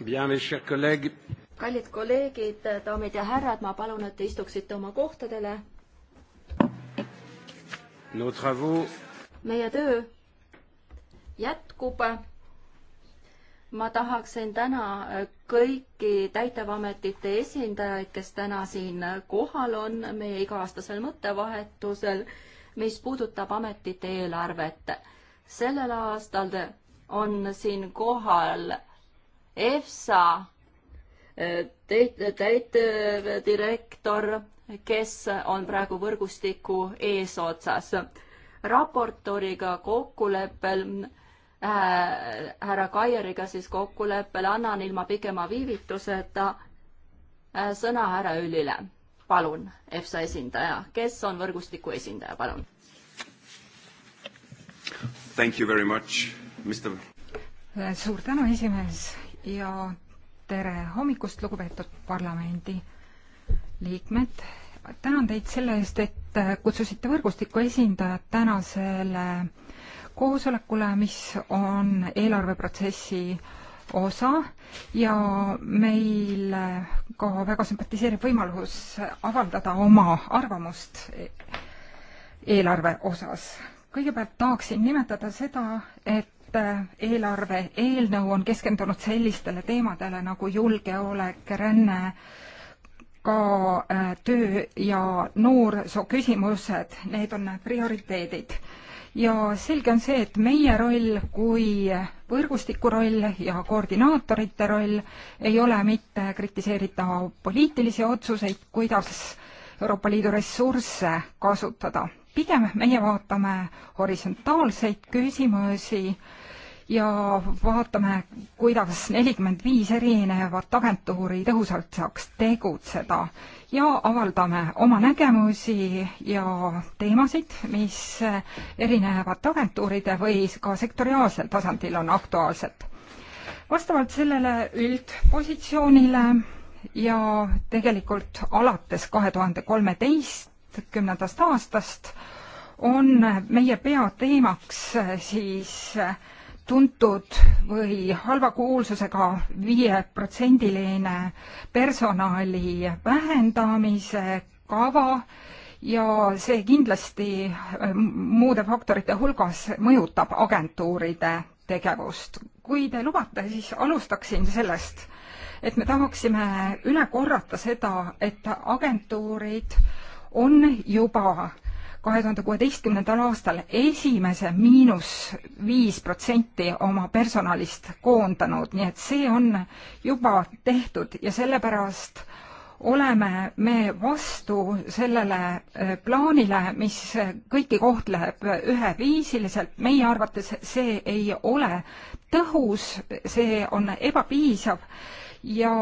kallid kolleegid, daamid ja härrad, ma palun, et te istuksite oma kohtadele. meie töö jätkub. ma tahaksin täna kõiki täitevametite esindajaid, kes täna siin kohal on meie iga-aastasel mõttevahetusel, mis puudutab ametite eelarvet. sellel aastal on siin kohal EFSA eh, täitedirektor, kes on praegu võrgustiku eesotsas. raportoriga kokkuleppel äh,, härra Kaieriga siis kokkuleppel annan ilma pikema viivituseta äh, sõna härra Üllile. palun, EFSA esindaja, kes on võrgustiku esindaja, palun? Thank you very much, Mr. suur tänu, esimees ja tere hommikust, lugupeetud parlamendi liikmed. tänan teid selle eest, et kutsusite võrgustiku esindajad tänasele koosolekule, mis on eelarveprotsessi osa ja meil ka väga sümpatiseeriv võimalus avaldada oma arvamust eelarve osas. kõigepealt tahaksin nimetada seda, et et äh, eelarve eelnõu on keskendunud sellistele teemadele nagu julgeolek, ränne, ka äh, töö ja noorsoo küsimused, need on prioriteedid. ja selge on see, et meie roll kui võrgustiku roll ja koordinaatorite roll ei ole mitte kritiseerida poliitilisi otsuseid, kuidas Euroopa Liidu ressursse kasutada pigem meie vaatame horisontaalseid küsimusi ja vaatame, kuidas nelikümmend viis erinevat agentuuri tõhusalt saaks tegutseda ja avaldame oma nägemusi ja teemasid, mis erinevate agentuuride või ka sektoriaalsel tasandil on aktuaalsed. vastavalt sellele üldpositsioonile ja tegelikult alates kahe tuhande kolmeteistkümnendast aastast on meie peateemaks siis äh, tuntud või halva kuulsusega viieprotsendiline personali vähendamise kava ja see kindlasti äh, muude faktorite hulgas mõjutab agentuuride tegevust. kui te lubate, siis alustaksin sellest, et me tahaksime üle korrata seda, et agentuurid on juba äh, kahe tuhande kuueteistkümnendal aastal esimese miinus viis protsenti oma personalist koondanud, nii et see on juba tehtud ja sellepärast oleme me vastu sellele äh, plaanile, mis kõiki kohtleb üheviisiliselt, meie arvates see ei ole tõhus, see on ebapiisav ja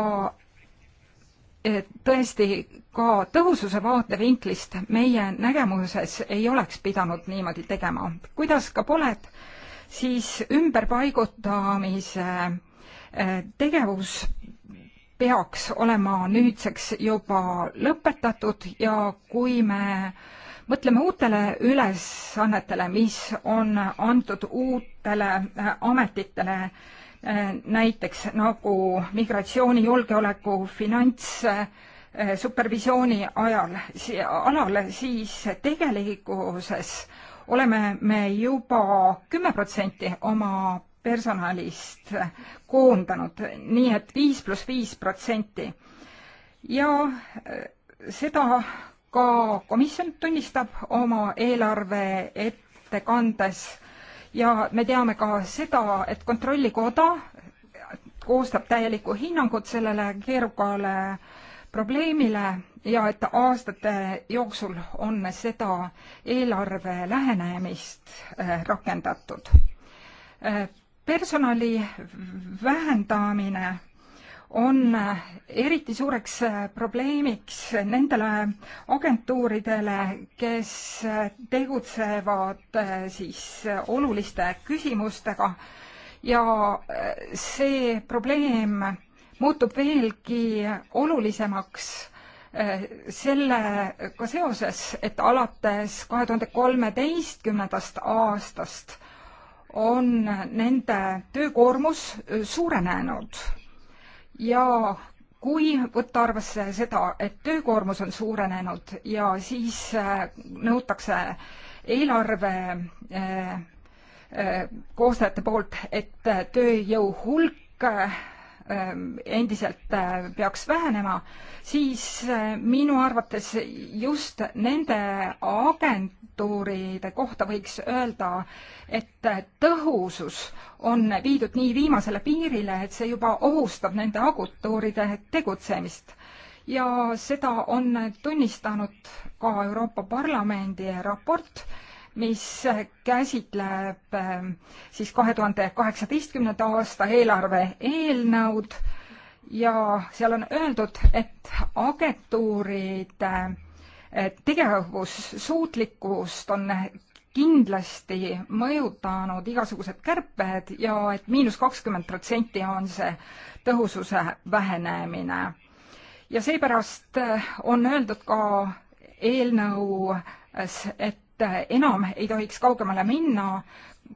tõesti ka tõhususe vaatevinklist meie nägemuses ei oleks pidanud niimoodi tegema. kuidas ka poled, siis ümberpaigutamise eh, tegevus peaks olema nüüdseks juba lõpetatud ja kui me mõtleme uutele ülesannetele, mis on antud uutele eh, ametitele äh, näiteks nagu migratsiooni, julgeoleku, finants, äh, supervisiooni ajal, alal, siis tegelikkuses oleme me juba kümme protsenti oma personalist koondanud, nii et viis pluss viis protsenti. ja äh, seda ka komisjon tunnistab oma eelarve ettekandes ja me teame ka seda, et Kontrollikoda koostab täielikku hinnangut sellele keerukale probleemile ja et aastate jooksul on seda eelarve lähenemist äh, rakendatud. Äh, personali vähendamine on äh, eriti suureks äh, probleemiks nendele agentuuridele, kes äh, tegutsevad siis oluliste küsimustega ja see probleem muutub veelgi olulisemaks sellega seoses, et alates kahe tuhande kolmeteistkümnendast aastast on nende töökoormus suurenenud ja kui võtta arvesse seda, et töökoormus on suurenenud ja siis äh, nõutakse eelarve äh, äh, koostajate poolt, et tööjõu hulk Ähm, endiselt äh, peaks vähenema, siis äh, minu arvates just nende agentuuride kohta võiks öelda, et äh, tõhusus on viidud nii viimasele piirile, et see juba ohustab nende agentuuride tegutsemist ja seda on tunnistanud ka Euroopa Parlamendi raport mis käsitleb ähm, siis kahe tuhande kaheksateistkümnenda aasta eelarve eelnõud ja seal on öeldud, et agentuuride äh, tegevussuutlikkust on kindlasti mõjutanud igasugused kärped ja et miinus kakskümmend protsenti on see tõhususe vähenemine. ja seepärast äh, on öeldud ka eelnõus, et et äh, enam ei tohiks kaugemale minna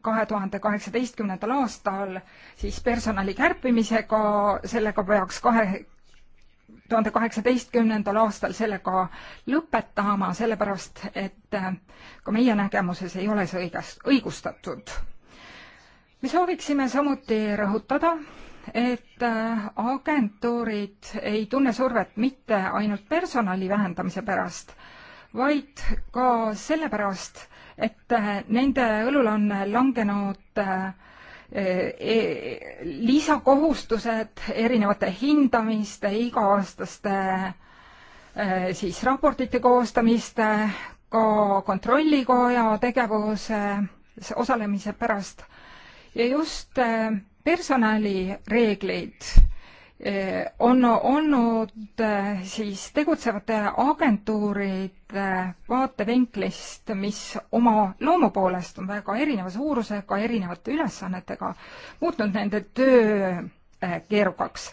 kahe tuhande kaheksateistkümnendal aastal siis personali kärpimisega, sellega peaks kahe tuhande kaheksateistkümnendal aastal sellega lõpetama, sellepärast et äh, ka meie nägemuses ei ole see õigest, õigustatud. me sooviksime samuti rõhutada, et äh, agentuurid ei tunne survet mitte ainult personali vähendamise pärast, vaid ka sellepärast, et äh, nende õlule on langenud äh, e, lisakohustused erinevate hindamiste, iga-aastaste äh, siis raportite koostamiste, ka kontrollikoja tegevuses osalemise pärast ja just personalireegleid Eh, on olnud eh, siis tegutsevate agentuuride vaatevinklist, mis oma loomu poolest on väga erineva suurusega, erinevate ülesannetega, muutnud nende töö eh, keerukaks.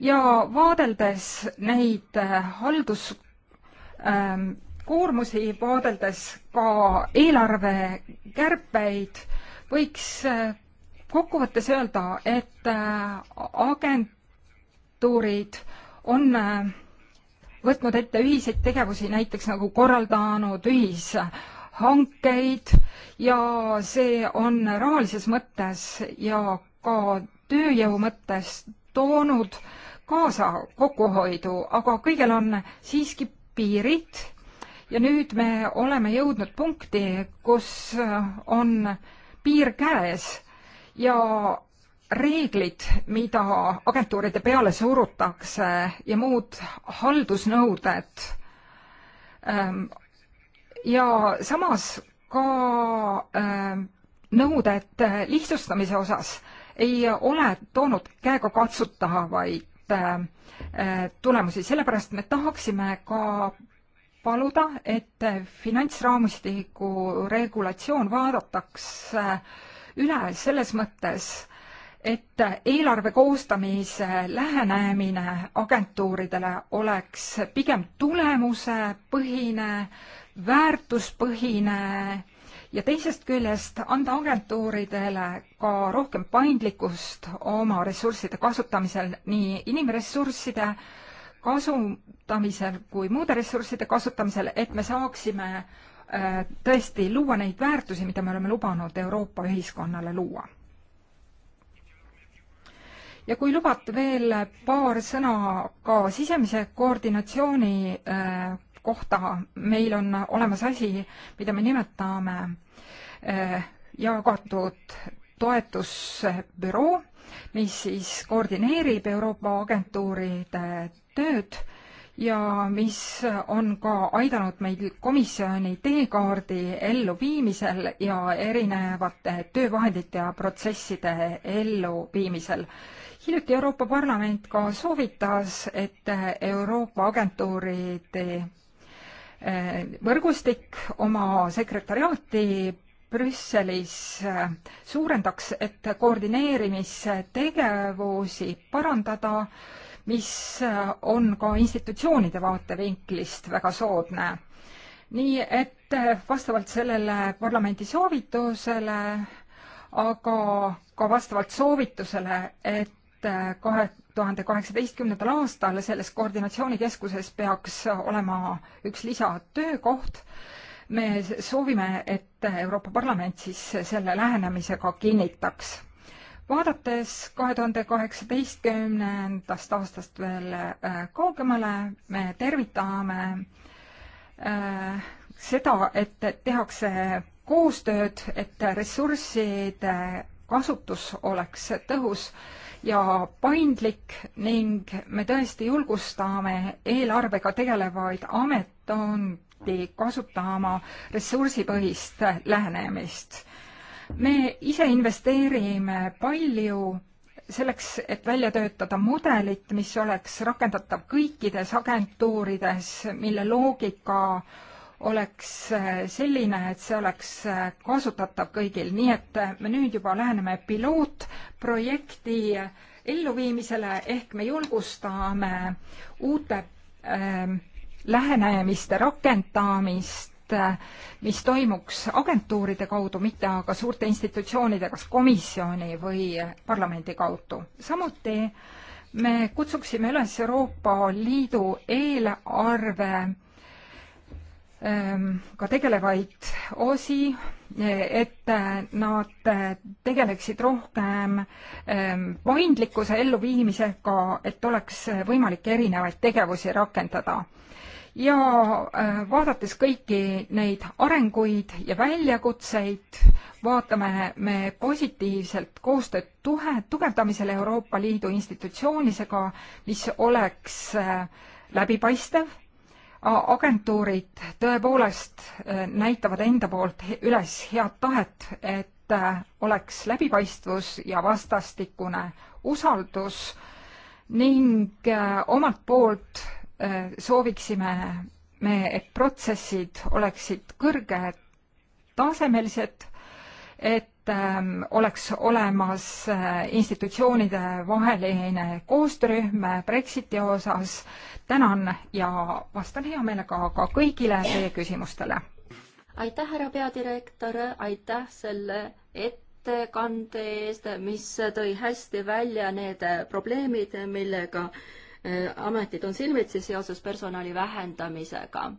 ja vaadeldes neid halduskoormusi, ehm, vaadeldes ka eelarvekärpeid, võiks kokkuvõttes öelda, et agent agentuurid on äh, võtnud ette ühiseid tegevusi, näiteks nagu korraldanud ühishankeid ja see on rahalises mõttes ja ka tööjõu mõttes toonud kaasa kokkuhoidu, aga kõigel on siiski piirid ja nüüd me oleme jõudnud punkti, kus äh, on piir käes ja reeglid, mida agentuuride peale surutakse ja muud haldusnõuded. Ähm, ja samas ka ähm, nõuded lihtsustamise osas ei ole toonud käegakatsutavaid ähm, äh, tulemusi, sellepärast me tahaksime ka paluda, et finantsraamistiku regulatsioon vaadatakse äh, üle selles mõttes, et eelarve koostamise lähenemine agentuuridele oleks pigem tulemusepõhine, väärtuspõhine ja teisest küljest anda agentuuridele ka rohkem paindlikkust oma ressursside kasutamisel, nii inimressursside kasutamisel kui muude ressursside kasutamisel, et me saaksime äh, tõesti luua neid väärtusi, mida me oleme lubanud Euroopa ühiskonnale luua ja kui lubate veel paar sõna ka sisemise koordinatsiooni äh, kohta, meil on olemas asi, mida me nimetame äh, jagatud toetusbüroo, mis siis koordineerib Euroopa agentuuride tööd ja mis on ka aidanud meil komisjoni teekaardi elluviimisel ja erinevate töövahendite ja protsesside elluviimisel hiljuti Euroopa Parlament ka soovitas, et Euroopa agentuuride eh, võrgustik oma sekretariaati Brüsselis eh, suurendaks, et koordineerimistegevusi parandada, mis eh, on ka institutsioonide vaatevinklist väga soodne. nii et vastavalt sellele parlamendi soovitusele, aga ka vastavalt soovitusele, et Äh, kahe tuhande kaheksateistkümnendal aastal selles koordinatsioonikeskuses peaks olema üks lisatöökoht. me soovime, et Euroopa Parlament siis selle lähenemisega kinnitaks. vaadates kahe tuhande kaheksateistkümnendast aastast veel äh, kaugemale, me tervitame äh, seda, et tehakse koostööd, et ressursside kasutus oleks tõhus ja paindlik ning me tõesti julgustame eelarvega tegelevaid ametkondi kasutama ressursipõhist lähenemist. me ise investeerime palju selleks, et välja töötada mudelit, mis oleks rakendatav kõikides agentuurides, mille loogika oleks äh, selline, et see oleks äh, kasutatav kõigil, nii et äh, me nüüd juba läheneme pilootprojekti elluviimisele ehk me julgustame uute äh, lähenemiste rakendamist äh,, mis toimuks agentuuride kaudu, mitte aga suurte institutsioonide, kas komisjoni või parlamendi kaudu. samuti me kutsuksime üles Euroopa Liidu eelarve Ähm, ka tegelevaid osi, et nad tegeleksid rohkem ähm, paindlikkuse elluviimisega, et oleks võimalik erinevaid tegevusi rakendada. ja äh, vaadates kõiki neid arenguid ja väljakutseid, vaatame me positiivselt koostööd tuhe, tugevdamisele Euroopa Liidu institutsioonisega, mis oleks äh, läbipaistev agentuurid tõepoolest eh, näitavad enda poolt üles head tahet, et eh, oleks läbipaistvus ja vastastikune usaldus ning eh, omalt poolt sooviksime me, et protsessid oleksid kõrgetasemelised, et Ähm, oleks olemas äh, institutsioonide vaheline koostöörühm Brexiti osas. tänan ja vastan hea meelega ka kõigile teie küsimustele. aitäh, härra peadirektor, aitäh selle ettekande eest, mis tõi hästi välja need probleemid, millega äh, ametid on silmitsi seoses personali vähendamisega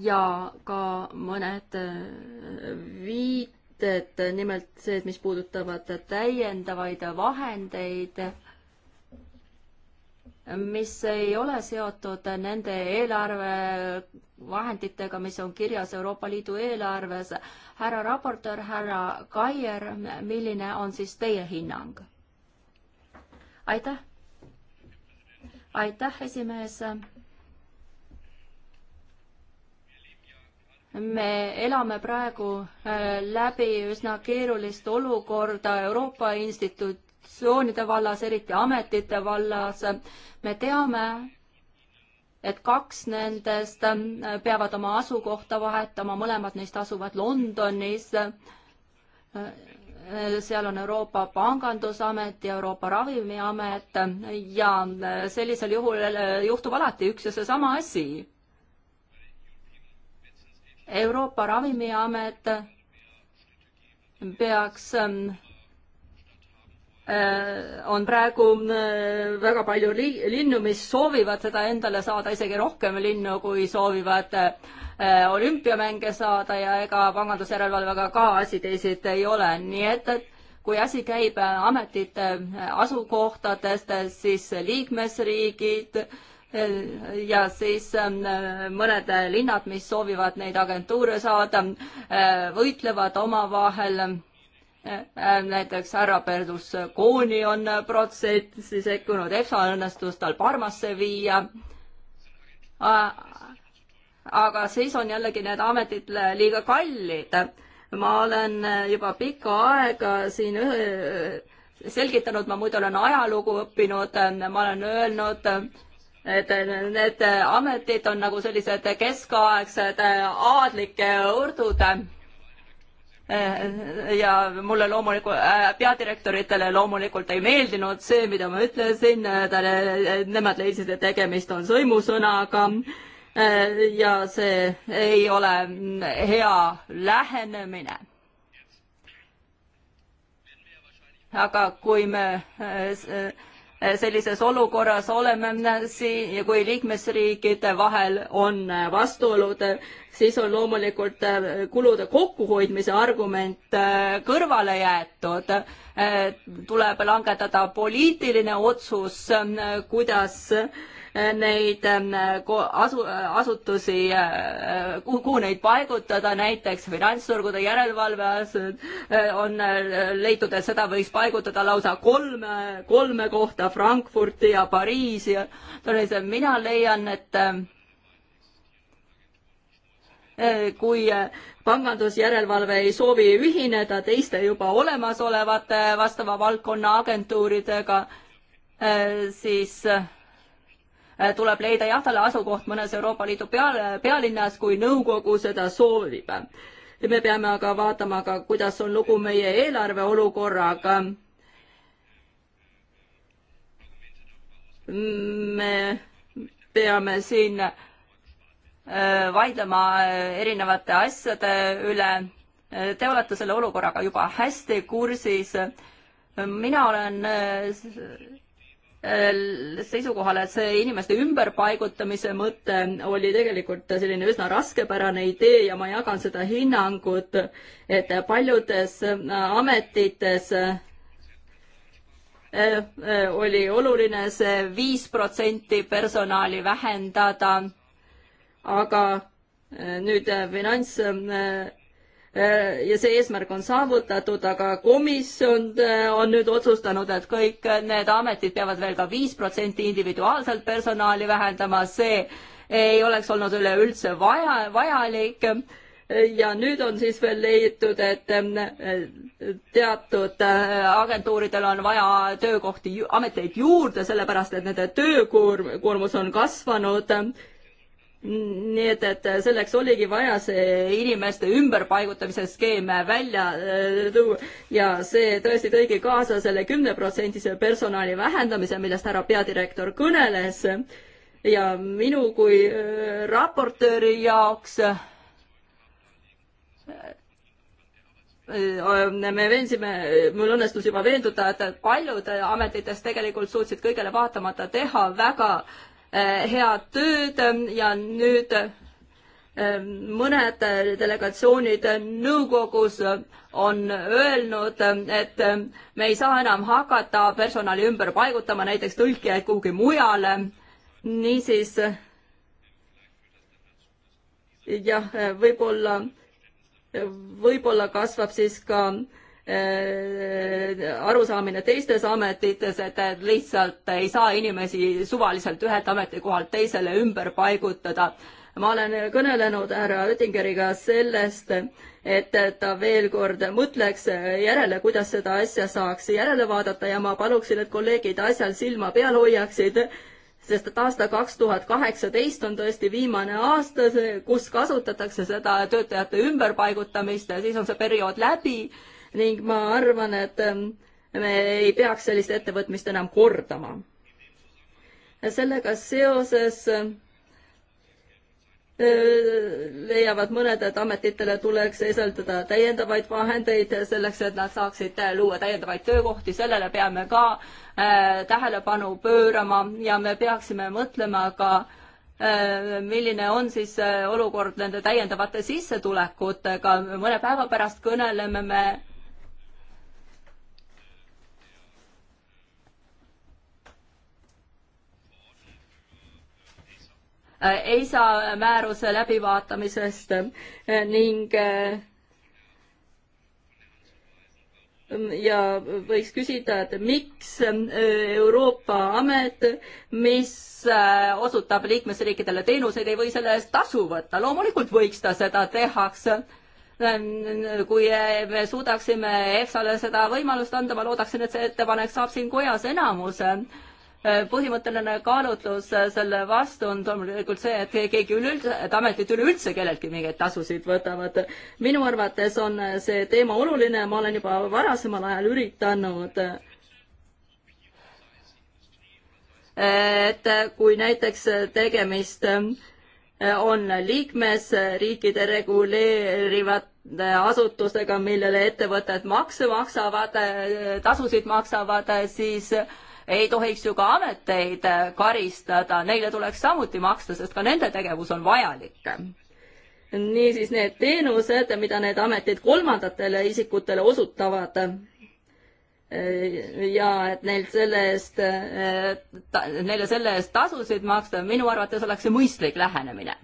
ja ka mõned äh, viit mõtted, nimelt see, mis puudutavad täiendavaid vahendeid, mis ei ole seotud nende eelarvevahenditega, mis on kirjas Euroopa Liidu eelarves. härra raportöör, härra Kaier, milline on siis teie hinnang? aitäh. aitäh, esimees me elame praegu äh, läbi üsna keerulist olukorda Euroopa institutsioonide vallas, eriti ametite vallas. me teame, et kaks nendest äh, peavad oma asukohta vahetama, mõlemad neist asuvad Londonis. Äh, seal on Euroopa Pangandusamet ja Euroopa Ravimiamet ja sellisel juhul juhtub alati üks ja seesama asi Euroopa Ravimiamet peaks ähm, äh, on praegu äh, väga palju linnu, mis soovivad seda endale saada, isegi rohkem linnu, kui soovivad äh, olümpiamänge saada ja ega pangandusjärelevalvega ka asi teisiti ei ole, nii et, et kui asi käib ametite asukohtadest, siis liikmesriigid äh, ja siis ähm, mõned linnad, mis soovivad neid agentuure saada, äh, võitlevad omavahel. Äh, äh, näiteks härra Berlusconi on protsessi sekkunud, EFSA õnnestus tal Parmasse viia. aga siis on jällegi need ametid liiga kallid. ma olen juba pikka aega siin ühe selgitanud, ma muidu olen ajalugu õppinud, ma olen öelnud, et need ametid on nagu sellised keskaegsed aadlike õrdud. ja mulle loomulikult, äh, peadirektoritele loomulikult ei meeldinud see, mida ma ütlesin, nemad leidsid, et tegemist on sõimusõnaga äh, ja see ei ole hea lähenemine aga kui me äh, sellises olukorras oleme siin ja kui liikmesriikide vahel on vastuolud, siis on loomulikult kulude kokkuhoidmise argument äh, kõrvale jäetud. Äh, tuleb langetada poliitiline otsus, äh, kuidas neid ähm, asu-, asutusi, äh, kuhu neid paigutada, näiteks finantsturgude järelevalve äh, on äh, leitud, et seda võiks paigutada lausa kolme, kolme kohta, Frankfurti ja Pariisi ja mina leian, et ähm, kui pangandusjärelevalve ei soovi ühineda teiste juba olemasolevate vastava valdkonna agentuuridega, siis äh, Äh, tuleb leida jah, talle asukoht mõnes Euroopa Liidu peal, pealinnas, kui nõukogu seda soovib. me peame aga vaatama ka, kuidas on lugu meie eelarve olukorraga. me peame siin äh, vaidlema äh, erinevate asjade üle. Te olete selle olukorraga juba hästi kursis. mina olen Äh, seisukohal, et see inimeste ümberpaigutamise mõte oli tegelikult selline üsna raskepärane idee ja ma jagan seda hinnangut, et paljudes äh, ametites äh, oli oluline see viis protsenti personali vähendada, aga nüüd finants Äh, ja see eesmärk on saavutatud, aga komisjon äh, on nüüd otsustanud, et kõik need ametid peavad veel ka viis protsenti individuaalselt personali vähendama, see ei oleks olnud üleüldse vaja, vajalik. ja nüüd on siis veel leitud, et äh, teatud agentuuridel on vaja töökohti, ameteid juurde, sellepärast et nende töökoormus on kasvanud nii et, et selleks oligi vaja see inimeste ümberpaigutamise skeem välja äh, tuua ja see tõesti tõigi kaasa selle kümneprotsendise personali vähendamise, millest härra peadirektor kõneles. ja minu kui äh, raportööri jaoks äh, me veensime, mul õnnestus juba veenduda, et paljud ametitest tegelikult suutsid kõigele vaatamata teha väga äh, Äh, head tööd ähm, ja nüüd ähm, mõned äh, delegatsioonid nõukogus äh, on öelnud, ähm, et me ei saa enam hakata personali ümber paigutama, näiteks tõlkijaid kuhugi mujale. niisiis jah, võib-olla, võib-olla kasvab siis ka äh, Äh, arusaamine teistes ametites, et lihtsalt ei saa inimesi suvaliselt ühelt ametikohalt teisele ümber paigutada. ma olen kõnelenud härra Oettingeriga sellest, et ta veel kord mõtleks järele, kuidas seda asja saaks järele vaadata ja ma paluksin, et kolleegid asjal silma peal hoiaksid, sest et aasta kaks tuhat kaheksateist on tõesti viimane aasta, kus kasutatakse seda töötajate ümberpaigutamist ja siis on see periood läbi ning ma arvan, et ähm, me ei peaks sellist ettevõtmist enam kordama. sellega seoses ähm, äh, leiavad mõned, et ametitele tuleks esaldada täiendavaid vahendeid selleks, et nad saaksid äh, luua täiendavaid töökohti, sellele peame ka äh, tähelepanu pöörama ja me peaksime mõtlema ka äh, milline on siis äh, olukord nende täiendavate sissetulekutega, mõne päeva pärast kõneleme me Äh, ei saa määruse läbivaatamisest äh, ning äh, mm, ja võiks küsida, et miks Euroopa amet, mis osutab liikmesriikidele teenuseid, ei või selle eest tasu võtta, loomulikult võiks ta seda tehakse kui me suudaksime EFSA-le seda võimalust anda, ma loodaksin, et see ettepanek saab siin kojas enamuse Äh, põhimõtteline kaalutlus äh, selle vastu on loomulikult see, et keegi üleüldse, et ametid üleüldse kelleltki mingeid tasusid võtavad. minu arvates on äh, see teema oluline, ma olen juba varasemal ajal üritanud et kui näiteks tegemist on liikmesriikide reguleerivate asutustega, millele ettevõtted makse maksavad, tasusid maksavad, siis äh, ei tohiks ju ka ameteid äh, karistada, neile tuleks samuti maksta, sest ka nende tegevus on vajalik. niisiis need teenused, mida need ametid kolmandatele isikutele osutavad, äh, ja et neilt selle eest, äh, neile selle eest tasusid maksta, minu arvates oleks see mõistlik lähenemine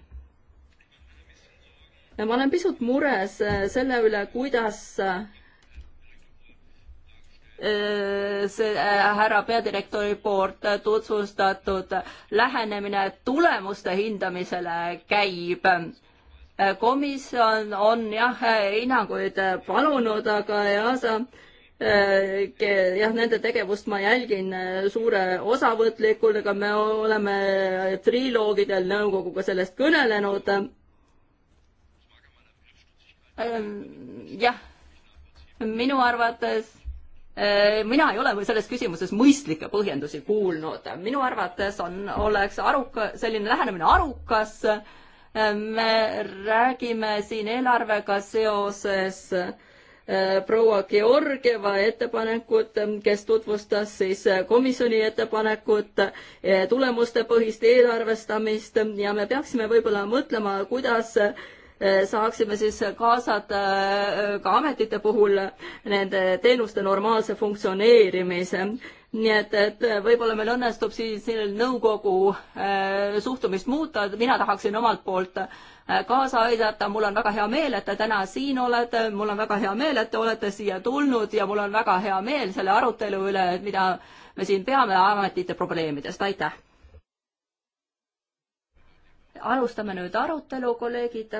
ma olen pisut mures selle üle, kuidas see äh, härra peadirektori poolt tutvustatud lähenemine tulemuste hindamisele käib. Äh, komisjon on jah hinnanguid palunud, aga EASA äh, jah, nende tegevust ma jälgin suure osavõtlikult, me oleme triloogidel nõukoguga sellest kõnelenud. Ähm, jah, minu arvates Äh, mina ei ole selles küsimuses mõistlikke põhjendusi kuulnud. minu arvates on, oleks aruka, selline lähenemine arukas. Äh, me räägime siin eelarvega seoses äh, proua Georgieva ettepanekut, kes tutvustas siis komisjoni ettepanekut tulemustepõhist eelarvestamist ja me peaksime võib-olla mõtlema, kuidas saaksime siis kaasata äh, ka ametite puhul nende teenuste normaalse funktsioneerimise nii et, et võib-olla meil õnnestub siis nõukogu äh, suhtumist muuta, et mina tahaksin omalt poolt äh, kaasa aidata, mul on väga hea meel, et te täna siin olete, mul on väga hea meel, et te olete siia tulnud ja mul on väga hea meel selle arutelu üle, et mida me siin peame ametite probleemidest, aitäh! alustame nüüd arutelu, kolleegid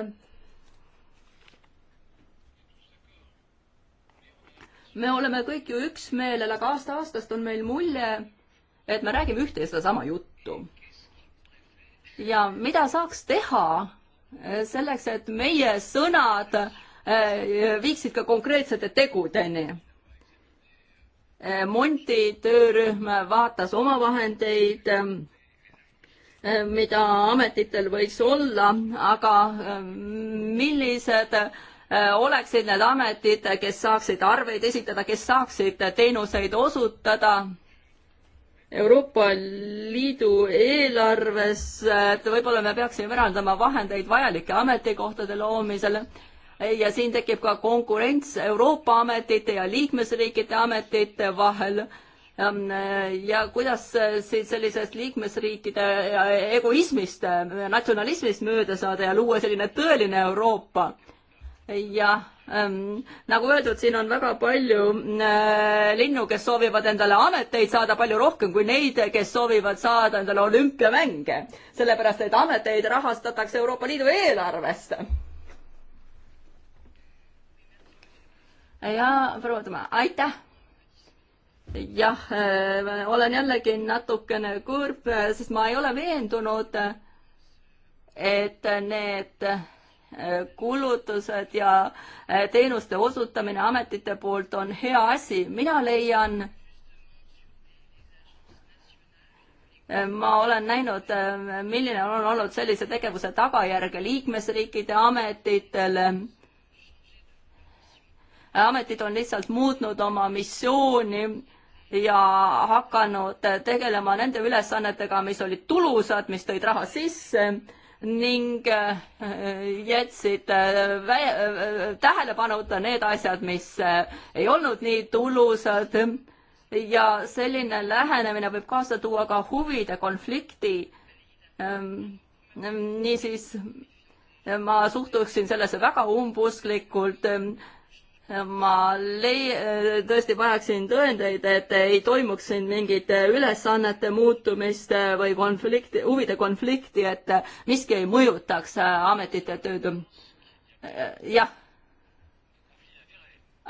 me oleme kõik ju üksmeelel, aga aasta-aastast on meil mulje, et me räägime ühte ja sedasama juttu. ja mida saaks teha selleks, et meie sõnad eh, viiksid ka konkreetsete tegudeni? Eh, Monti töörühm vaatas omavahendeid, eh, mida ametitel võiks olla, aga millised Äh, oleksid need ametid, kes saaksid arveid esitada, kes saaksid teenuseid osutada Euroopa Liidu eelarves, et võib-olla me peaksime eraldama vahendeid vajalike ametikohtade loomisele ja siin tekib ka konkurents Euroopa ametite ja liikmesriikide ametite vahel. Ähm, ja kuidas siis sellisest liikmesriikide egoismist, natsionalismist mööda saada ja luua selline tõeline Euroopa ja ähm, nagu öeldud, siin on väga palju äh, linnu, kes soovivad endale ameteid saada palju rohkem kui neid, kes soovivad saada endale olümpiamänge, sellepärast et ameteid rahastatakse Euroopa Liidu eelarvest. ja proua Tõma, aitäh! jah äh,, olen jällegi natukene kurb, äh, sest ma ei ole veendunud, äh, et need äh, kulutused ja äh, teenuste osutamine ametite poolt on hea asi. mina leian, äh, ma olen näinud, äh, milline on olnud sellise tegevuse tagajärg liikmesriikide ametitele. ametid on lihtsalt muutnud oma missiooni ja hakanud tegelema nende ülesannetega, mis olid tulusad, mis tõid raha sisse ning äh, jätsid äh, äh, tähelepanuta need asjad, mis ei olnud nii tulusad ja selline lähenemine võib kaasa tuua ka huvide konflikti. Ähm, niisiis ma suhtuksin sellesse väga umbusklikult ähm, ma lei-, tõesti vajaksin tõendeid, et ei toimuks siin mingit ülesannete muutumist või konflikti, huvide konflikti, et miski ei mõjutaks ametite tööd. jah.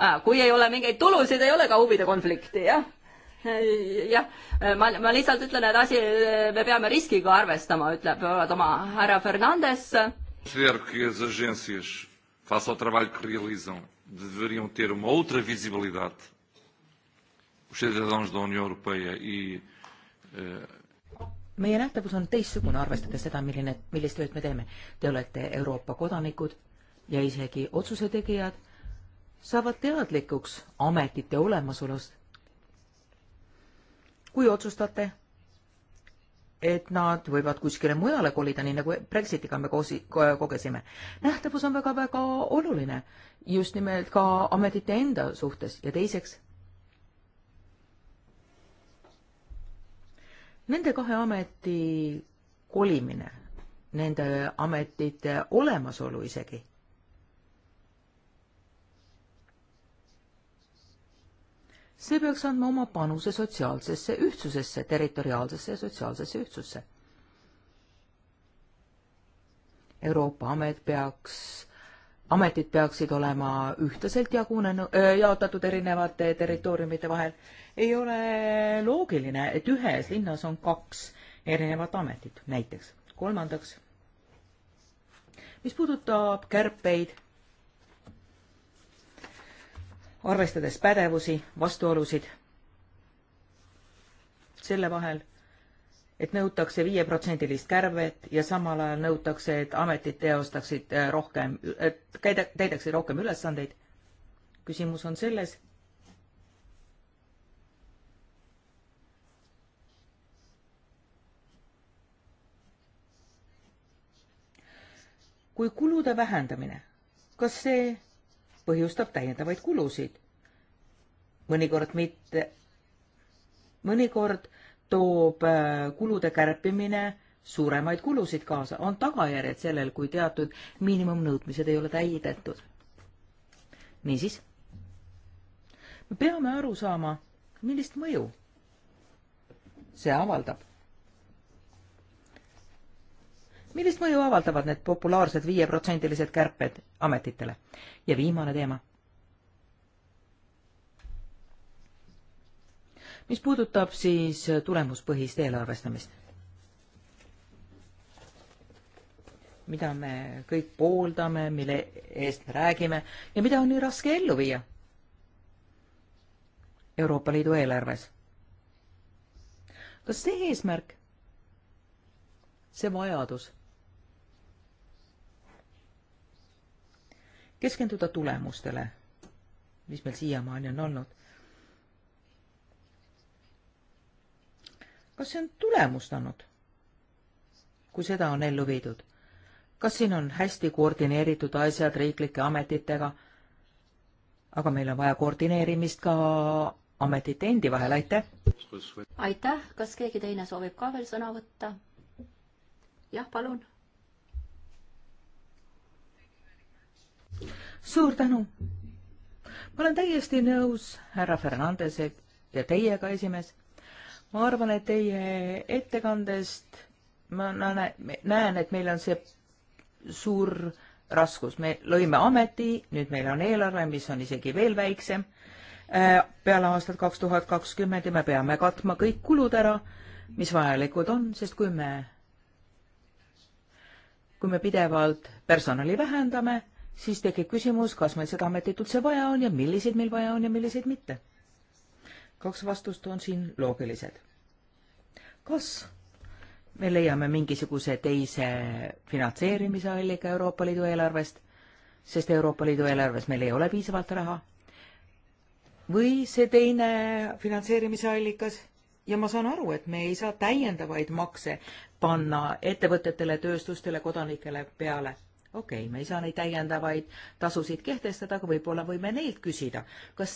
Äh, kui ei ole mingeid tulusid, ei ole ka huvide konflikti, jah jah, ma, ma lihtsalt ütlen, et asi, me peame riskiga arvestama, ütleb oma härra Fernandes. Faça o trabalho que realizam deveriam ter uma outra visibilidade. Os cidadãos da União Europeia e eh, meie nähtavus on teistsugune, arvestades seda, milline, millist tööd me teeme. Te olete Euroopa kodanikud ja isegi otsuse tegijad saavad teadlikuks ametite olemasolust. kui otsustate et nad võivad kuskile mujale kolida, nii nagu Brexitiga me koosi-, kogesime. nähtavus on väga-väga oluline just nimelt ka ametite enda suhtes ja teiseks, nende kahe ameti kolimine, nende ametite olemasolu isegi see peaks andma oma panuse sotsiaalsesse ühtsusesse, territoriaalsesse ja sotsiaalsesse ühtsusse. Euroopa amet peaks, ametid peaksid olema ühtlaselt jagunenud, äh, jaotatud erinevate territooriumite vahel. ei ole loogiline, et ühes linnas on kaks erinevat ametit, näiteks. kolmandaks, mis puudutab kärpeid arvestades pädevusi, vastuolusid selle vahel, et nõutakse viieprotsendilist kärbet ja samal ajal nõutakse, et ametid teostaksid äh, rohkem, et käida, täidaksid rohkem ülesandeid. küsimus on selles, kui kulude vähendamine, kas see põhjustab täiendavaid kulusid. mõnikord mitte, mõnikord toob äh, kulude kärpimine suuremaid kulusid kaasa, on tagajärjed sellel, kui teatud miinimumnõudmised ei ole täidetud. niisiis, me peame aru saama, millist mõju see avaldab millist mõju avaldavad need populaarsed viieprotsendilised kärped ametitele? ja viimane teema. mis puudutab siis tulemuspõhist eelarvestamist, mida me kõik pooldame, mille eest me räägime ja mida on nii raske ellu viia Euroopa Liidu eelarves. kas see eesmärk, see vajadus keskenduda tulemustele, mis meil siiamaani on olnud. kas see on tulemust andnud, kui seda on ellu viidud? kas siin on hästi koordineeritud asjad riiklike ametitega? aga meil on vaja koordineerimist ka ametite endi vahel, aitäh! aitäh, kas keegi teine soovib ka veel sõna võtta? jah, palun suur tänu. ma olen täiesti nõus härra Fernandese ja teiega, esimees. ma arvan, et teie ettekandest ma näen, et meil on see suur raskus, me lõime ameti, nüüd meil on eelarve, mis on isegi veel väiksem. Äh, peale aastat kaks tuhat kakskümmend ja me peame katma kõik kulud ära, mis vajalikud on, sest kui me, kui me pidevalt personali vähendame siis tekib küsimus, kas meil seda ametit üldse vaja on ja milliseid meil vaja on ja milliseid mitte. kaks vastust on siin loogilised. kas me leiame mingisuguse teise finantseerimise allika Euroopa Liidu eelarvest, sest Euroopa Liidu eelarves meil ei ole piisavalt raha, või see teine finantseerimise allikas ja ma saan aru, et me ei saa täiendavaid makse panna ettevõtetele, tööstustele, kodanikele peale okei okay,, me ei saa neid täiendavaid tasusid kehtestada, aga võib-olla võime neilt küsida, kas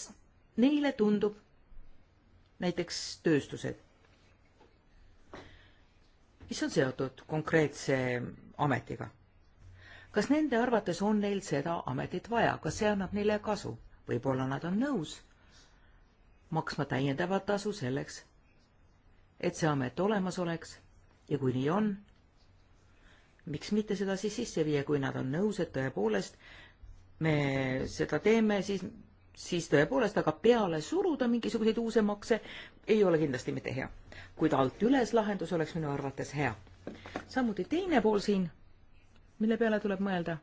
neile tundub näiteks tööstused, mis on seotud konkreetse ametiga. kas nende arvates on neil seda ametit vaja, kas see annab neile kasu? võib-olla nad on nõus maksma täiendavat tasu selleks, et see amet olemas oleks ja kui nii on, miks mitte seda siis sisse viia, kui nad on nõus, et tõepoolest me seda teeme, siis, siis tõepoolest, aga peale suruda mingisuguseid uusi makse ei ole kindlasti mitte hea. kuid alt üles lahendus oleks minu arvates hea. samuti teine pool siin, mille peale tuleb mõelda.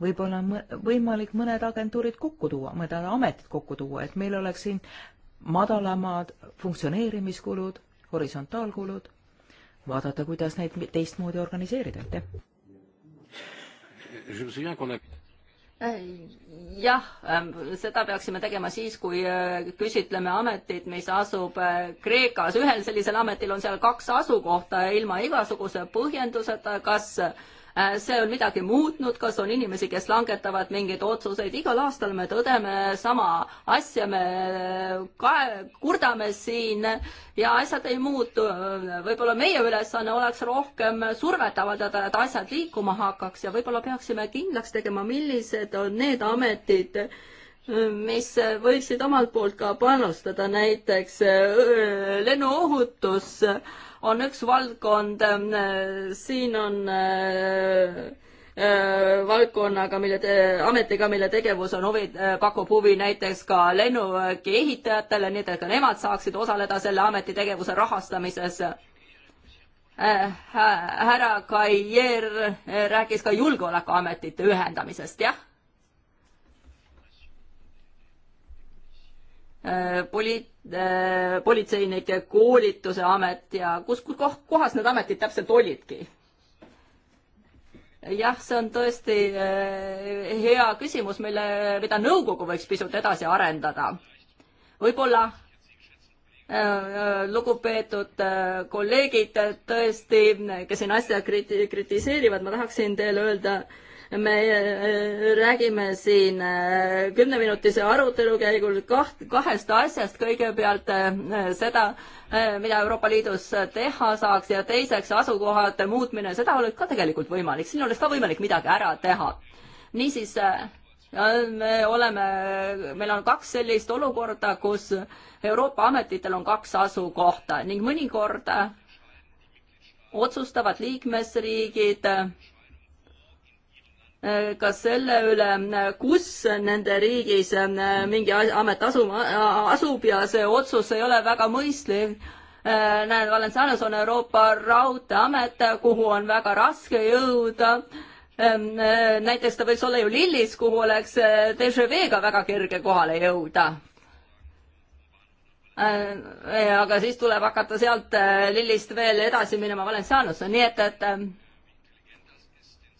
võib-olla on võimalik mõned agentuurid kokku tuua, mõned ametid kokku tuua, et meil oleks siin madalamad funktsioneerimiskulud, horisontaalkulud vaadata, kuidas neid teistmoodi organiseerida, aitäh. Äh, jah, ähm, seda peaksime tegema siis, kui äh, küsitleme ametit, mis asub äh, Kreekas. ühel sellisel ametil on seal kaks asukohta ilma igasuguse põhjenduseta, kas äh, Äh, see on midagi muutnud, kas on inimesi, kes langetavad mingeid otsuseid, igal aastal me tõdeme sama asja, me äh, kae-, kurdame siin ja asjad ei muutu. võib-olla meie ülesanne oleks rohkem survet avaldada, et asjad liikuma hakkaks ja võib-olla peaksime kindlaks tegema, millised on need ametid, mis võiksid omalt poolt ka panustada, näiteks lennuohutus äh, on üks valdkond, ähm, äh, siin on äh, äh, valdkonnaga, mille te, ametiga, mille tegevus on huvi, pakub huvi näiteks ka lennuväki ehitajatele, nii et ka nemad saaksid osaleda selle ameti tegevuse rahastamises äh,. härra Kaier rääkis ka julgeolekuametite ühendamisest, jah äh,? poliit-, Äh, politseinike koolituse amet ja kus, kus koh, kohas need ametid täpselt olidki? jah, see on tõesti äh, hea küsimus, mille, mida nõukogu võiks pisut edasi arendada. võib-olla äh, lugupeetud kolleegid tõesti, kes siin asja kriti-, kritiseerivad, ma tahaksin teile öelda, me äh, räägime siin äh, kümneminutise arutelu käigul kaht, kahest asjast, kõigepealt äh, seda, mida Euroopa Liidus teha saaks ja teiseks asukohade muutmine, seda oleks ka tegelikult võimalik, siin oleks ka võimalik midagi ära teha. niisiis, me oleme, meil on kaks sellist olukorda, kus Euroopa ametitel on kaks asukohta ning mõnikord otsustavad liikmesriigid ka selle üle, kus nende riigis äh, mingi amet asub, asub ja see otsus ei ole väga mõistlik. Äh, näed, Valencianos on Euroopa Raudteeamet, kuhu on väga raske jõuda. Ähm, äh, näiteks ta võiks olla ju Lillis, kuhu oleks DŽV-ga väga kerge kohale jõuda aga siis tuleb hakata sealt lillist veel edasi minema Valencianosse, nii et, et ähm,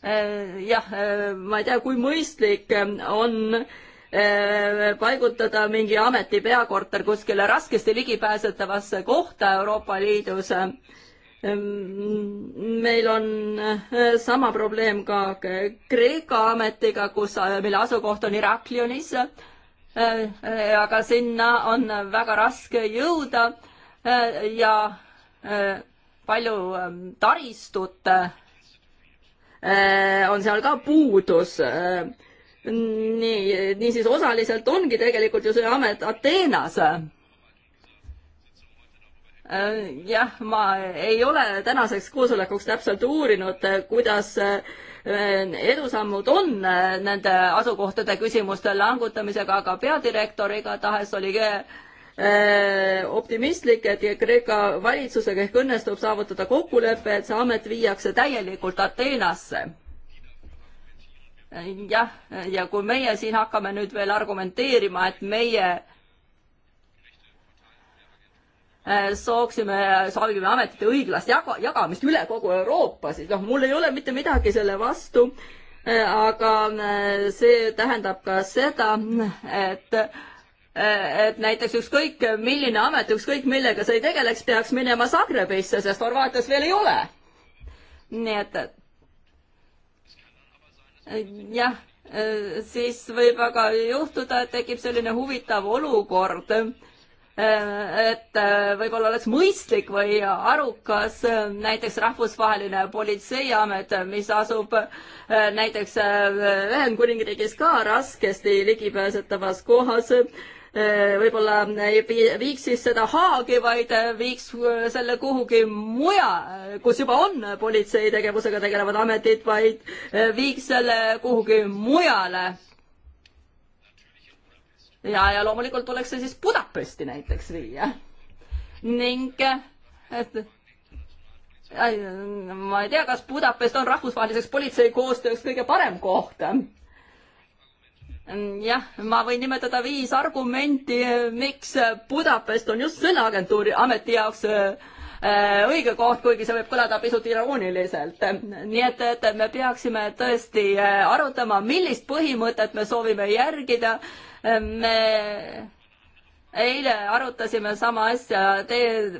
Äh, jah, äh, ma ei tea, kui mõistlik ähm, on äh, paigutada mingi ameti peakorter kuskile raskesti ligipääsetavasse kohta Euroopa Liidus. Ähm, meil on sama probleem ka Kreeka ametiga, kus, mille asukoht on Iraklionis. aga sinna on väga raske jõuda ja palju ähm, taristut Äh, on seal ka puudus. Äh, nii, niisiis osaliselt ongi tegelikult ju see amet Ateenas äh, jah, ma ei ole tänaseks koosolekuks täpselt uurinud, kuidas edusammud on nende asukohtade küsimuste langutamisega, aga peadirektor igatahes oli Äh, optimistlik, et Kreeka valitsusega ehk õnnestub saavutada kokkulepe, et see amet viiakse täielikult Ateenasse. Äh, jah, ja kui meie siin hakkame nüüd veel argumenteerima, et meie äh, sooksime, soovime ametite õiglast jaga, jagamist üle kogu Euroopa, siis noh, mul ei ole mitte midagi selle vastu, aga see tähendab ka seda, et Äh, et näiteks ükskõik milline amet, ükskõik millega sa ei tegeleks, peaks minema Zagrebisse, sest Horvaatias veel ei ole. nii et, et jah, äh, siis võib aga juhtuda, et tekib selline huvitav olukord, äh, et võib-olla oleks mõistlik või arukas näiteks rahvusvaheline politseiamet, mis asub näiteks Ühendkuningriigis ka raskesti ligipääsetavas kohas Äh, võib-olla äh, ei viiks siis seda Haagi, vaid äh, viiks selle kuhugi mujale, kus juba on politsei tegevusega tegelevad ametid, vaid viiks selle kuhugi mujale. ja, ja loomulikult tuleks see siis Budapesti näiteks viia. ning, et ma ei tea, kas Budapest on rahvusvaheliseks politsei koostööks kõige parem koht Mm, jah, ma võin nimetada viis argumenti, eh, miks Budapest on just selle agentuuri ameti jaoks eh, eh, õige koht, kuigi see võib kõlada pisut irooniliselt. nii et, et me peaksime tõesti arutama, millist põhimõtet me soovime järgida. me eile arutasime sama asja te,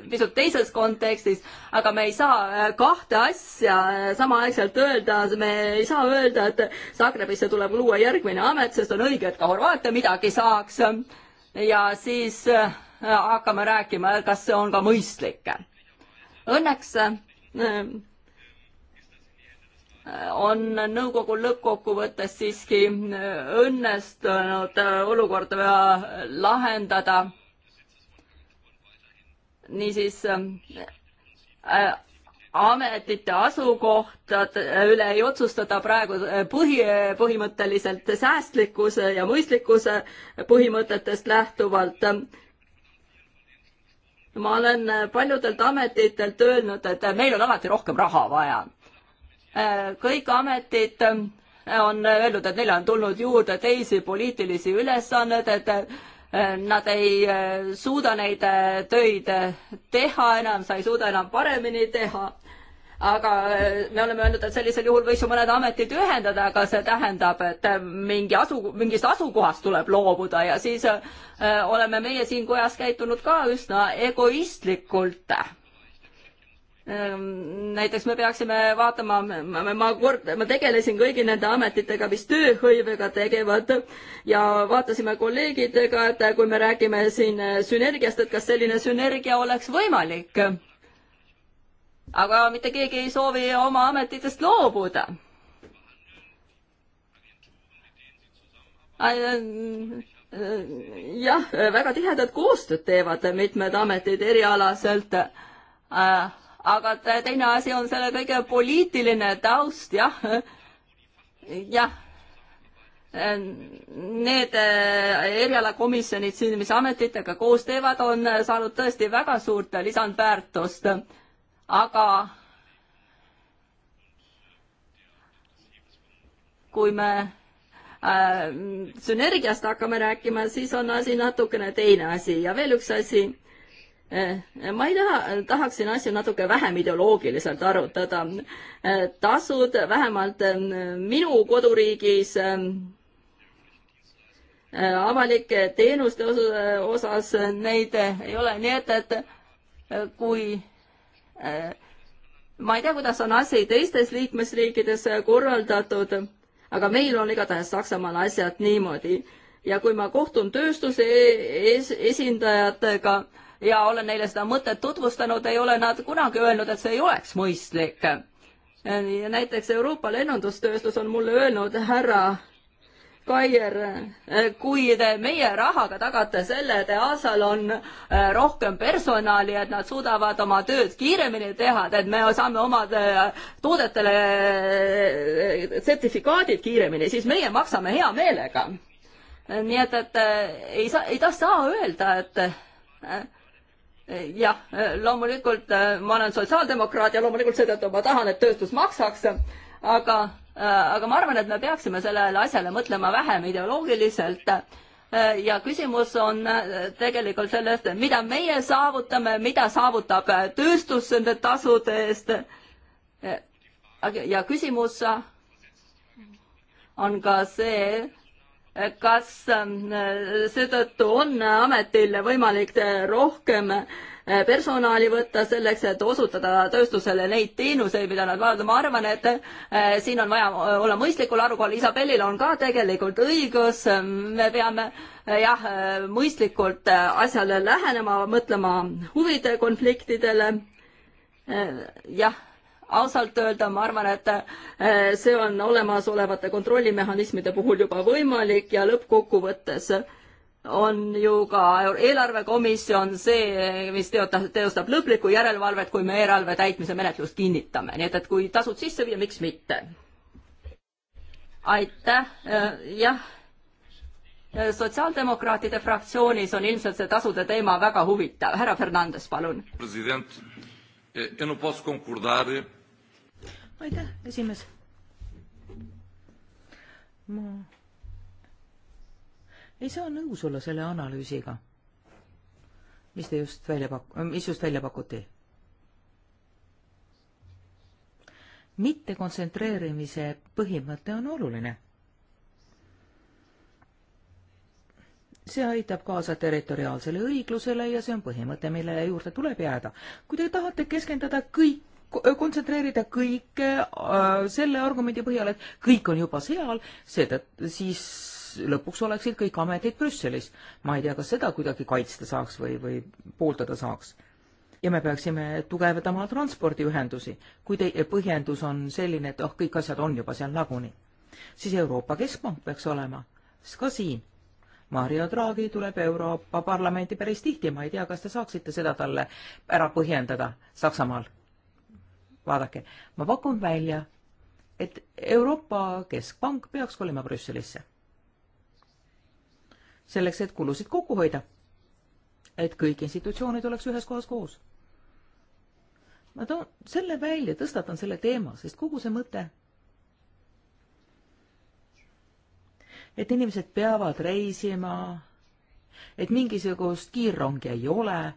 pisut teises kontekstis, aga me ei saa äh, kahte asja äh, samaaegselt öelda, me ei saa öelda, et Zagrebisse tuleb luua järgmine amet, sest on õige, et ka Horvaatia midagi saaks. ja siis äh, hakkame rääkima, kas see on ka mõistlik. Õnneks on nõukogul lõppkokkuvõttes siiski õnnestunud olukorda lahendada. niisiis äh, ametite asukohtade äh, üle ei otsustada praegu äh, põhi, põhimõtteliselt säästlikkuse ja mõistlikkuse põhimõtetest lähtuvalt. ma olen paljudelt ametitelt öelnud, et meil on alati rohkem raha vaja Äh, kõik ametid ähm, on öelnud, et neile on tulnud juurde teisi poliitilisi ülesandeid, et äh, nad ei äh, suuda neid töid teha enam, sa ei suuda enam paremini teha. aga me oleme öelnud, et sellisel juhul võiks ju mõned ametid ühendada, aga see tähendab, et mingi asu, mingist asukohast tuleb loobuda ja siis oleme meie siin kojas käitunud ka üsna egoistlikult Ehm, näiteks me peaksime vaatama, ma, ma kord, ma tegelesin kõigi nende ametitega, mis tööhõivega tegevad ja vaatasime kolleegidega, et kui me räägime siin sünergiast, et kas selline sünergia oleks võimalik. aga mitte keegi ei soovi oma ametitest loobuda. Äh, äh, jah, väga tihedat koostööd teevad mitmed ametid erialaselt äh, aga teine asi on selle kõige poliitiline taust, jah, jah. Äh, need äh, erialakomisjonid siin, mis ametitega koos teevad, on äh, saanud tõesti väga suurt lisandväärtust, aga kui me äh, sünergiast hakkame rääkima, siis on asi natukene teine asi ja veel üks asi Eh, ma ei taha, tahaksin asju natuke vähem ideoloogiliselt arutada. Eh, tasud vähemalt eh, minu koduriigis avalike teenuste osas neid ei ole, nii et, et kui ma ei tea, kuidas on asi teistes liikmesriikides korraldatud, aga meil on igatahes Saksamaal asjad niimoodi ja kui ma kohtun tööstuse e-, es esindajatega, ja olen neile seda mõtet tutvustanud, ei ole nad kunagi öelnud, et see ei oleks mõistlik. näiteks Euroopa lennundustööstus on mulle öelnud, härra Kaier, kui te meie rahaga tagate selle, et EASA-l on äh, rohkem personali, et nad suudavad oma tööd kiiremini teha, et me saame oma äh, toodetele äh, sertifikaadid kiiremini, siis meie maksame hea meelega. nii et, et ei saa, ei ta saa öelda, et jah, loomulikult äh, ma olen sotsiaaldemokraat ja loomulikult seetõttu ma tahan, et tööstus maksaks, aga, äh, aga ma arvan, et me peaksime sellele asjale mõtlema vähem ideoloogiliselt. Äh, ja küsimus on tegelikult sellest, mida meie saavutame, mida saavutab tööstus nende tasude eest. ja küsimus on ka see, kas ähm, seetõttu on ametil võimalik rohkem äh, personali võtta selleks, et osutada tööstusele neid teenuseid, mida nad vajavad. ma arvan, et äh, siin on vaja äh, olla mõistlikul arukohal. Isabellil on ka tegelikult õigus. me peame jah, mõistlikult asjale lähenema, mõtlema huvide konfliktidele. jah ausalt öelda ma arvan, et eh, see on olemasolevate kontrollimehhanismide puhul juba võimalik ja lõppkokkuvõttes on ju ka eelarvekomisjon see, mis teotab, teostab lõplikku järelevalvet, kui me eelarve täitmise menetlust kinnitame, nii et, et kui tasud sisse viia, miks mitte. aitäh, eh, jah. Eh, sotsiaaldemokraatide fraktsioonis on ilmselt see tasude teema väga huvitav, härra Fernandes, palun. president, eu não posso concordar aitäh, esimees. ma ei saa nõus olla selle analüüsiga, mis te just välja pak-, mis just välja pakuti. mitte kontsentreerimise põhimõte on oluline. see aitab kaasa territoriaalsele õiglusele ja see on põhimõte, millele juurde tuleb jääda. kui te tahate keskenduda kõik kontsentreerida kõike äh, selle argumendi põhjal, et kõik on juba seal, seetõttu siis lõpuks oleksid kõik ametid Brüsselis. ma ei tea, kas seda kuidagi kaitsta saaks või, või pooldada saaks. ja me peaksime tugevdama transpordiühendusi, kui teie põhjendus on selline, et oh, kõik asjad on juba seal nagunii. siis Euroopa Keskpank peaks olema, ka siin. Mario Draghi tuleb Euroopa Parlamenti päris tihti, ma ei tea, kas te saaksite seda talle ära põhjendada Saksamaal vaadake, ma pakun välja, et Euroopa Keskpank peaks kolima Brüsselisse. selleks, et kulusid kokku hoida. et kõik institutsioonid oleks ühes kohas koos. ma toon selle välja, tõstatan selle teema, sest kogu see mõte et inimesed peavad reisima, et mingisugust kiirrongi ei ole.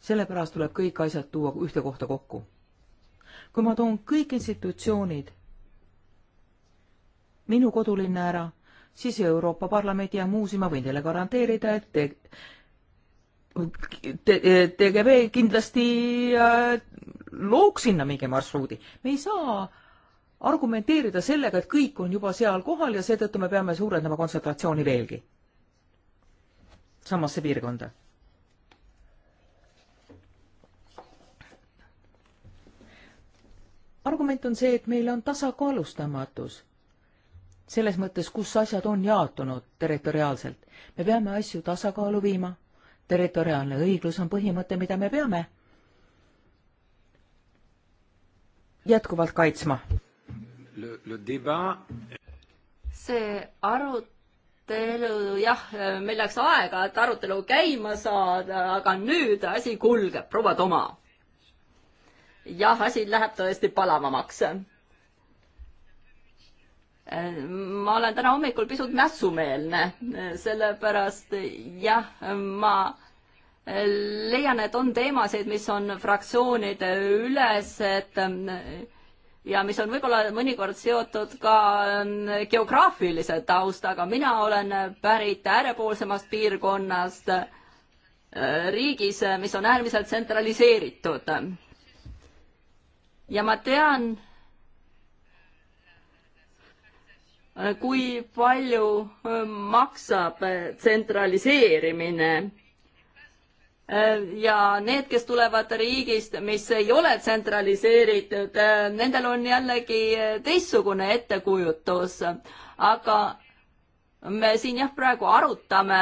sellepärast tuleb kõik asjad tuua ühte kohta kokku kui ma toon kõik institutsioonid minu kodulinna ära, siis Euroopa Parlamendi ja muuseum, ma võin teile garanteerida, et te, te, TGV kindlasti äh, looks sinna mingi marsruudi. me ei saa argumenteerida sellega, et kõik on juba seal kohal ja seetõttu me peame suurendama kontsentratsiooni veelgi samasse piirkonda argument on see, et meil on tasakaalustamatus. selles mõttes, kus asjad on jaotunud territoriaalselt. me peame asju tasakaalu viima. territoriaalne õiglus on põhimõte, mida me peame jätkuvalt kaitsma. see arutelu, jah, meil läks aega, et arutelu käima saada, aga nüüd asi kulgeb, proua Toma jah, asi läheb tõesti palavamaks. ma olen täna hommikul pisut mässumeelne, sellepärast jah, ma leian, et on teemasid, mis on fraktsioonide ülesed ja mis on võib-olla mõnikord seotud ka ähm, geograafilise taustaga. mina olen pärit äärepoolsemast piirkonnast äh, riigis, mis on äärmiselt tsentraliseeritud ja ma tean, äh, kui palju äh, maksab äh, tsentraliseerimine. ja need, kes tulevad riigist, mis ei ole tsentraliseeritud, nendel on jällegi teistsugune ettekujutus. aga me siin jah, praegu arutame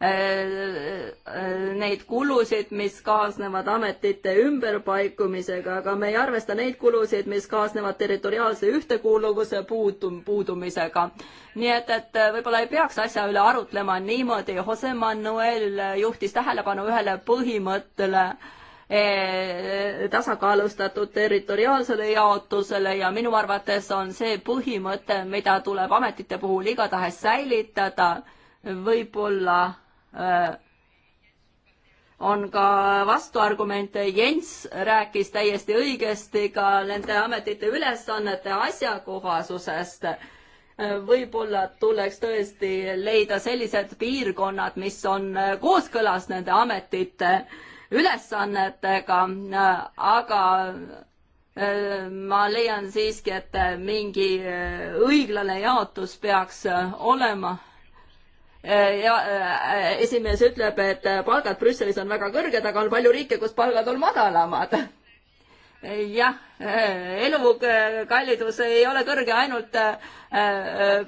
Äh, äh, neid kulusid, mis kaasnevad ametite ümberpaikumisega, aga me ei arvesta neid kulusid, mis kaasnevad territoriaalse ühtekuuluvuse puudum-, puudumisega. nii et, et äh, võib-olla ei peaks asja üle arutlema niimoodi, Jose Manuel juhtis tähelepanu ühele põhimõttele, e, tasakaalustatud territoriaalsele jaotusele ja minu arvates on see põhimõte, mida tuleb ametite puhul igatahes säilitada, võib-olla Äh, on ka vastuargumente, Jens rääkis täiesti õigesti ka nende ametite ülesannete asjakohasusest. Äh, võib-olla tuleks tõesti leida sellised piirkonnad, mis on äh, kooskõlas nende ametite ülesannetega, aga ma leian siiski, et mingi õiglane jaotus peaks olema Äh, ja äh, esimees ütleb, et äh, palgad Brüsselis on väga kõrged, aga on palju riike, kus palgad on madalamad. jah, elukallidus ei ole kõrge ainult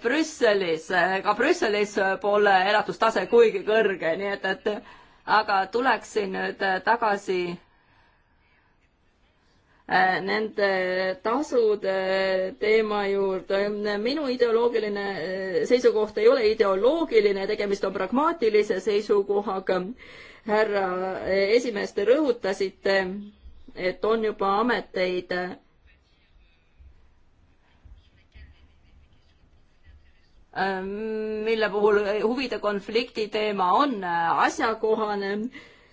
Brüsselis, ka Brüsselis pole elatustase kuigi kõrge, nii et, et aga tuleksin nüüd tagasi Äh, nende tasude äh, teema juurde. minu ideoloogiline äh, seisukoht ei ole ideoloogiline, tegemist on pragmaatilise seisukohaga. härra esimees, te rõhutasite, et on juba ameteid, mille puhul huvide konflikti teema on asjakohane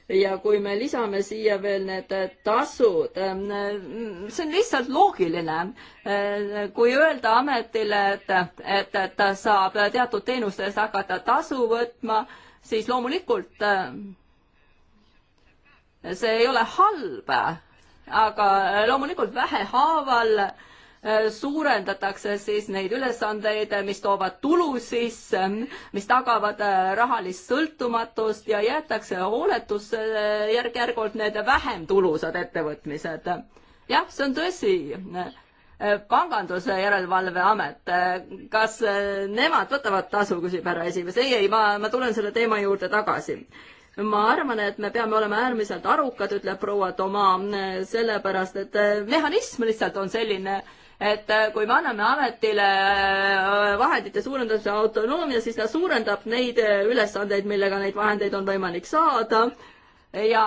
ja kui me lisame siia veel need äh, tasud, ähm, mm, see on lihtsalt loogiline. Äh, kui öelda ametile, et, et, et ta saab teatud teenuste eest hakata tasu võtma, siis loomulikult äh, see ei ole halb, aga loomulikult vähehaaval äh, Äh, suurendatakse siis neid ülesandeid, äh, mis toovad tulu sisse, mis tagavad äh, rahalist sõltumatust ja jäetakse hooletusse järk-järgult need vähem tulusad ettevõtmised. jah, see on tõsi panganduse järelevalveamet, kas nemad võtavad tasu, küsib härra esimees. ei, ei, ma, ma tulen selle teema juurde tagasi. ma arvan, et me peame olema äärmiselt arukad, ütleb proua Toma, sellepärast et mehhanism lihtsalt on selline et äh, kui me anname ametile äh, vahendite suurendamise autonoomia, siis ta suurendab neid äh, ülesandeid, millega neid vahendeid on võimalik saada ja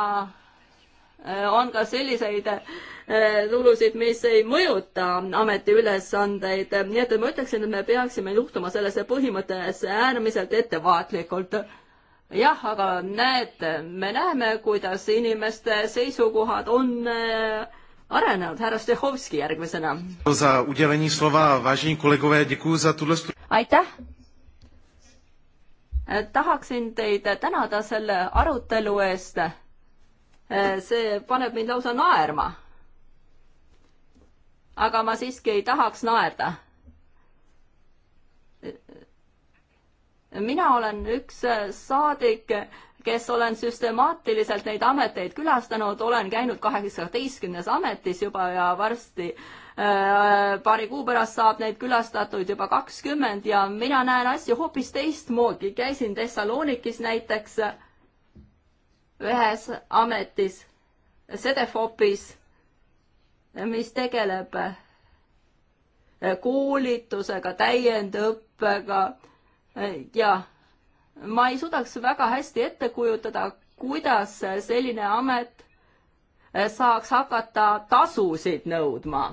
on ka selliseid tulusid, mis ei mõjuta ameti ülesandeid, nii et ma ütleksin, et me peaksime juhtuma sellesse põhimõttesse äärmiselt ettevaatlikult jah, aga näed, me näeme, kuidas inimeste seisukohad on äh, arenenud. härra Stehovski järgmisena. aitäh! tahaksin teid tänada selle arutelu eest. see paneb mind lausa naerma. aga ma siiski ei tahaks naerda. mina olen üks saadik kes olen süstemaatiliselt neid ameteid külastanud, olen käinud kaheksateistkümnes ametis juba ja varsti äh, paari kuu pärast saab neid külastatud juba kakskümmend ja mina näen asju hoopis teistmoodi. käisin Thessalonikis näiteks ühes ametis, Sedefopis, mis tegeleb äh, koolitusega, täiendõppega äh, ja ma ei suudaks väga hästi ette kujutada, kuidas selline amet eh, saaks hakata tasusid nõudma.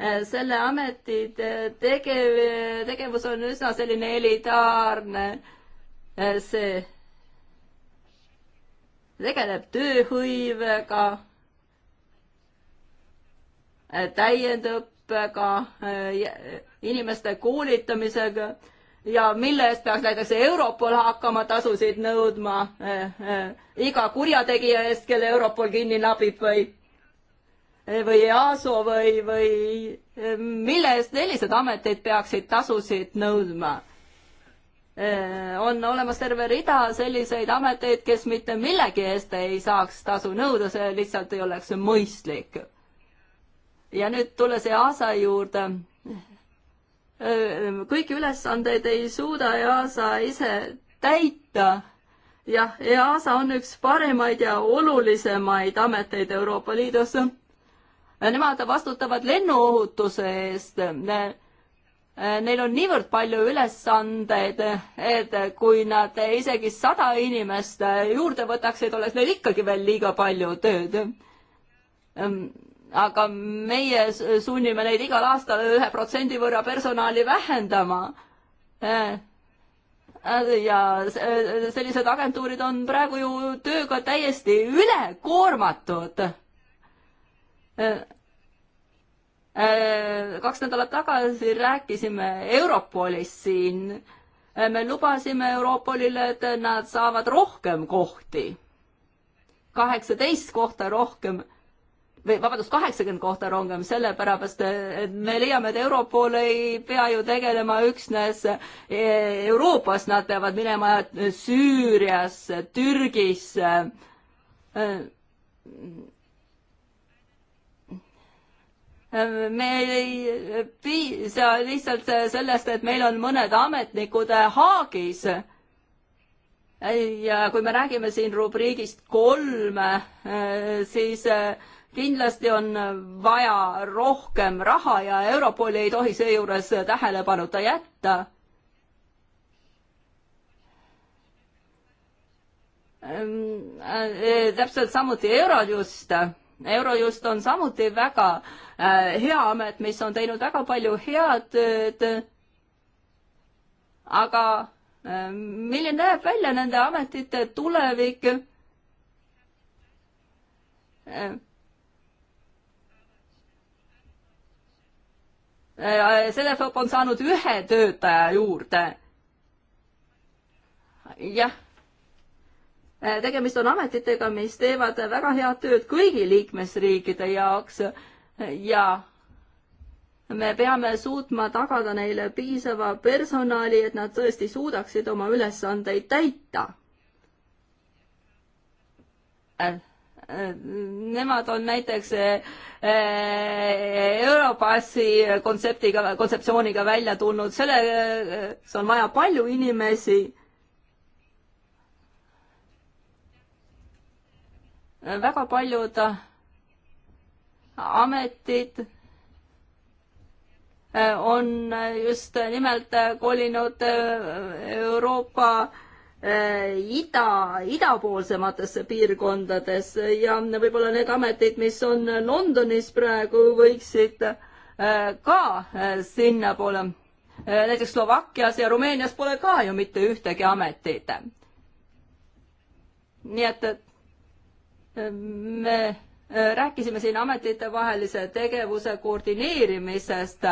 Eh, selle ameti tegev, tegevus on üsna selline elitaarne, eh, see tegeleb tööhõivega, täiendõppega, inimeste koolitamisega ja mille eest peaks näiteks Europol hakkama tasusid nõudma äh, äh, iga kurjategija eest, kelle Europol kinni nabib või, eh, või EASO või, või mille eest sellised ametid peaksid tasusid nõudma äh,? on olemas terve rida selliseid ameteid, kes mitte millegi eest ei saaks tasu nõuda, see lihtsalt ei oleks mõistlik. ja nüüd tulles EASA juurde kõiki ülesandeid ei suuda EASA ise täita. jah, EASA on üks parimaid ja olulisemaid ameteid Euroopa Liidus. Nemad vastutavad lennuohutuse eest. Neil on niivõrd palju ülesandeid, et kui nad isegi sada inimest juurde võtaksid, oleks neil ikkagi veel liiga palju tööd aga meie sunnime neid igal aastal ühe protsendi võrra personali vähendama. Äh, ja äh, sellised agentuurid on praegu ju tööga täiesti ülekoormatud. Äh, kaks nädalat tagasi rääkisime Europolist siin. me lubasime Europolile, et nad saavad rohkem kohti, kaheksateist kohta rohkem või vabandust, kaheksakümmend kohta rongem, sellepärast et me leiame, et Europol ei pea ju tegelema üksnes e, Euroopas, nad peavad minema Süüriasse, Türgisse e, e, meil ei piisa lihtsalt sellest, et meil on mõned ametnikud Haagis. ja kui me räägime siin rubriigist kolm, siis kindlasti on vaja rohkem raha ja Europoli ei tohi seejuures tähelepanuta jätta. Ehm, eh, täpselt samuti Eurojust. Eurojust on samuti väga eh, hea amet, mis on teinud väga palju head tööd. aga eh, milline näeb välja nende ametite tulevik? Celefob äh, on saanud ühe töötaja juurde. jah. Äh, tegemist on ametitega, mis teevad väga head tööd kõigi liikmesriikide jaoks ja me peame suutma tagada neile piisava personali, et nad tõesti suudaksid oma ülesandeid täita äh, Nemad on näiteks eh, eh, Europassi kontseptiga, kontseptsiooniga välja tulnud, selleks eh, on vaja palju inimesi. väga paljud ametid on just nimelt kolinud Euroopa Äh, ida, idapoolsematesse piirkondadesse ja võib-olla need ametid, mis on Londonis praegu, võiksid äh, ka äh, sinnapoole. näiteks Slovakkias ja Rumeenias pole ka ju mitte ühtegi ametit. nii et, et me rääkisime siin ametitevahelise tegevuse koordineerimisest.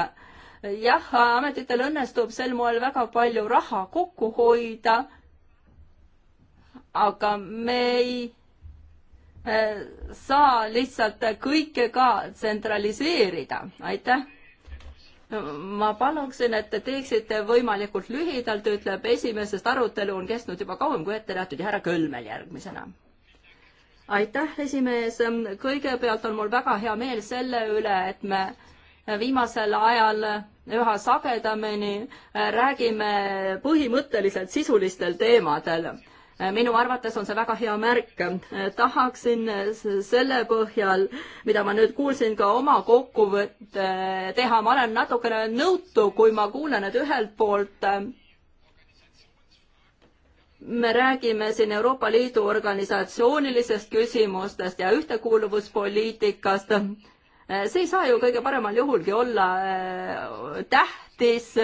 jah, ametitel õnnestub sel moel väga palju raha kokku hoida aga me ei äh, saa lihtsalt kõike ka tsentraliseerida, aitäh. ma paluksin, et te teeksite võimalikult lühidalt, ütleb esimees, sest arutelu on kestnud juba kauem kui ette nähtud ja härra Kölmel järgmisena aitäh, esimees. kõigepealt on mul väga hea meel selle üle, et me viimasel ajal üha sagedamini räägime põhimõtteliselt sisulistel teemadel. Äh, minu arvates on see väga hea märk. Äh, tahaksin äh, selle põhjal, mida ma nüüd kuulsin, ka oma kokkuvõtte teha. ma olen natukene nõutu, kui ma kuulen, et ühelt poolt me räägime siin Euroopa Liidu organisatsioonilisest küsimustest ja ühtekuuluvuspoliitikast. see ei saa ju kõige paremal juhulgi olla tähtis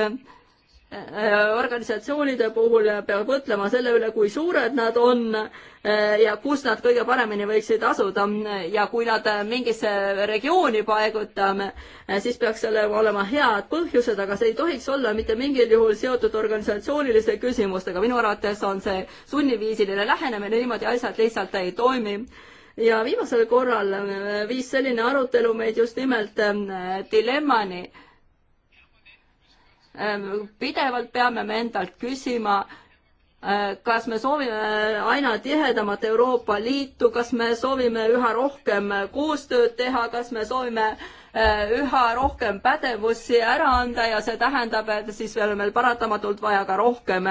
Äh, organisatsioonide puhul peab mõtlema selle üle, kui suured nad on äh, ja kus nad kõige paremini võiksid asuda ja kui nad mingisse regiooni paigutame, äh, siis peaks sellel olema head põhjused, aga see ei tohiks olla mitte mingil juhul seotud organisatsiooniliste küsimustega. minu arvates on see sunniviisiline lähenemine, niimoodi asjad lihtsalt ei toimi ja viimasel korral viis selline arutelu meid just nimelt dilemmani äh, Ehm, pidevalt peame me endalt küsima, eh, kas me soovime aina tihedamat Euroopa Liitu, kas me soovime üha rohkem koostööd teha, kas me soovime eh, üha rohkem pädevusi ära anda ja see tähendab, et siis veel on meil paratamatult vaja ka rohkem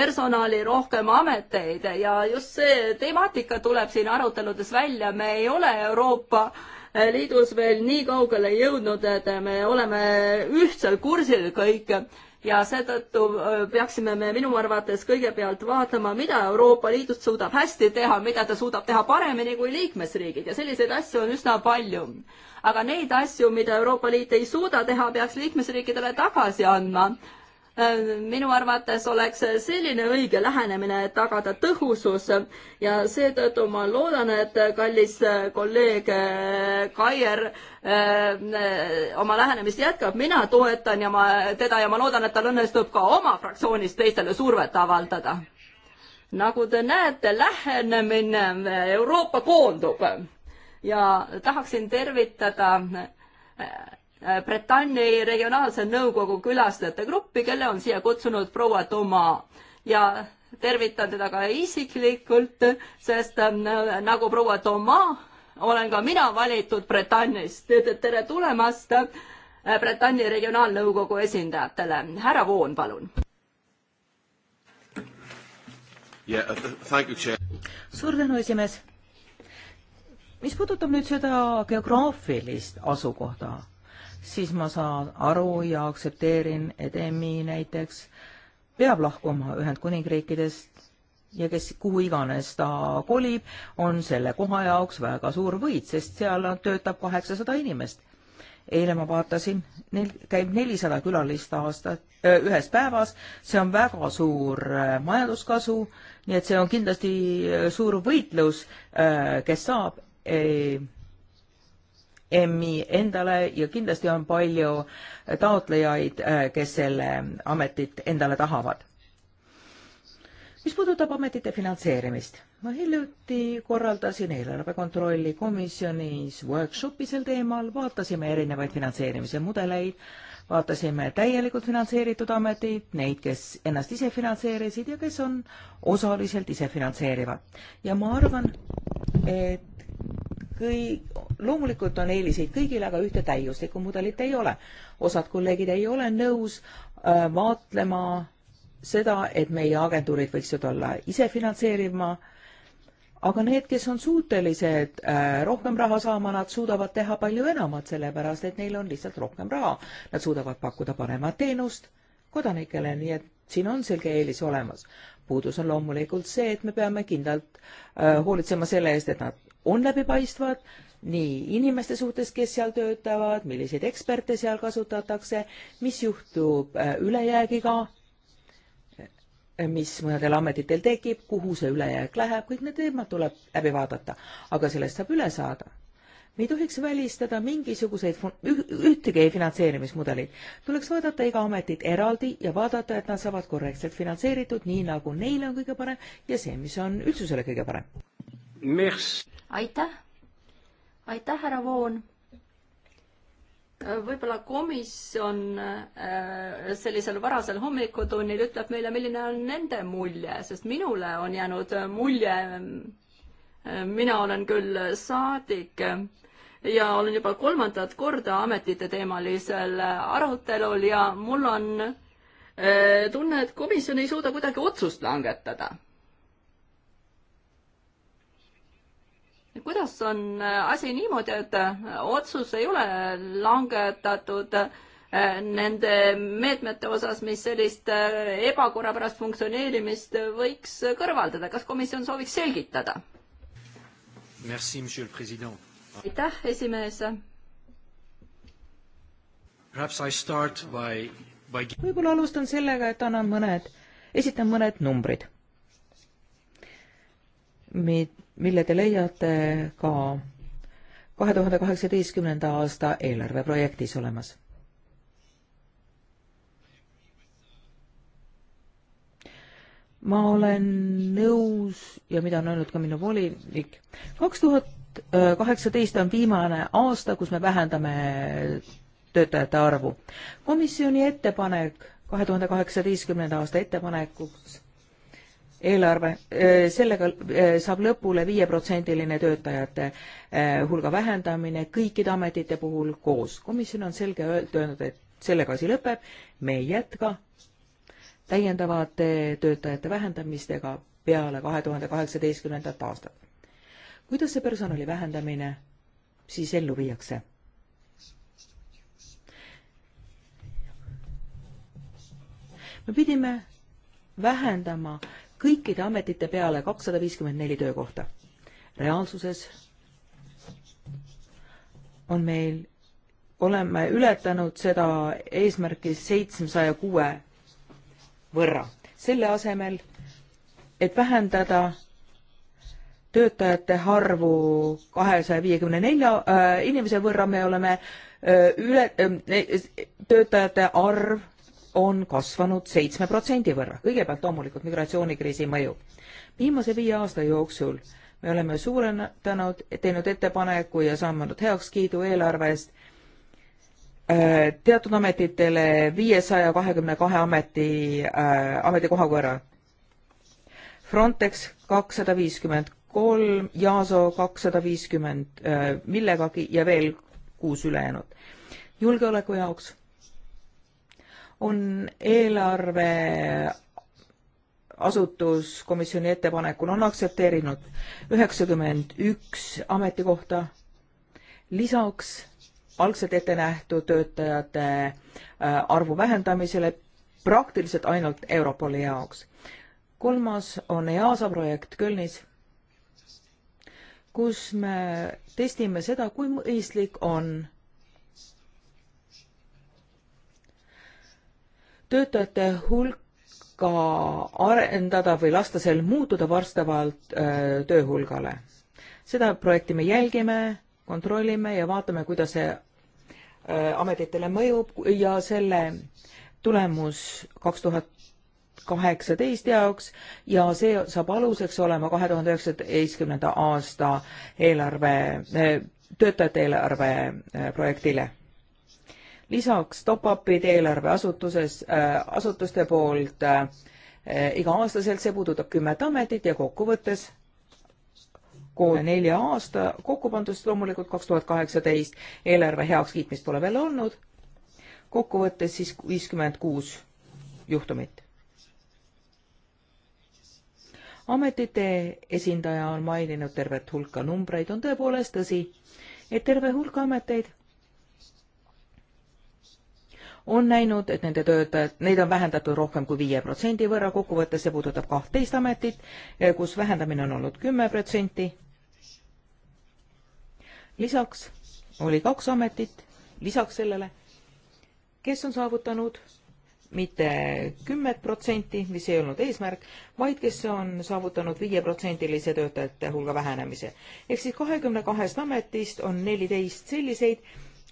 personali, rohkem ameteid ja just see temaatika tuleb siin aruteludes välja, me ei ole Euroopa äh, liidus veel nii kaugele jõudnud, et me oleme ühtsel kursil kõik ja seetõttu äh, peaksime me minu arvates kõigepealt vaatama, mida Euroopa Liidust suudab hästi teha, mida ta suudab teha paremini kui liikmesriigid ja selliseid asju on üsna palju. aga neid asju, mida Euroopa Liit ei suuda teha, peaks liikmesriikidele tagasi andma Äh, minu arvates oleks selline õige lähenemine, et tagada tõhusus ja seetõttu ma loodan, et kallis kolleeg äh, Kaier äh, oma lähenemist jätkab, mina toetan ja ma, teda ja ma loodan, et tal õnnestub ka oma fraktsioonis teistele survet avaldada. nagu te näete, lähenemine Euroopa koondub ja tahaksin tervitada Bretagne regionaalse nõukogu külastajate gruppi, kelle on siia kutsunud proua Toma ja tervitan teda ka isiklikult, sest äh, nagu proua Toma, olen ka mina valitud Bretagnist, nii et tere tulemast äh, Bretagne regionaalnõukogu esindajatele. härra Voon, palun. Uh, suur tänu, esimees. mis puudutab nüüd seda geograafilist asukohta, siis ma saan aru ja aktsepteerin, et EMI näiteks peab lahkuma Ühendkuningriikidest ja kes, kuhu iganes ta kolib, on selle koha jaoks väga suur võit, sest seal töötab kaheksasada inimest. eile ma vaatasin, neil käib nelisada külalist aastat, ühes päevas, see on väga suur majanduskasu, nii et see on kindlasti suur võitlus, kes saab MI endale ja kindlasti on palju taotlejaid, äh, kes selle ametit endale tahavad. mis puudutab ametite finantseerimist, ma hiljuti korraldasin eelarve kontrolli komisjonis workshopi sel teemal, vaatasime erinevaid finantseerimise mudeleid, vaatasime täielikult finantseeritud ameteid, neid, kes ennast ise finantseerisid ja kes on osaliselt ise finantseerivad. ja ma arvan, et kõik loomulikult on eeliseid kõigile, aga ühte täiuslikku mudelit ei ole. osad kolleegid ei ole nõus äh, vaatlema seda, et meie agentuurid võiksid olla ise finantseerima, aga need, kes on suutelised äh, rohkem raha saama, nad suudavad teha palju enamat, sellepärast et neil on lihtsalt rohkem raha. Nad suudavad pakkuda paremat teenust kodanikele, nii et siin on selge eelis olemas. puudus on loomulikult see, et me peame kindlalt äh, hoolitsema selle eest, et nad on läbipaistvad nii inimeste suhtes, kes seal töötavad, milliseid eksperte seal kasutatakse, mis juhtub äh, ülejäägiga, mis mõnedel ametitel tekib, kuhu see ülejääk läheb, kõik need teemad tuleb läbi vaadata, aga sellest saab üle saada me ei tohiks välistada mingisuguseid ühtegi finantseerimismudelit. tuleks vaadata iga ametit eraldi ja vaadata, et nad saavad korrektselt finantseeritud, nii nagu neile on kõige parem ja see, mis on üldsusele kõige parem. aitäh, aitäh, härra Voon võib-olla komisjon äh, sellisel varasel hommikutunnil ütleb meile, milline on nende mulje, sest minule on jäänud mulje, äh, mina olen küll saadik, ja olen juba kolmandat korda ametite teemalisel arutelul ja mul on eh, tunne, et komisjon ei suuda kuidagi otsust langetada. kuidas on eh, asi niimoodi, et eh, otsus ei ole langetatud nende meetmete osas, mis sellist ebakorrapärast funktsioneerimist võiks kõrvaldada, kas komisjon sooviks selgitada? Merci, monsieur le president aitäh, esimees. võib-olla alustan sellega, et annan mõned, esitan mõned numbrid, mi-, mille te leiate ka kahe tuhande kaheksateistkümnenda aasta eelarveprojektis olemas ma olen nõus ja mida on öelnud ka minu volinik, kaks tuhat tuhat kaheksateist on viimane aasta, kus me vähendame töötajate arvu. komisjoni ettepanek, kahe tuhande kaheksateistkümnenda aasta ettepanekuks eelarve, äh, sellega äh, saab lõpule viieprotsendiline töötajate äh, hulga vähendamine kõikide ametite puhul koos. komisjon on selge öelnud, et sellega asi lõpeb, me ei jätka täiendavate töötajate vähendamistega peale kahe tuhande kaheksateistkümnendat aastat kuidas see personali vähendamine siis ellu viiakse? me pidime vähendama kõikide ametite peale kakssada viiskümmend neli töökohta. reaalsuses on meil, oleme ületanud seda eesmärki seitsmesaja kuue võrra. selle asemel, et vähendada töötajate arvu kahesaja viiekümne nelja äh, inimese võrra, me oleme öö, äh, üle, äh, töötajate arv on kasvanud seitsme protsendi võrra. kõigepealt loomulikult migratsioonikriisi mõju. viimase viie aasta jooksul me oleme suurendanud, teinud ettepaneku ja saanud heakskiidu eelarvest teatud ametitele viiesaja kahekümne kahe ameti äh,, ametikoha võrra. Frontex kakssada viiskümmend kolm, Jaaso kakssada viiskümmend äh, millegagi ja veel kuus ülejäänut. julgeoleku jaoks on eelarve asutus komisjoni ettepanekul on aktsepteerinud üheksakümmend üks ametikohta, lisaks algselt ette nähtud töötajate äh, arvu vähendamisele praktiliselt ainult Europoli jaoks. kolmas on EASA projekt Kölnis kus me testime seda, kui mõistlik on töötajate hulka arendada või lasta sel muutuda vastavalt öö, äh, tööhulgale. seda projekti me jälgime, kontrollime ja vaatame, kuidas see öö, äh, ametitele mõjub ja selle tulemus kaks tuhat kaheksateist jaoks ja see saab aluseks olema kahe tuhande üheksateistkümnenda aasta eelarve, töötajate eelarve äh, projektile. lisaks top-up'id eelarve asutuses, äh, asutuste poolt äh, iga-aastaselt, see puudutab kümmet ametit ja kokkuvõttes kolme nelja aasta kokku pandust loomulikult kaks tuhat kaheksateist eelarve heakskiitmist pole veel olnud, kokkuvõttes siis viiskümmend kuus juhtumit ametite esindaja on maininud tervet hulka numbreid, on tõepoolest tõsi, et terve hulk ameteid on näinud, et nende töötajad, neid on vähendatud rohkem kui viie protsendi võrra, kokkuvõttes see puudutab kahtteist ametit, kus vähendamine on olnud kümme protsenti. lisaks oli kaks ametit, lisaks sellele, kes on saavutanud mitte kümmet protsenti, mis ei olnud eesmärk, vaid kes on saavutanud viieprotsendilise töötajate hulga vähenemise. ehk siis kahekümne kahest ametist on neliteist selliseid,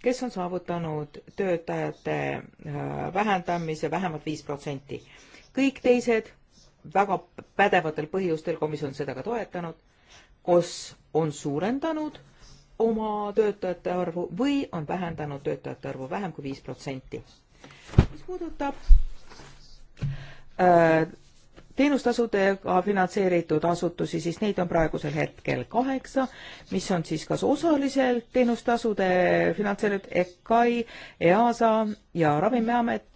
kes on saavutanud töötajate äh, vähendamise vähemalt viis protsenti. kõik teised väga pädevatel põhjustel, komisjon seda ka toetanud, kus on suurendanud oma töötajate arvu või on vähendanud töötajate arvu vähem kui viis protsenti mis puudutab äh, teenustasudega finantseeritud asutusi, siis neid on praegusel hetkel kaheksa, mis on siis kas osaliselt teenustasude finantseeritud EKAI, EASA ja Ravimiamet.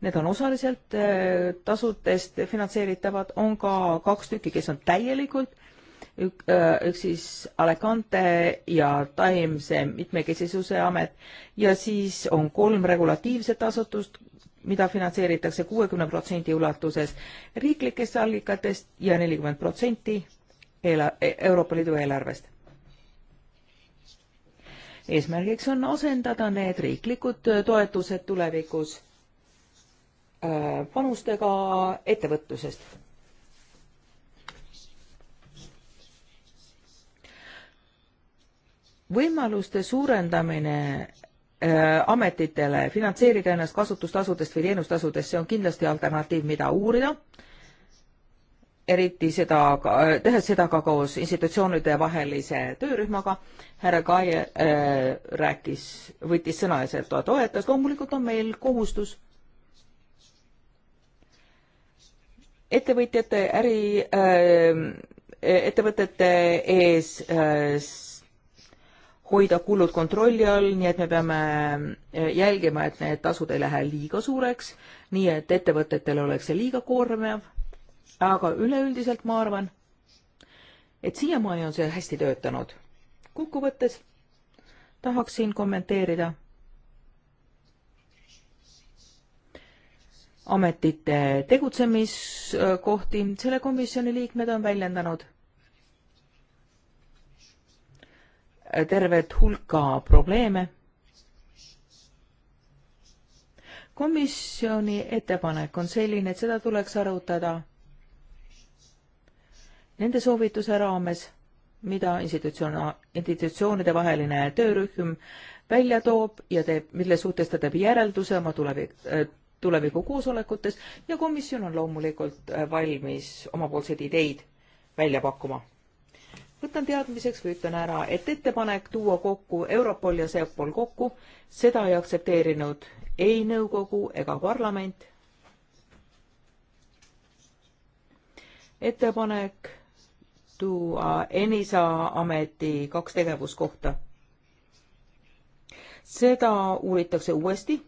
Need on osaliselt äh, tasudest finantseeritavad, on ka kaks tükki, kes on täielikult ük-, äh, üks siis Alicante ja Taimse mitmekesisuse amet ja siis on kolm regulatiivset asutust, mida finantseeritakse kuuekümne protsendi ulatuses riiklikest allikatest ja nelikümmend protsenti eela-, e-, Euroopa Liidu eelarvest eesmärgiks on asendada need riiklikud toetused tulevikus äh, panustega ettevõtlusest võimaluste suurendamine äh, ametitele finantseerida ennast kasutustasudest või teenustasudest, see on kindlasti alternatiiv, mida uurida, eriti seda, äh, tehes seda ka koos institutsioonide vahelise töörühmaga, härra Kai äh, rääkis, võttis sõna ja sealt toetas, loomulikult on meil kohustus ettevõtjate äri äh,, ettevõtete ees äh, hoida kulud kontrolli all, nii et me peame eh, jälgima, et need tasud ei lähe liiga suureks, nii et ettevõtetel oleks see liiga koormav. aga üleüldiselt ma arvan, et siiamaani on see hästi töötanud. kokkuvõttes tahaksin kommenteerida ametite tegutsemiskohti, selle komisjoni liikmed on väljendanud tervet hulka probleeme. komisjoni ettepanek on selline, et seda tuleks arutada nende soovituse raames, mida institutsioon, institutsioonide vaheline töörühm välja toob ja teeb, mille suhtes ta teeb järelduse oma tulevik, tuleviku koosolekutes ja komisjon on loomulikult valmis omapoolseid ideid välja pakkuma võtan teadmiseks või ütlen ära, et ettepanek tuua kokku Europol ja Seppol kokku, seda ei aktsepteerinud ei nõukogu ega parlament. ettepanek tuua ENISA ameti kaks tegevuskohta. seda uuritakse uuesti,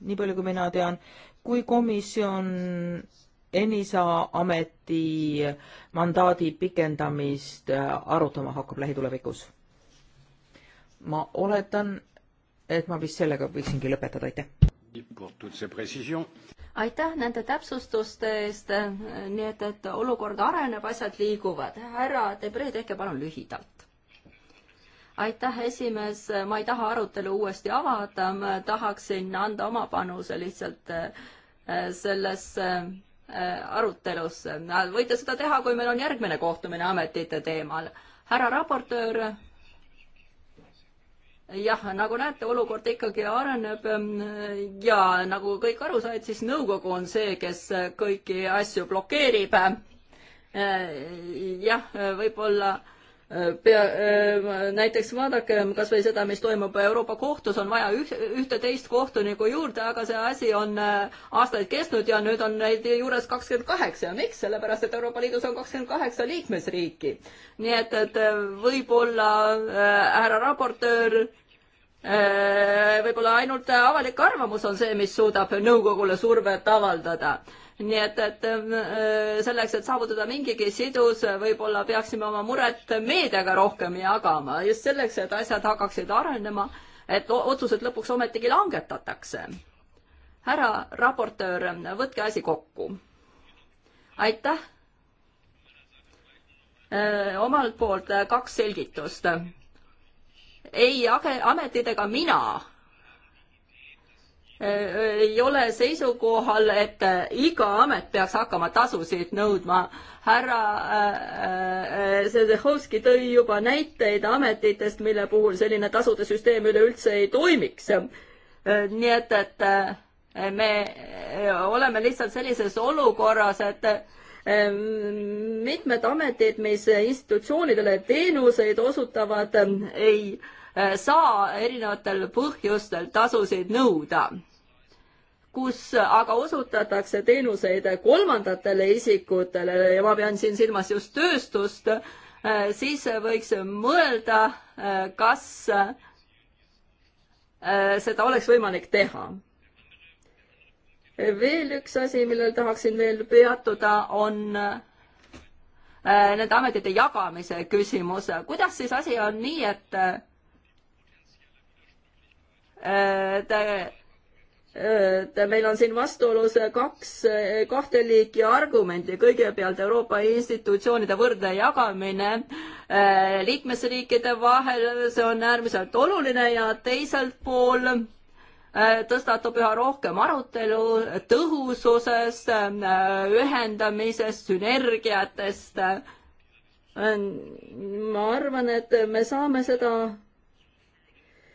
nii palju kui mina tean, kui komisjon ENISA ameti mandaadi pikendamist äh, arutama hakkab lähitulevikus. ma oletan, et ma vist sellega võiksingi lõpetada, aitäh! aitäh nende täpsustuste eest, nii et, et olukord areneb, asjad liiguvad. härra Debre, tehke palun lühidalt. aitäh, esimees, ma ei taha arutelu uuesti avada, ma tahaksin anda oma panuse lihtsalt äh, sellesse Äh, arutelusse. võite seda teha, kui meil on järgmine kohtumine ametite teemal. härra raportöör. jah, nagu näete, olukord ikkagi areneb ähm, ja nagu kõik aru said, siis nõukogu on see, kes kõiki asju blokeerib. Äh, jah, võib-olla pea, ehm, näiteks vaadake kas või seda, mis toimub Euroopa kohtus, on vaja üht, ühte-teist kohtuniku juurde, aga see asi on äh, aastaid kestnud ja nüüd on neid juures kakskümmend kaheksa ja miks, sellepärast et Euroopa Liidus on kakskümmend kaheksa liikmesriiki. nii et, et äh, võib-olla äh, härra äh, raportöör äh, võib-olla ainult avalik arvamus on see, mis suudab nõukogule survet avaldada nii et, et äh, selleks, et saavutada mingigi sidus, võib-olla peaksime oma muret meediaga rohkem jagama, just selleks, et asjad hakkaksid arenema, et otsused lõpuks ometigi langetatakse. härra raportöör, võtke asi kokku. aitäh äh, omalt poolt kaks selgitust. ei ametid ega mina Äh, ei ole seisukohal, et äh, iga amet peaks hakkama tasusid nõudma. härra äh, äh Sedehovski tõi juba näiteid ametitest, mille puhul selline tasude süsteem üleüldse ei toimiks. nii et, et me oleme lihtsalt sellises olukorras, et mitmed ametid, mis institutsioonidele teenuseid osutavad, ei saa erinevatel põhjustel tasusid nõuda kus aga osutatakse teenuseid kolmandatele isikutele ja ma pean siin silmas just tööstust, eh, siis võiks mõelda, eh, kas eh, seda oleks võimalik teha. veel üks asi, millel tahaksin veel peatuda, on nende ametite jagamise küsimus. kuidas siis asi on nii, et te et äh, meil on siin vastuolus kaks, äh, kahte liiki argumenti. kõigepealt Euroopa institutsioonide võrdne jagamine äh, liikmesriikide vahel, see on äärmiselt oluline ja teiselt pool tõstatub üha rohkem arutelu tõhususest, ühendamisest, sünergiatest. ma arvan, et me saame seda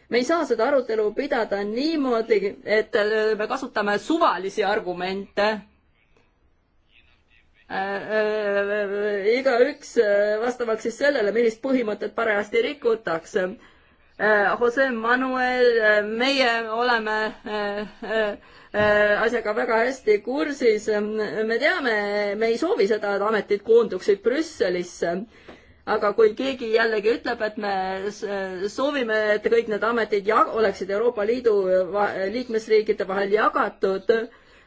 me ei saa seda arutelu pidada niimoodi, et me kasutame suvalisi argumente äh, äh, igaüks äh, vastavalt siis sellele, millist põhimõtet parajasti rikutakse. Jose Manuel, meie oleme asjaga väga hästi kursis. me teame, me ei soovi seda, et ametid koonduksid Brüsselisse aga kui keegi jällegi ütleb, et me soovime, et kõik need ametid ja, oleksid Euroopa Liidu liikmesriikide vahel jagatud,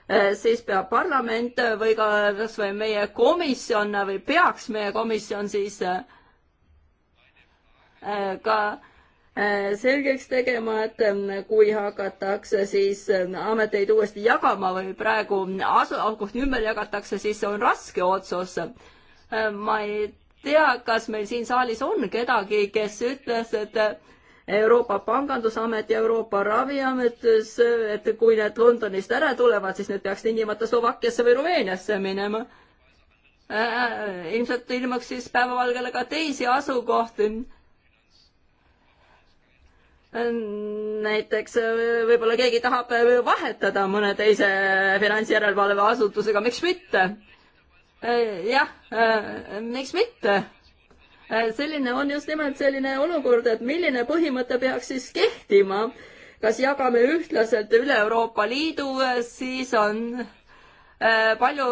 eh, siis peab parlament või ka kas või meie komisjon või peaks meie komisjon siis eh, ka eh, selgeks tegema, et kui hakatakse siis ameteid uuesti jagama või praegu asu-, ümber jagatakse, siis see on raske otsus. ma ei tea, kas meil siin saalis on kedagi, kes ütles, et Euroopa Pangandusamet ja Euroopa Raviamet, et kui need Londonist ära tulevad, siis need peaks tingimata Slovakkiasse või Rumeeniasse minema. Äh, ilmselt ilmuks siis päevavalgele ka teisi asukohti näiteks äh, võib-olla keegi tahab vahetada mõne teise finantsjärelevalve asutusega, miks mitte? Äh, jah, äh, miks mitte? Äh, selline on just nimelt selline olukord, et milline põhimõte peaks siis kehtima. kas jagame ühtlaselt üle Euroopa Liidu, siis on palju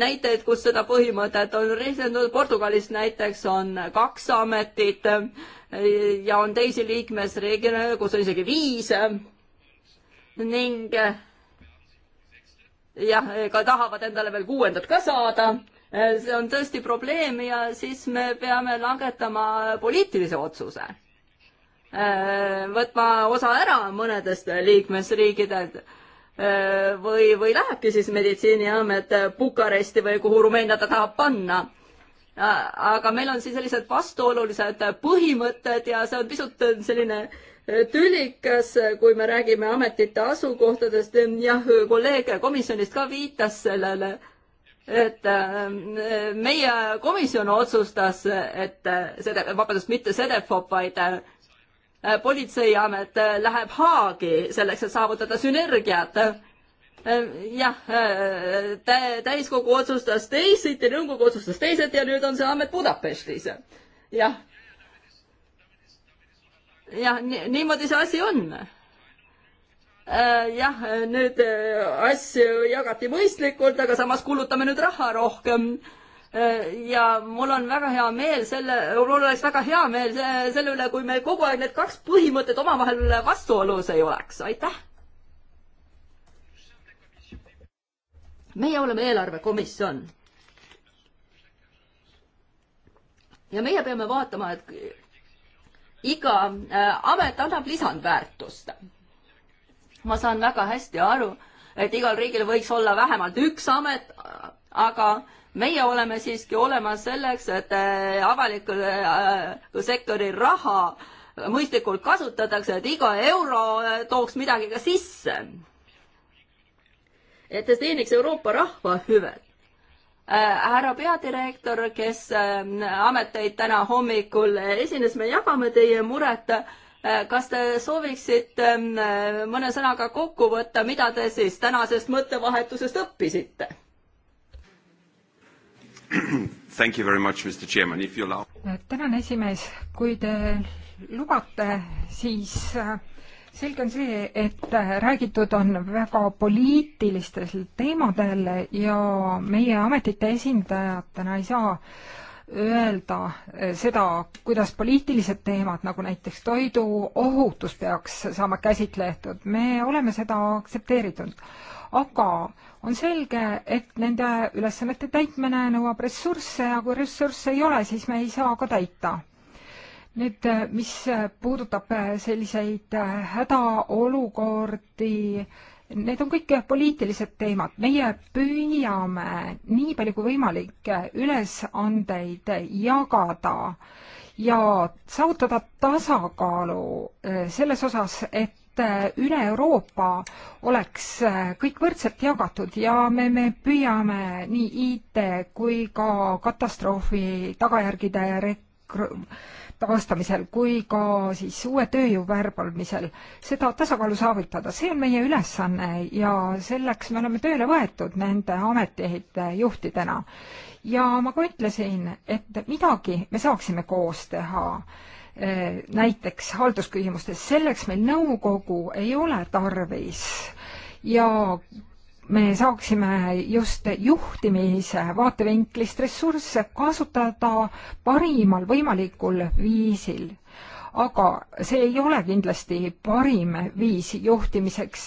näiteid, kus seda põhimõtet on rehkendatud, Portugalis näiteks on kaks ametit ja on teisi liikmesriike, kus on isegi viis ning jah, ka tahavad endale veel kuuendat ka saada. see on tõesti probleem ja siis me peame langetama poliitilise otsuse. võtma osa ära mõnedest liikmesriikidelt või, või lähebki siis meditsiiniamet Bukaresti või kuhu Rumeenia ta tahab panna. aga meil on siin sellised vastuolulised põhimõtted ja see on pisut selline äh, tülikas, kui me räägime ametite asukohtadest, jah, kolleeg komisjonist ka viitas sellele, et äh, meie komisjon otsustas, et sede, vabandust, mitte Sedefop, vaid äh, politseiamet äh, läheb Haagi selleks, et saavutada sünergiat jah, täiskogu otsustas teisiti, nõukogu otsustas teisiti ja nüüd on see amet Budapestis. jah, jah, niimoodi see asi on. Äh, jah, nüüd äh, asju jagati mõistlikult, aga samas kulutame nüüd raha rohkem. Äh, ja mul on väga hea meel selle, mul oleks väga hea meel selle üle, kui meil kogu aeg need kaks põhimõtet omavahel vastuolus ei oleks, aitäh. meie oleme eelarvekomisjon. ja meie peame vaatama, et iga äh, amet annab lisandväärtust. ma saan väga hästi aru, et igal riigil võiks olla vähemalt üks amet, aga meie oleme siiski olemas selleks, et äh, avaliku äh, sektori raha mõistlikult kasutatakse, et iga euro tooks midagi ka sisse. et see teeniks Euroopa rahva hüved Äh, härra peadirektor, kes äh, ameteid täna hommikul esines, me jagame teie muret. Äh, kas te sooviksite ähm, mõne sõnaga kokku võtta, mida te siis tänasest mõttevahetusest õppisite? Thank you very much, Mr Chairman, if you allow. tänan, esimees, kui te lubate, siis äh, selge on see, et äh, räägitud on väga poliitilistel teemadel ja meie ametite esindajatena ei saa öelda äh, seda, kuidas poliitilised teemad, nagu näiteks toiduohutus, peaks saama käsitletud. me oleme seda aktsepteeritud. aga on selge, et nende ülesannete täitmine nõuab ressursse ja kui ressursse ei ole, siis me ei saa ka täita nüüd, äh, mis äh, puudutab äh, selliseid hädaolukordi, need on kõik poliitilised teemad, meie püüame nii palju kui võimalik ülesandeid jagada ja saavutada tasakaalu selles osas, et üle Euroopa oleks kõik võrdselt jagatud ja me, me püüame nii IT kui ka katastroofi tagajärgide rek-, taastamisel kui ka siis uue tööjõu värbamisel, seda tasakaalu saavutada, see on meie ülesanne ja selleks me oleme tööle võetud nende ametiehite juhtidena. ja ma ka ütlesin, et midagi me saaksime koos teha eh, näiteks haldusküsimustes, selleks meil nõukogu ei ole tarvis ja me saaksime just juhtimise vaatevinklist ressursse kasutada parimal võimalikul viisil. aga see ei ole kindlasti parim viis juhtimiseks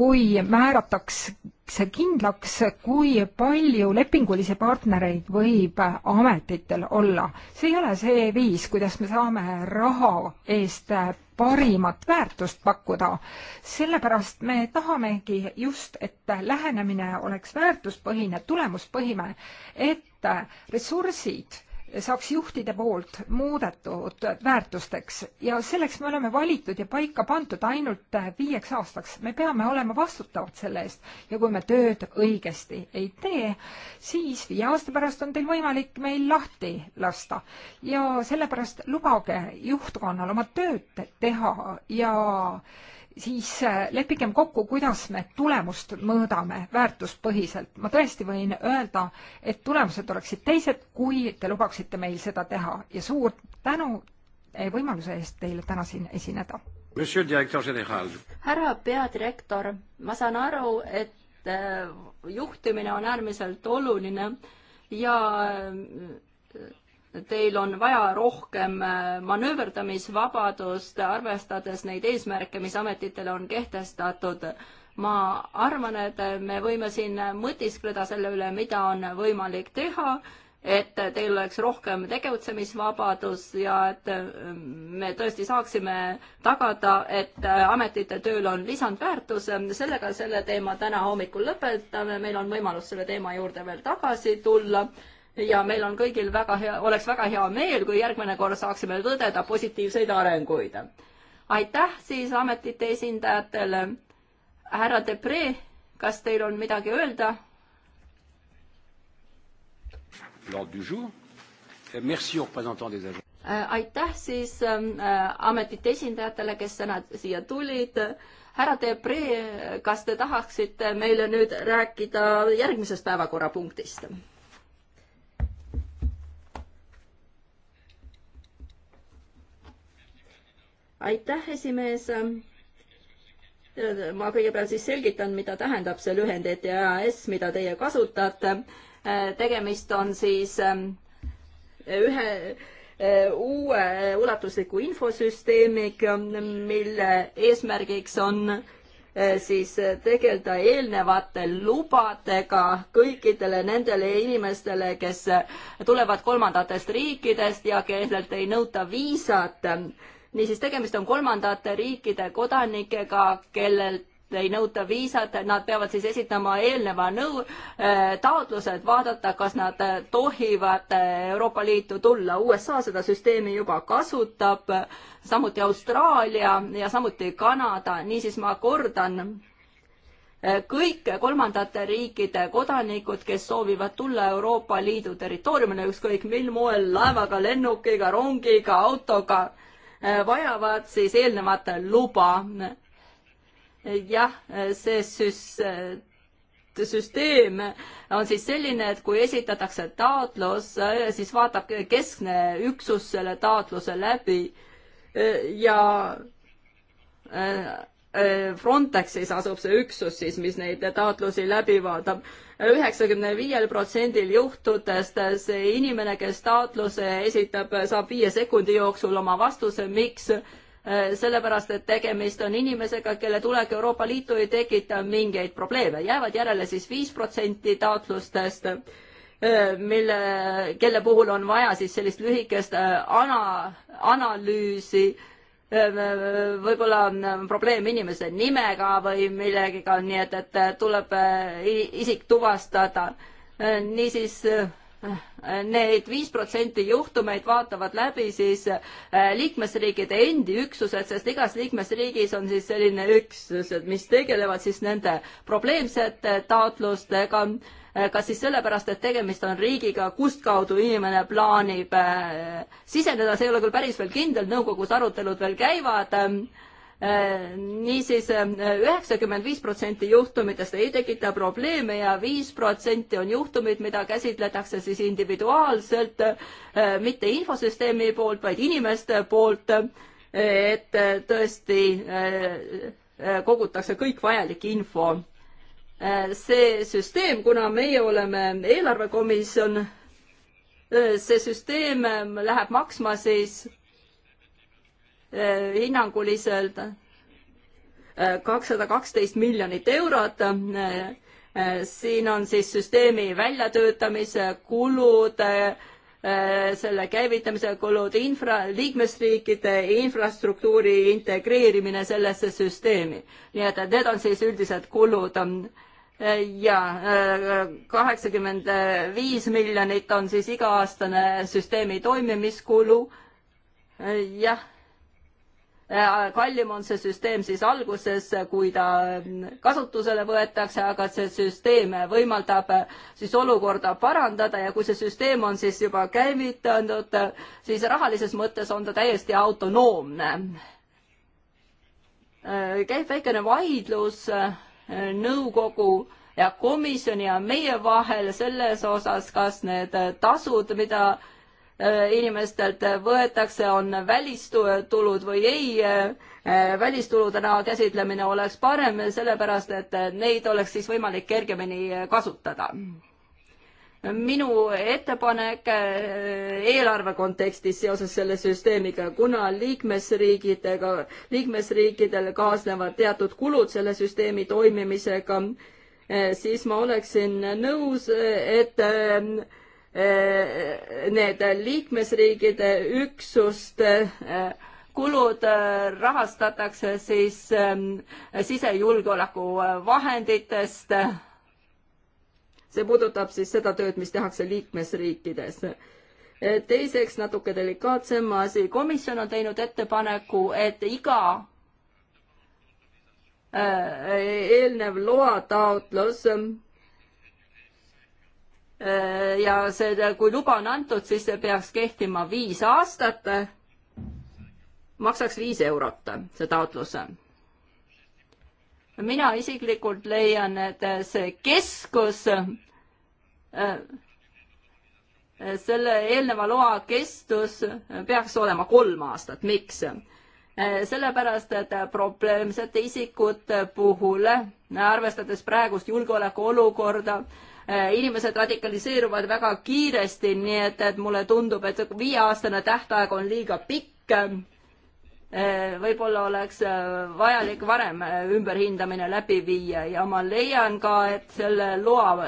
kui määratakse kindlaks, kui palju lepingulisi partnereid võib ametitel olla. see ei ole see viis, kuidas me saame raha eest parimat väärtust pakkuda. sellepärast me tahamegi just, et lähenemine oleks väärtuspõhine, tulemuspõhine, et ressursid saaks juhtide poolt muudetud väärtusteks ja selleks me oleme valitud ja paika pandud ainult viieks aastaks. me peame olema vastutavad selle eest ja kui me tööd õigesti ei tee, siis viie aasta pärast on teil võimalik meil lahti lasta ja sellepärast lubage juhtkonnal oma tööd teha ja siis äh, leppigem kokku, kuidas me tulemust mõõdame väärtuspõhiselt. ma tõesti võin öelda, et tulemused oleksid teised, kui te lubaksite meil seda teha ja suur tänu äh, võimaluse eest teile täna siin esineda. härra peadirektor, ma saan aru, et äh, juhtimine on äärmiselt oluline ja teil on vaja rohkem äh, manööverdamisvabadust, arvestades neid eesmärke, mis ametitele on kehtestatud. ma arvan, et me võime siin mõtiskleda selle üle, mida on võimalik teha, et teil oleks rohkem tegutsemisvabadus ja et äh, me tõesti saaksime tagada, et äh, ametite tööl on lisandväärtus. sellega selle teema täna hommikul lõpetame, meil on võimalus selle teema juurde veel tagasi tulla ja meil on kõigil väga hea, oleks väga hea meel, kui järgmine kord saaksime tõdeda positiivseid arenguid. aitäh siis ametite esindajatele. härra Depree, kas teil on midagi öelda? Äh, aitäh siis ähm, äh, ametite esindajatele, kes täna siia tulid härra Debre, kas te tahaksite meile nüüd rääkida järgmisest päevakorrapunktist? aitäh, esimees. ma kõigepealt siis selgitan, mida tähendab see lühend ETAS, mida teie kasutate. tegemist on siis ähm, ühe äh, uue ulatusliku infosüsteemiga, mille eesmärgiks on äh, siis tegeleda eelnevate lubadega kõikidele nendele inimestele, kes tulevad kolmandatest riikidest ja kellelt ei nõuta viisat niisiis, tegemist on kolmandate riikide kodanikega, kellelt ei nõuta viisat, nad peavad siis esitama eelneva nõu, eh, taotluse, et vaadata, kas nad tohivad Euroopa Liitu tulla. USA seda süsteemi juba kasutab, samuti Austraalia ja samuti Kanada, niisiis ma kordan, eh, kõik kolmandate riikide kodanikud, kes soovivad tulla Euroopa Liidu territooriumile, ükskõik mil moel, laevaga, lennukiga, rongiga, autoga vajavad siis eelnevat luba. jah, see süst-, süsteem on siis selline, et kui esitatakse taotlus, siis vaatab keskne üksus selle taotluse läbi ja Äh, Frontexis asub see üksus siis, mis neid taotlusi läbi vaatab. üheksakümne viiel protsendil juhtudest see inimene, kes taotluse esitab, saab viie sekundi jooksul oma vastuse, miks äh, sellepärast, et tegemist on inimesega, kelle tulek Euroopa Liitu ei tekita mingeid probleeme, jäävad järele siis viis protsenti taotlustest, äh, mille, kelle puhul on vaja siis sellist lühikest ana-, analüüsi Ehm, ehm, võib-olla on ehm, probleem inimese nimega või millegiga, nii et, et tuleb eh, isik tuvastada. niisiis eh, need viis protsenti juhtumeid vaatavad läbi siis eh, liikmesriikide endi üksused, sest igas liikmesriigis on siis selline üksus, mis tegelevad siis nende probleemsete taotlustega Äh, kas siis sellepärast, et tegemist on riigiga, kustkaudu inimene plaanib äh, siseneda, see ei ole küll päris veel kindel, nõukogus arutelud veel käivad ähm, äh, niisiis üheksakümmend viis protsenti juhtumitest ei tekita probleeme ja viis protsenti on juhtumid, mida käsitletakse siis individuaalselt, mitte infosüsteemi poolt, vaid inimeste poolt, et tõesti kogutakse kõik vajalik info Äh, see süsteem, kuna meie oleme eelarvekomisjon, äh, see süsteem ähm, läheb maksma siis äh, hinnanguliselt kakssada kaksteist miljonit eurot. siin on siis süsteemi väljatöötamise kulud, selle käivitamise kulud, infra, liikmesriikide infrastruktuuri integreerimine sellesse süsteemi. nii et, et need on siis üldised kulud ähm, ja kaheksakümmend viis miljonit on siis iga-aastane süsteemi toimimiskulu. jah, kallim on see süsteem siis alguses, kui ta kasutusele võetakse, aga see süsteem võimaldab siis olukorda parandada ja kui see süsteem on siis juba käivitatud, siis rahalises mõttes on ta täiesti autonoomne. käib väikene vaidlus nõukogu ja komisjoni ja meie vahel selles osas, kas need tasud, mida äh, inimestelt võetakse, on välistulud või ei. Äh, välistuludena käsitlemine oleks parem, sellepärast et neid oleks siis võimalik kergemini kasutada minu ettepanek äh, eelarve kontekstis seoses selle süsteemiga, kuna liikmesriigidega, liikmesriikidel kaasnevad teatud kulud selle süsteemi toimimisega, äh, siis ma oleksin nõus, et äh, need liikmesriigide üksuste kulud rahastatakse siis ähm, sisejulgeoleku vahenditest see puudutab siis seda tööd, mis tehakse liikmesriikides. teiseks natuke delikaatsem asi, komisjon on teinud ettepaneku, et iga äh, eelnev loataotlus äh, ja see, kui luba on antud, siis see peaks kehtima viis aastat, maksaks viis eurot, see taotlus mina isiklikult leian, et see keskus äh, selle eelneva loa kestus peaks olema kolm aastat, miks? Äh, sellepärast, et probleemsete isikute puhul, arvestades praegust julgeolekuolukorda, äh, inimesed radikaliseeruvad väga kiiresti, nii et, et mulle tundub, et viieaastane tähtaeg on liiga pikk Äh, võib-olla oleks äh, vajalik varem äh, ümberhindamine läbi viia ja ma leian ka, et selle loa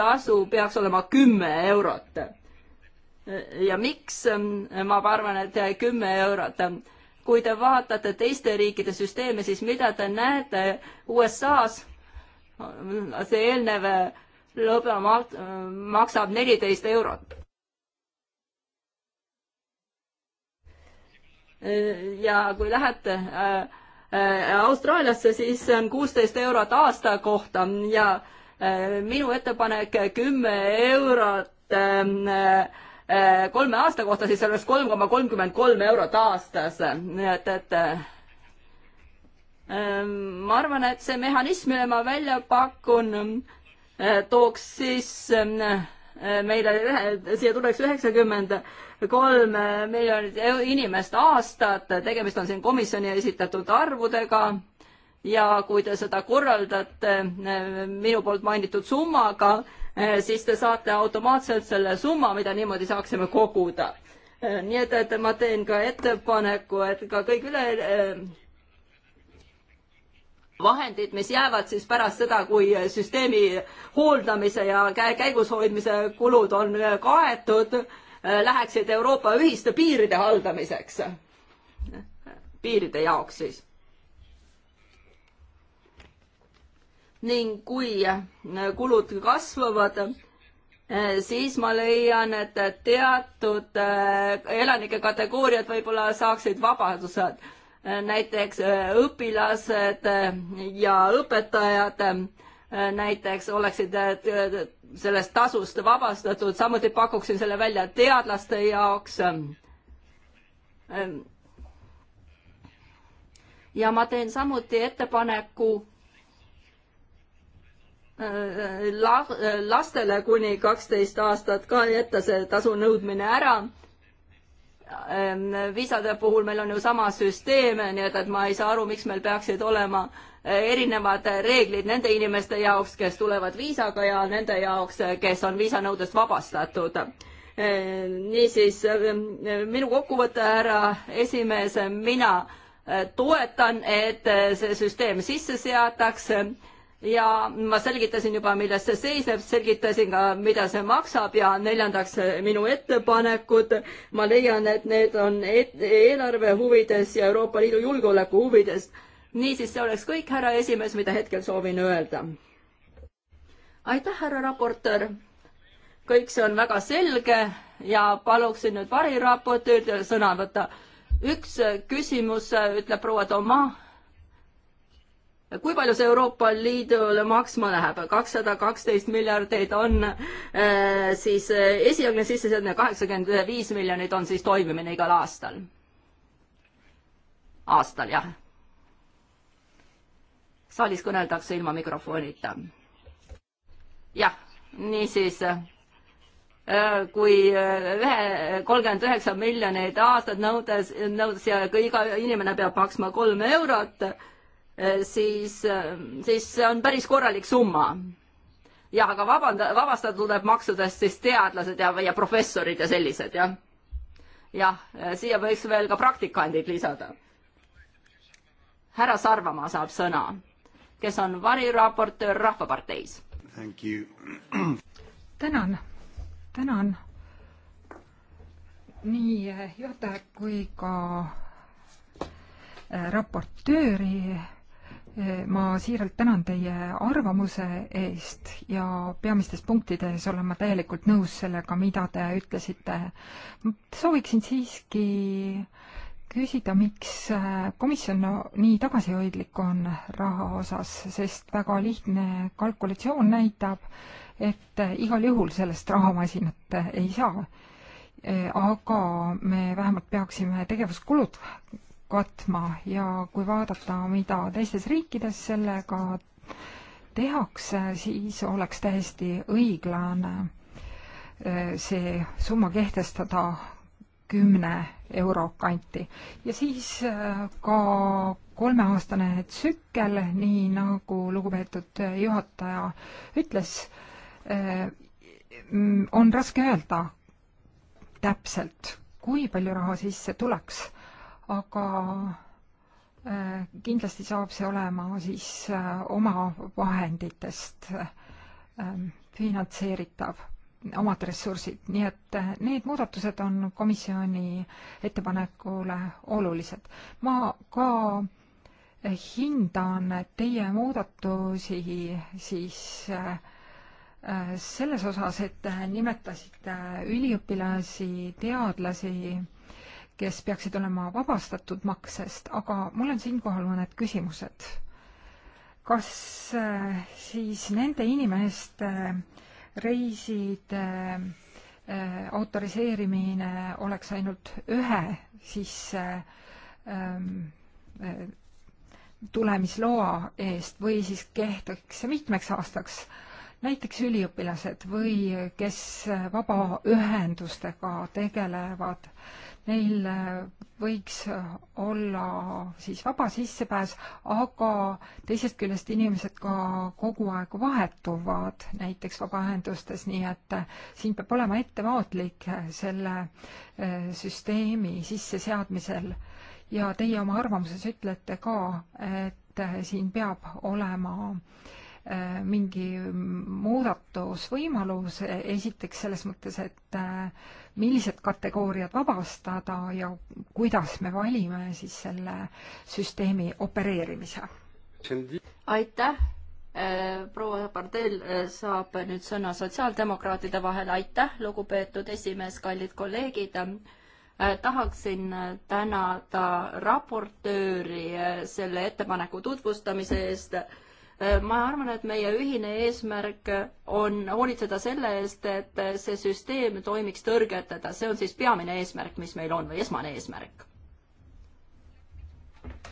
tasu peaks olema kümme eurot. ja miks, ähm, ma arvan, et kümme eurot. kui te vaatate teiste riikide süsteeme, siis mida te näete USA-s, see eelnev lõbe maksab neliteist eurot ja kui lähete äh, äh, Austraaliasse, siis see on kuusteist eurot aasta kohta ja äh, minu ettepanek kümme eurot ähm, kolme aasta kohta, siis oleks kolm koma kolmkümmend kolm eurot aastas, nii et, et ähm, ma arvan, et see mehhanism, mille ma välja pakun, tooks siis meile, siia tuleks üheksakümmend kolm miljonit inimest aastat, tegemist on siin komisjoni esitatud arvudega ja kui te seda korraldate eh, minu poolt mainitud summaga, eh, siis te saate automaatselt selle summa, mida niimoodi saaksime koguda. Eh, nii et, et ma teen ka ettepaneku, et ka kõik üle vahendid, mis jäävad siis pärast seda, kui süsteemi hooldamise ja käigushoidmise kulud on kaetud, Äh, läheksid Euroopa ühiste piiride haldamiseks. piiride jaoks siis. ning kui äh, kulud kasvavad, äh, siis ma leian, et teatud elanike kategooriad võib-olla saaksid vabadused. näiteks õpilased ja õpetajad näiteks oleksid sellest tasust vabastatud, samuti pakuksin selle välja teadlaste jaoks. ja ma teen samuti ettepaneku äh, la-, lastele kuni kaksteist aastat ka jätta see tasu nõudmine ära. Ähm, viisade puhul meil on ju sama süsteem, nii et, et ma ei saa aru, miks meil peaksid olema äh, erinevad reeglid nende inimeste jaoks, kes tulevad viisaga ja nende jaoks, kes on viisanõudest vabastatud. E, niisiis e, minu kokkuvõte, härra esimees, mina e, toetan, et see süsteem sisse seatakse ja ma selgitasin juba, milles see seisneb, selgitasin ka, mida see maksab ja neljandaks minu ettepanekud. ma leian, et need on et eelarve huvides ja Euroopa Liidu julgeoleku huvides niisiis, see oleks kõik, härra esimees, mida hetkel soovin öelda. aitäh, härra raportöör. kõik see on väga selge ja paluksin nüüd variraportööridele sõna võtta. üks küsimus, ütleb proua Toma. kui palju see Euroopa Liidule maksma läheb? kakssada kaksteist miljardit on äh, siis äh, esialgne sisseseadmine, kaheksakümmend viis miljonit on siis toimimine igal aastal. aastal, jah saalis kõneldakse ilma mikrofonita. jah, niisiis äh, kui äh, ühe, kolmkümmend üheksa miljonit aastat nõudes, nõudes ja kui iga inimene peab maksma kolm eurot, äh, siis, siis see on päris korralik summa. jah, aga vabanda, vabastada tuleb maksudest siis teadlased ja, ja professorid ja sellised, jah. jah, siia võiks veel ka praktikandid lisada. härra Sarvamaa saab sõna kes on variraportöör Rahvaparteis. tänan, tänan nii juhataja kui ka äh, raportööri äh, ma siiralt tänan teie arvamuse eest ja peamistes punktides olen ma täielikult nõus sellega, mida te ütlesite. sooviksin siiski äh, küsida, miks äh, komisjon nii tagasihoidlik on raha osas, sest väga lihtne kalkulatsioon näitab, et äh, igal juhul sellest rahamasinat äh, ei saa. aga me vähemalt peaksime tegevuskulud katma ja kui vaadata, mida teistes riikides sellega tehakse, siis oleks täiesti õiglane see summa kehtestada kümne euro kanti ja siis äh, ka kolmeaastane tsükkel, nii nagu lugupeetud juhataja ütles, äh, on raske öelda täpselt, kui palju raha sisse tuleks, aga äh, kindlasti saab see olema siis oma vahenditest finantseeritav omad ressursid, nii et eh, need muudatused on komisjoni ettepanekule olulised. ma ka hindan teie muudatusi siis eh, selles osas, et nimetasite üliõpilasi, teadlasi, kes peaksid olema vabastatud maksest, aga mul on siinkohal mõned küsimused. kas eh, siis nende inimeste äh, reiside äh, autoriseerimine oleks ainult ühe sisse ähm, äh, tulemisloa eest või siis kehtiks see mitmeks aastaks näiteks üliõpilased või kes vabaühendustega tegelevad äh, neil äh, võiks äh, olla siis vaba sissepääs, aga teisest küljest inimesed ka kogu aeg vahetuvad näiteks vabaühendustes, nii et äh, siin peab olema ettevaatlik selle süsteemi sisseseadmisel. ja teie oma arvamuses ütlete ka, et siin peab olema äh, Äh, mingi muudatusvõimalus, esiteks selles mõttes, et äh, millised kategooriad vabastada ja kuidas me valime siis selle süsteemi opereerimise. aitäh, äh, proua Pardel saab nüüd sõna sotsiaaldemokraatide vahel, aitäh, lugupeetud esimees, kallid kolleegid tahaksin tänada raportööri selle ettepaneku tutvustamise eest ma arvan, et meie ühine eesmärk on hoolitseda selle eest, et see süsteem toimiks tõrgeteta, see on siis peamine eesmärk, mis meil on või esmane eesmärk.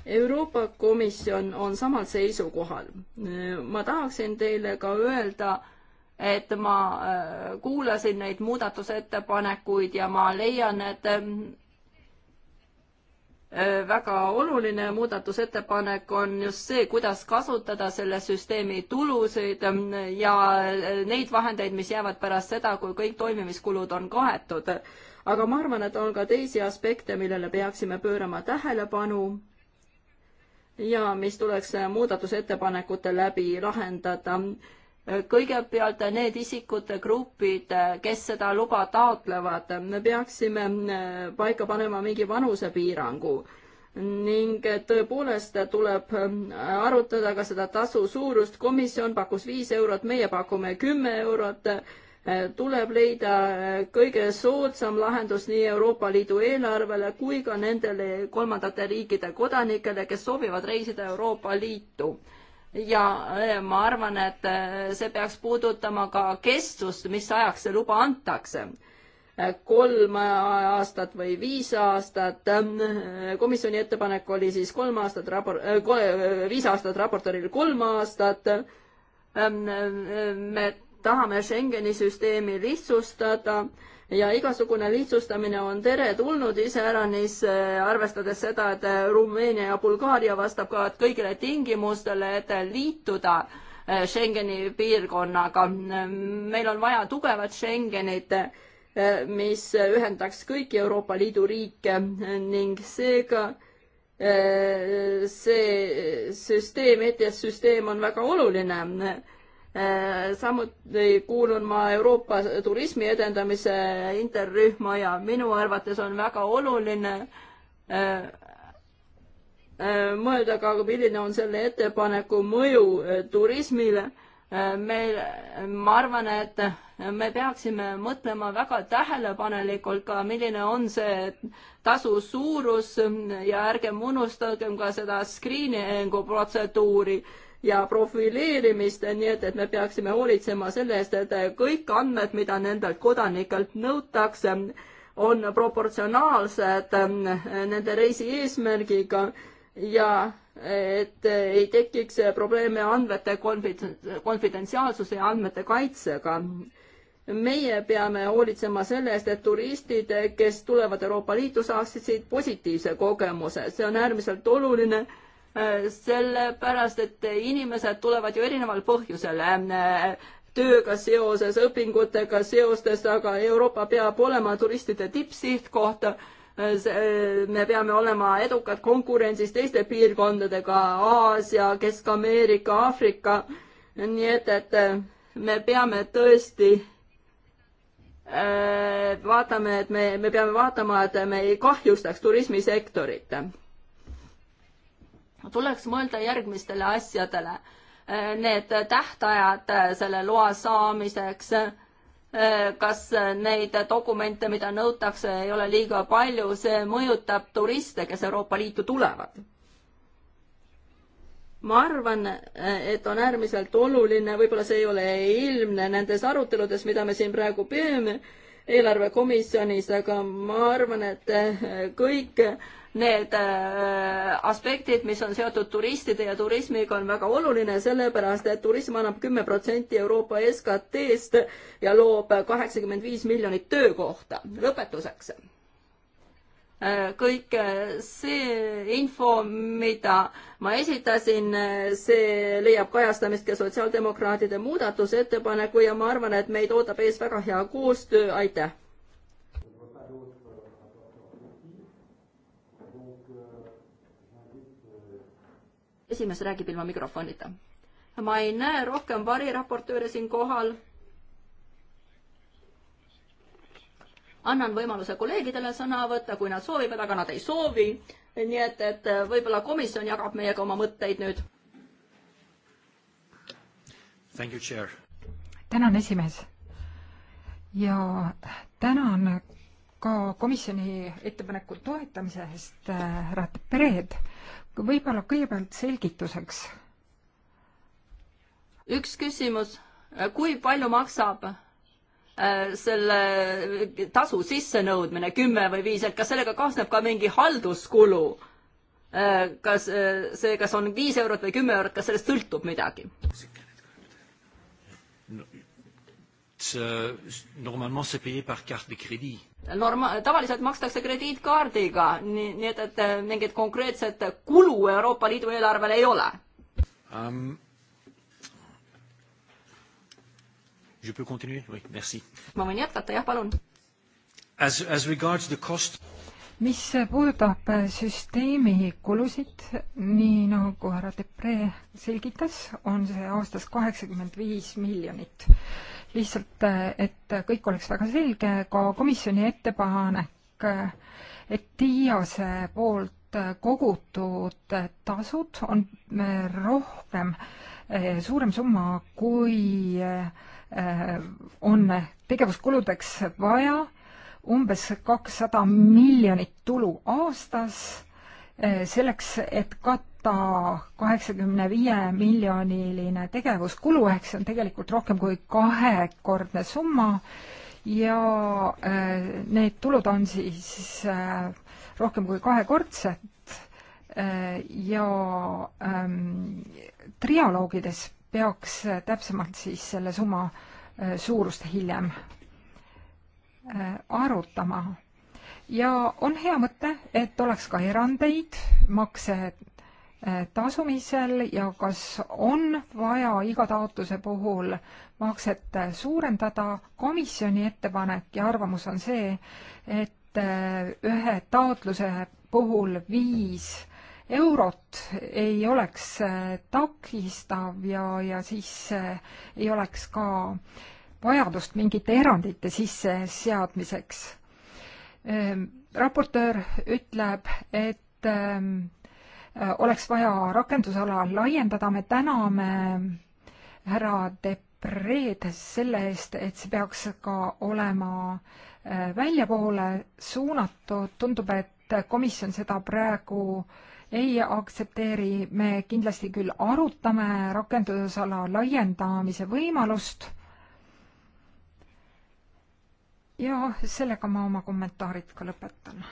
Euroopa Komisjon on samal seisukohal. ma tahaksin teile ka öelda, et ma äh, kuulasin neid muudatusettepanekuid ja ma leian, et mm, Äh, väga oluline muudatusettepanek on just see, kuidas kasutada selle süsteemi tulusid ähm, ja äh, neid vahendeid, mis jäävad pärast seda, kui kõik toimimiskulud on kaetud. aga ma arvan, et on ka teisi aspekte, millele peaksime pöörama tähelepanu ja mis tuleks muudatusettepanekute läbi lahendada kõigepealt need isikute grupid, kes seda luba taotlevad, me peaksime eh, paika panema mingi vanusepiirangu ning eh, tõepoolest tuleb eh, arutada ka seda tasu suurust. komisjon pakkus viis eurot, meie pakume kümme eurot. tuleb leida kõige soodsam lahendus nii Euroopa Liidu eelarvele kui ka nendele kolmandate riikide kodanikele, kes soovivad reisida Euroopa Liitu ja äh, ma arvan, et äh, see peaks puudutama ka kestvust, mis ajaks see luba antakse. Äh, kolm aastat või viis aastat. komisjoni ettepanek oli siis kolm aastat rapor-, viis aastat raportoril kolm aastat. Ähm, me tahame Schengeni süsteemi lihtsustada ja igasugune lihtsustamine on teretulnud, iseäranis eh, arvestades seda, et eh, Rumeenia ja Bulgaaria vastavad kõigile tingimustele, et liituda eh, Schengeni piirkonnaga. meil on vaja tugevat Schengenit, mis ühendaks kõiki Euroopa Liidu riike ning seega see süsteem, ETS-süsteem on väga oluline Äh, samuti kuulun ma Euroopa turismi edendamise interrühma ja minu arvates on väga oluline äh, äh, mõelda ka, milline on selle ettepaneku mõju turismile. meil, ma arvan, et me peaksime mõtlema väga tähelepanelikult ka, milline on see tasu suurus ja ärgem unustagem ka seda screening'u protseduuri ja profileerimist, nii et, et me peaksime hoolitsema selle eest, et kõik andmed, mida nendelt kodanikelt nõutakse, on proportsionaalsed ähm, nende reisi eesmärgiga ja et ei tekiks probleeme andmete konfidentsiaalsuse ja andmete kaitsega meie peame hoolitsema selle eest, et turistid, kes tulevad Euroopa Liitu, saaksid siit positiivse kogemuse, see on äärmiselt oluline Äh, sellepärast et inimesed tulevad ju erineval põhjusel äh, tööga seoses, õpingutega seostes, aga Euroopa peab olema turistide tippsihtkoht. Äh, me peame olema edukad konkurentsis teiste piirkondadega, Aasia, Kesk-Ameerika, Aafrika. nii et, et me peame tõesti vaatame, et me, me peame vaatama, et me ei kahjustaks turismisektorit tuleks mõelda järgmistele asjadele. Äh, need tähtajad äh, selle loa saamiseks, äh, kas neid dokumente, mida nõutakse, ei ole liiga palju, see mõjutab turiste, kes Euroopa Liitu tulevad ma arvan, et on äärmiselt oluline, võib-olla see ei ole ilmne nendes aruteludes, mida me siin praegu peame eelarvekomisjonis, aga ma arvan, et kõik need äh, aspektid, mis on seotud turistide ja turismiga, on väga oluline, sellepärast et turism annab kümme protsenti Euroopa SKT-st ja loob kaheksakümmend viis miljonit töökohta. lõpetuseks. Äh, kõik äh, see info, mida ma esitasin, see leiab kajastamist ka sotsiaaldemokraatide muudatusettepaneku ja ma arvan, et meid ootab ees väga hea koostöö, aitäh! esimees räägib ilma mikrofonita. ma ei näe rohkem variraportööre siin kohal. annan võimaluse kolleegidele sõna võtta, kui nad soovivad, aga nad ei soovi. nii et, et võib-olla komisjon jagab meiega oma mõtteid nüüd. tänan, esimees. ja tänan ka komisjoni ettepaneku toetamise eest härra äh, Pered äh, võib-olla kõigepealt selgituseks. üks küsimus, kui palju maksab äh, selle tasu sissenõudmine, kümme või viis, et kas sellega kaasneb ka mingi halduskulu? Äh, kas äh, see, kas on viis eurot või kümme eurot, kas sellest sõltub midagi no,? Normalement see payé par carte de crédit norma-, tavaliselt makstakse krediitkaardiga, nii, nii et, et äh, mingit konkreetset kulu Euroopa Liidu eelarvele ei ole um,? Oui, ma võin jätkata, jah, palun. As, as regards the cost mis puudutab äh, süsteemi kulusid, nii nagu härra Depre selgitas, on see aastas kaheksakümmend viis miljonit lihtsalt, et kõik oleks väga selge, ka komisjoni ettepanek, et TIAS-e poolt kogutud tasud on rohkem, suurem summa, kui on tegevuskuludeks vaja, umbes kakssada miljonit tulu aastas Eh, selleks, et katta kaheksakümne viie miljoniline tegevuskulu, ehk see on tegelikult rohkem kui kahekordne summa ja eh, need tulud on siis eh, rohkem kui kahekordsed ja ähm, trialoogides peaks täpsemalt siis selle summa suurust hiljem arutama ja on hea mõte, et oleks ka erandeid makse eh, tasumisel ja kas on vaja iga taotluse puhul makset suurendada. komisjoni ettepanek ja arvamus on see, et eh, ühe taotluse puhul viis eurot ei oleks eh, takistav ja, ja siis ei oleks ka vajadust mingite erandite sisseseadmiseks Ehm, raportöör ütleb, et ehm, äh, oleks vaja rakendusala laiendada, me täname härra Depreed selle eest, et see peaks ka olema äh, väljapoole suunatud, tundub, et komisjon seda praegu ei aktsepteeri, me kindlasti küll arutame rakendusala laiendamise võimalust ja sellega ma oma kommentaarid ka lõpetan.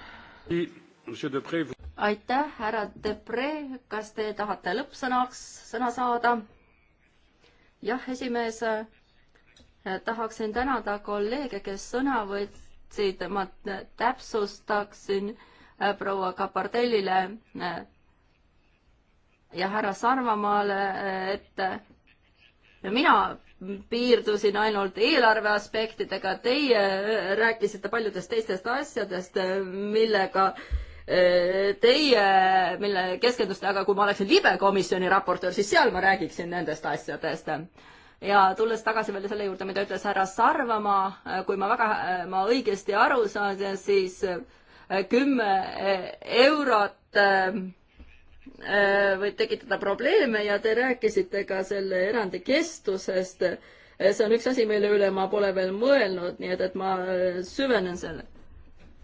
aitäh, härra Depre, kas te tahate lõppsõnaks sõna saada? jah, esimees, tahaksin tänada kolleege, kes sõna võtsid, ma täpsustaksin äh, proua Kapardellile äh, ja härra Sarvamaale, äh, et mina piirdusin ainult eelarve aspektidega, teie äh, rääkisite paljudest teistest asjadest, äh, millega äh, teie, mille keskenduste, aga kui ma oleksin libe komisjoni raportöör, siis seal ma räägiksin nendest asjadest. ja tulles tagasi veel selle juurde, mida ütles härra Sarvamaa, kui ma väga, ma õigesti aru saan, siis kümme eurot Äh, võib tekitada probleeme ja te rääkisite ka selle erandi kestusest. Äh, see on üks asi, mille üle ma pole veel mõelnud, nii et, et ma äh, süvenen selle.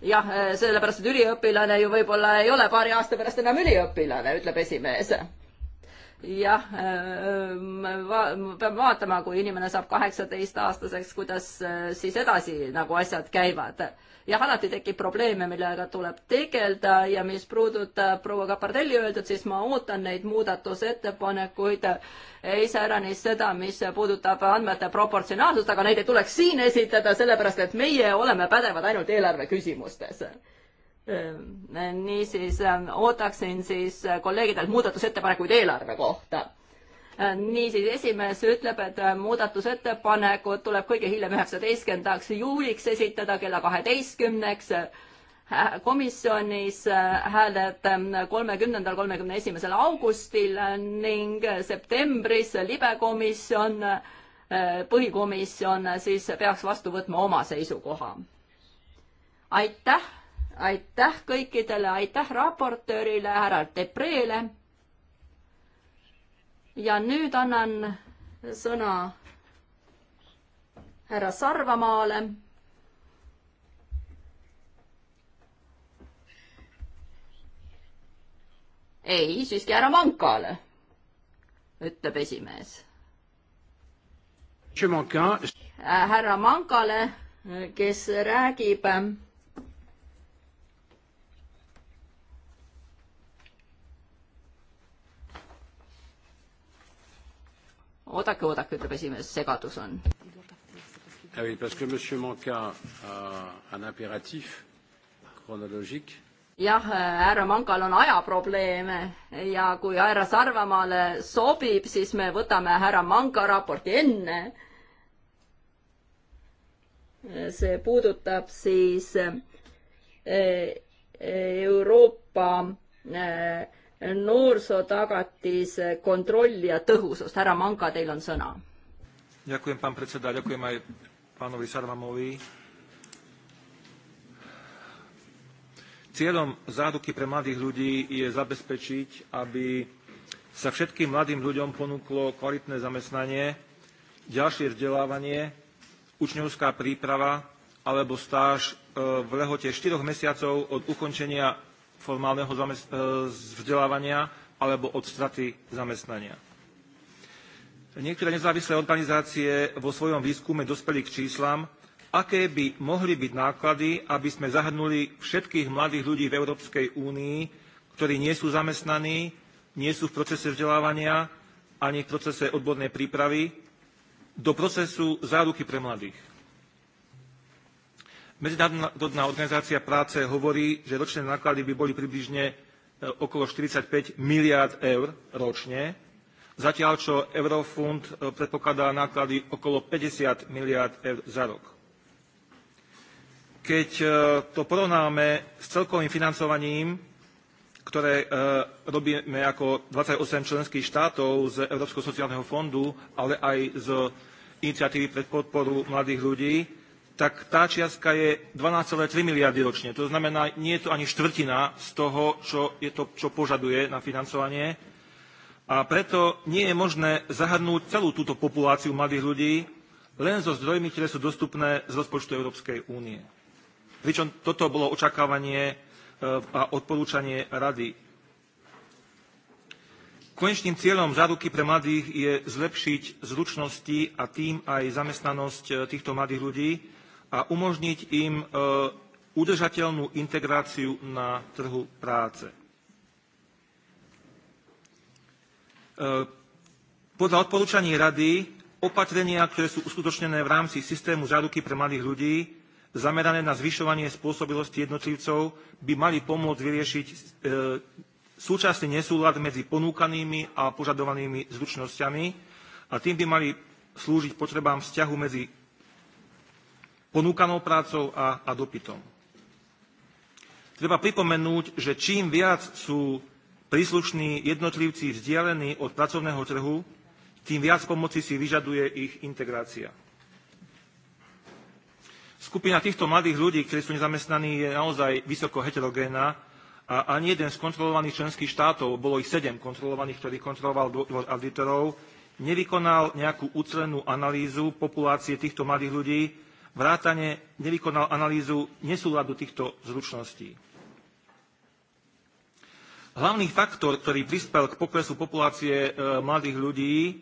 jah, sellepärast, et üliõpilane ju võib-olla ei ole paari aasta pärast enam üliõpilane, ütleb esimees jah, ma pean vaatama, kui inimene saab kaheksateist aastaseks, kuidas siis edasi nagu asjad käivad jah, alati tekib probleeme, millega tuleb tegeleda ja mis puudutab äh, proua Kapardelli öeldud, siis ma ootan neid muudatusettepanekuid, iseäranis seda, mis puudutab andmete proportsionaalsust, aga neid ei tuleks siin esitada, sellepärast et meie oleme pädevad ainult eelarve küsimustes ehm, niisiis äh, ootaksin siis kolleegidelt muudatusettepanekuid eelarve kohta Äh, niisiis, esimees ütleb, et äh, muudatusettepanekud tuleb kõige hiljem üheksateistkümnendaks juuliks esitada kella kaheteistkümneks. Äh, komisjonis hääletame ähm, kolmekümnendal, kolmekümne esimesel augustil ning septembris libekomisjon, põhikomisjon siis peaks vastu võtma oma seisukoha. aitäh, aitäh kõikidele, aitäh raportöörile, härra Depreele ja nüüd annan sõna härra Sarvamaale. ei, siiski härra Mankale, ütleb esimees. Äh, härra Mankale, kes räägib oodake, oodake, ütleb esimees, segadus on. Ah oui, parce que Monsieur Manka a un impératif chronologique. jah, härra Mankal on ajaprobleeme ja kui härra Sarvamaale sobib, siis me võtame härra Manka raporti enne. see puudutab siis eh, Euroopa eh, noorsootagatise kontrolli ja tõhusust. härra Manka, teil on sõna. Cieľom záruky pre mladých ľudí je zabezpečiť, aby sa všetkým mladým ľuďom ponúklo kvalitné zamestnanie, ďalšie vzdelávanie, učňovská príprava alebo stáž e, v lehote 4 mesiacov od ukončenia formálneho e, vzdelávania alebo od straty zamestnania. Niektoré nezávislé organizácie vo svojom výskume dospeli k číslam, aké by mohli byť náklady, aby sme zahrnuli všetkých mladých ľudí v Európskej únii, ktorí nie sú zamestnaní, nie sú v procese vzdelávania ani v procese odbornej prípravy, do procesu záruky pre mladých. Medzinárodná organizácia práce hovorí, že ročné náklady by boli približne e, okolo 45 miliard eur ročne, zatiaľ čo Eurofund e, predpokladá náklady okolo 50 miliard eur za rok. Keď e, to porovnáme s celkovým financovaním, ktoré robíme ako 28 členských štátov z Európskeho sociálneho fondu, ale aj z iniciatívy pre podporu mladých ľudí, tak tá čiastka je 12,3 miliardy ročne. To znamená, nie je to ani štvrtina z toho, čo, je to, čo požaduje na financovanie. A preto nie je možné zahrnúť celú túto populáciu mladých ľudí len so zdrojmi, ktoré sú dostupné z rozpočtu Európskej únie. Pričom toto bolo očakávanie e, a odporúčanie Rady. Konečným cieľom záruky pre mladých je zlepšiť zručnosti a tým aj zamestnanosť e, týchto mladých ľudí, a umožniť im e, udržateľnú integráciu na trhu práce. E, podľa odporúčaní rady opatrenia, ktoré sú uskutočnené v rámci systému záruky pre mladých ľudí, zamerané na zvyšovanie spôsobilosti jednotlivcov, by mali pomôcť vyriešiť e, súčasný nesúlad medzi ponúkanými a požadovanými zručnosťami a tým by mali slúžiť potrebám vzťahu medzi ponúkanou prácou a, a dopytom. Treba pripomenúť, že čím viac sú príslušní jednotlivci vzdialení od pracovného trhu, tým viac pomoci si vyžaduje ich integrácia. Skupina týchto mladých ľudí, ktorí sú nezamestnaní, je naozaj vysoko heterogénna a ani jeden z kontrolovaných členských štátov, bolo ich sedem kontrolovaných, ktorý kontroloval dvor auditorov, nevykonal nejakú ucelenú analýzu populácie týchto mladých ľudí vrátane nevykonal analýzu nesúladu týchto zručností. Hlavný faktor, ktorý prispel k poklesu populácie e, mladých ľudí e,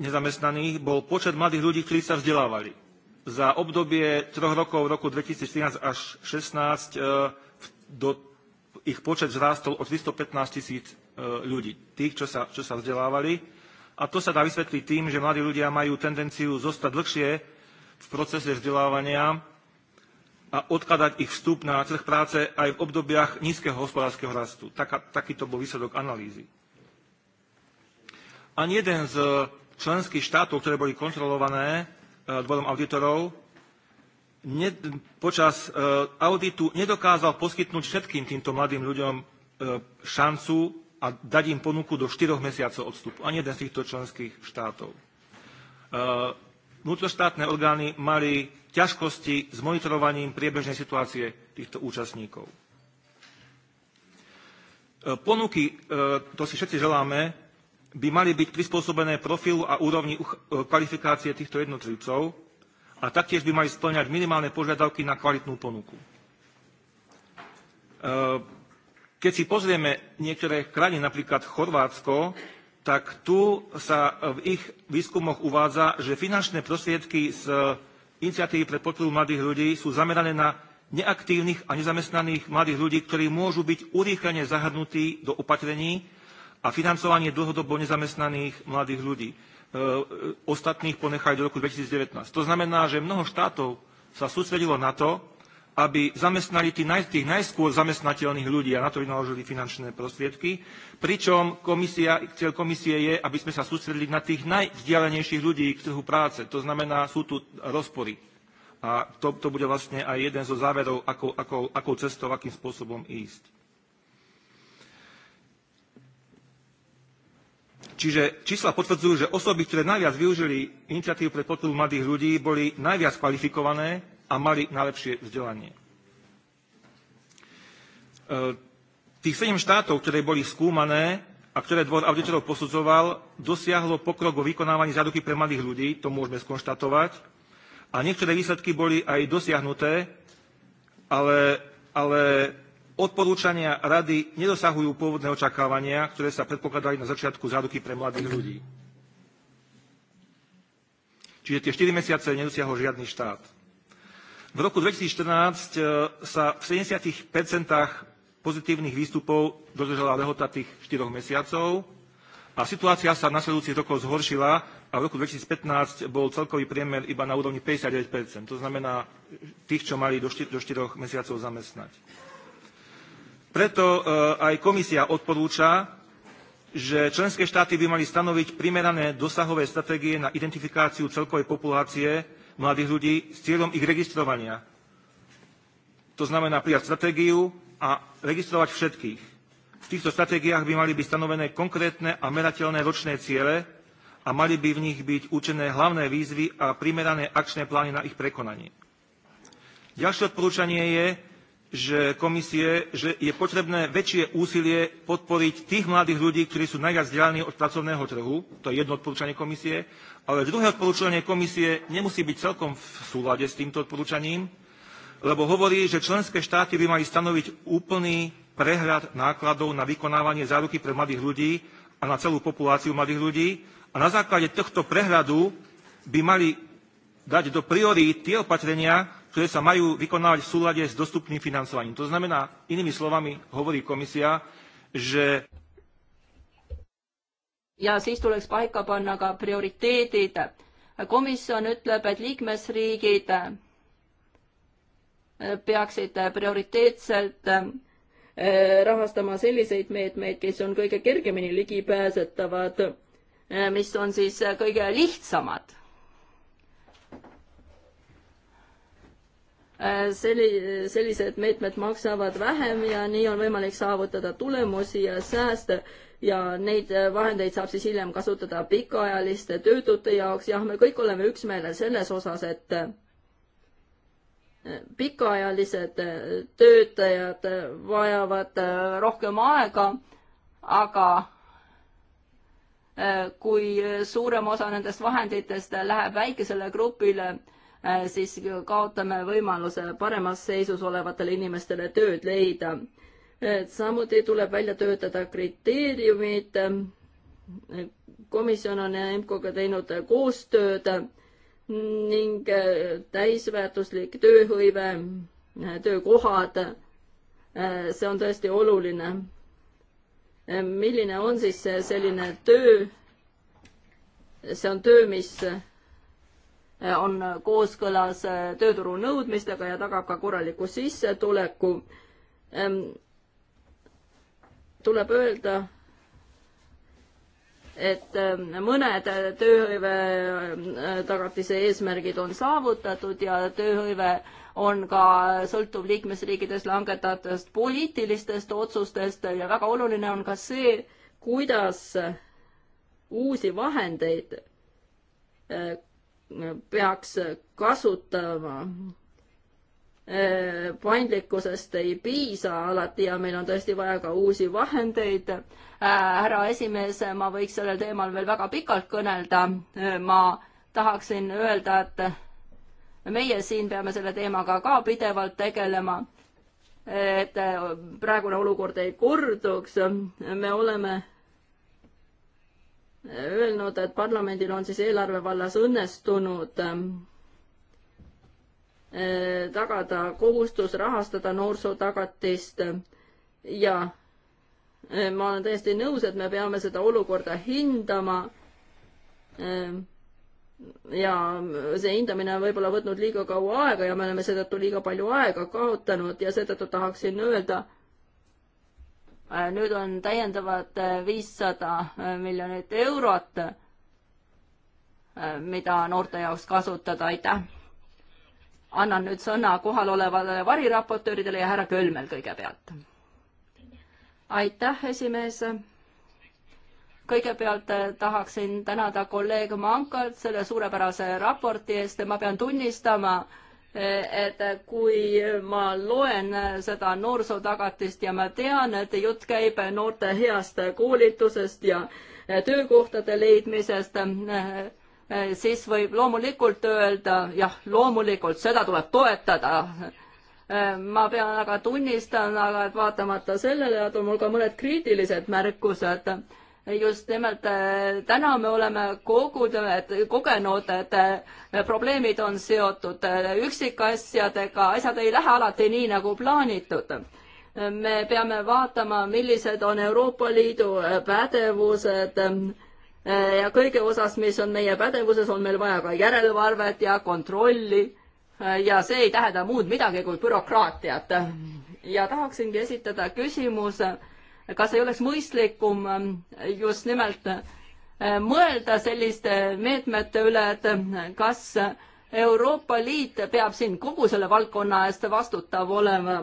nezamestnaných, bol počet mladých ľudí, ktorí sa vzdelávali. Za obdobie troch rokov, roku 2014 až 2016, e, do, ich počet vzrástol o 315 tisíc ľudí, tých, čo sa, čo sa vzdelávali. A to sa dá vysvetliť tým, že mladí ľudia majú tendenciu zostať dlhšie v procese vzdelávania a odkladať ich vstup na trh práce aj v obdobiach nízkeho hospodárskeho rastu. Taká, takýto bol výsledok analýzy. Ani jeden z členských štátov, ktoré boli kontrolované e, dvorom auditorov, ne, počas e, auditu nedokázal poskytnúť všetkým týmto mladým ľuďom e, šancu a dať im ponuku do 4 mesiacov odstupu. Ani jeden z týchto členských štátov vnútroštátne orgány mali ťažkosti s monitorovaním priebežnej situácie týchto účastníkov. E, ponuky, e, to si všetci želáme, by mali byť prispôsobené profilu a úrovni e, kvalifikácie týchto jednotlivcov a taktiež by mali splňať minimálne požiadavky na kvalitnú ponuku. Keď si pozrieme niektoré krajiny, napríklad Chorvátsko, tak tu sa v ich výskumoch uvádza, že finančné prostriedky z e, iniciatívy pre podporu mladých ľudí sú zamerané na neaktívnych a nezamestnaných mladých ľudí, ktorí môžu byť urýchlene zahrnutí do opatrení a financovanie dlhodobo nezamestnaných mladých ľudí. E, ostatných ponechajú do roku 2019. To znamená, že mnoho štátov sa sústredilo na to, aby zamestnali tých, naj, tých najskôr zamestnateľných ľudí a na to vynaložili finančné prostriedky. Pričom komisia, cieľ komisie je, aby sme sa sústredili na tých najvzdialenejších ľudí k trhu práce. To znamená, sú tu rozpory. A to, to bude vlastne aj jeden zo záverov, akou, akou, akou cestou, akým spôsobom ísť. Čiže čísla potvrdzujú, že osoby, ktoré najviac využili iniciatívu pre podporu mladých ľudí, boli najviac kvalifikované, a mali najlepšie vzdelanie. E, tých sedem štátov, ktoré boli skúmané a ktoré dvor auditorov posudzoval, dosiahlo pokrok vo vykonávaní záruky pre mladých ľudí, to môžeme skonštatovať, a niektoré výsledky boli aj dosiahnuté, ale, ale odporúčania rady nedosahujú pôvodné očakávania, ktoré sa predpokladali na začiatku záruky pre mladých ľudí. Čiže tie 4 mesiace nedosiahol žiadny štát. V roku 2014 e, sa v 70 pozitívnych výstupov dodržala lehota tých 4 mesiacov a situácia sa v nasledujúcich rokoch zhoršila a v roku 2015 bol celkový priemer iba na úrovni 59 to znamená tých, čo mali do 4, do 4 mesiacov zamestnať. Preto e, aj komisia odporúča, že členské štáty by mali stanoviť primerané dosahové stratégie na identifikáciu celkovej populácie mladých ľudí s cieľom ich registrovania. To znamená prijať stratégiu a registrovať všetkých. V týchto stratégiách by mali byť stanovené konkrétne a merateľné ročné ciele a mali by v nich byť určené hlavné výzvy a primerané akčné plány na ich prekonanie. Ďalšie odporúčanie je, že komisie, že je potrebné väčšie úsilie podporiť tých mladých ľudí, ktorí sú najviac vzdialení od pracovného trhu. To je jedno odporúčanie komisie. Ale druhé odporúčanie komisie nemusí byť celkom v súlade s týmto odporúčaním, lebo hovorí, že členské štáty by mali stanoviť úplný prehľad nákladov na vykonávanie záruky pre mladých ľudí a na celú populáciu mladých ľudí. A na základe tohto prehľadu by mali dať do priorít tie opatrenia, ktoré sa majú vykonávať v súlade s dostupným financovaním. To znamená, inými slovami hovorí komisia, že ja siis tuleks paika panna ka prioriteedid. komisjon ütleb, et liikmesriigid peaksid prioriteetselt eh, rahastama selliseid meetmeid, kes on kõige kergemini ligipääsetavad, eh, mis on siis kõige lihtsamad Äh, selli-, sellised meetmed maksavad vähem ja nii on võimalik saavutada tulemusi ja sääste ja neid äh, vahendeid saab siis hiljem kasutada pikaajaliste töötute jaoks, jah, me kõik oleme üksmeelel selles osas, et äh, pikaajalised töötajad vajavad rohkem aega, aga kui suurem osa nendest vahenditest läheb väikesele grupile, Äh, siis kaotame võimaluse paremas seisus olevatele inimestele tööd leida. et samuti tuleb välja töötada kriteeriumid. komisjon on EMKO-ga teinud koostööd ning äh, täisväärtuslik tööhõive, äh, töökohad, see on tõesti oluline. milline on siis selline töö? see on töö, mis on kooskõlas äh, tööturu nõudmistega ja tagab ka korraliku sissetuleku. Ähm, tuleb öelda, et ähm, mõned tööhõive äh, tagatise eesmärgid on saavutatud ja tööhõive on ka sõltuv liikmesriikides langetatavast poliitilistest otsustest ja väga oluline on ka see, kuidas uusi vahendeid äh, peaks kasutama. Äh, paindlikkusest ei piisa alati ja meil on tõesti vaja ka uusi vahendeid. Äh, härra esimees, ma võiks sellel teemal veel väga pikalt kõnelda. Äh, ma tahaksin öelda, et meie siin peame selle teemaga ka pidevalt tegelema. et praegune olukord ei korduks. me oleme öelnud, et parlamendil on siis eelarve vallas õnnestunud ähm, äh, tagada kohustus rahastada noorsootagatist ja äh, ma olen täiesti nõus, et me peame seda olukorda hindama. Ähm, ja see hindamine on võib-olla võtnud liiga kaua aega ja me oleme seetõttu liiga palju aega kaotanud ja seetõttu tahaksin öelda, Äh, nüüd on täiendavad äh, viissada äh, miljonit eurot, mida noorte jaoks kasutada, aitäh. annan nüüd sõna kohalolevatele variraportööridele ja härra Kölmel kõigepealt. aitäh, esimees. kõigepealt tahaksin tänada kolleeg Mankalt selle suurepärase raporti eest, ma pean tunnistama, et kui ma loen seda noorsootagatist ja ma tean, et jutt käib noorte heast koolitusest ja töökohtade leidmisest, siis võib loomulikult öelda, jah, loomulikult seda tuleb toetada. ma pean aga tunnistama, et vaatamata sellele on mul ka mõned kriitilised märkused just nimelt äh, täna me oleme kogud, kogenud, et äh, probleemid on seotud äh, üksikasjadega, asjad ei lähe alati nii, nagu plaanitud. me peame vaatama, millised on Euroopa Liidu pädevused ja kõige osas, mis on meie pädevuses, on meil vaja ka järelevalvet ja kontrolli ja see ei tähenda muud midagi kui bürokraatiat. ja tahaksingi esitada küsimuse kas ei oleks mõistlikum ähm, just nimelt äh, mõelda selliste meetmete üle, et äh, kas Euroopa Liit peab siin kogu selle valdkonna eest vastutav olema.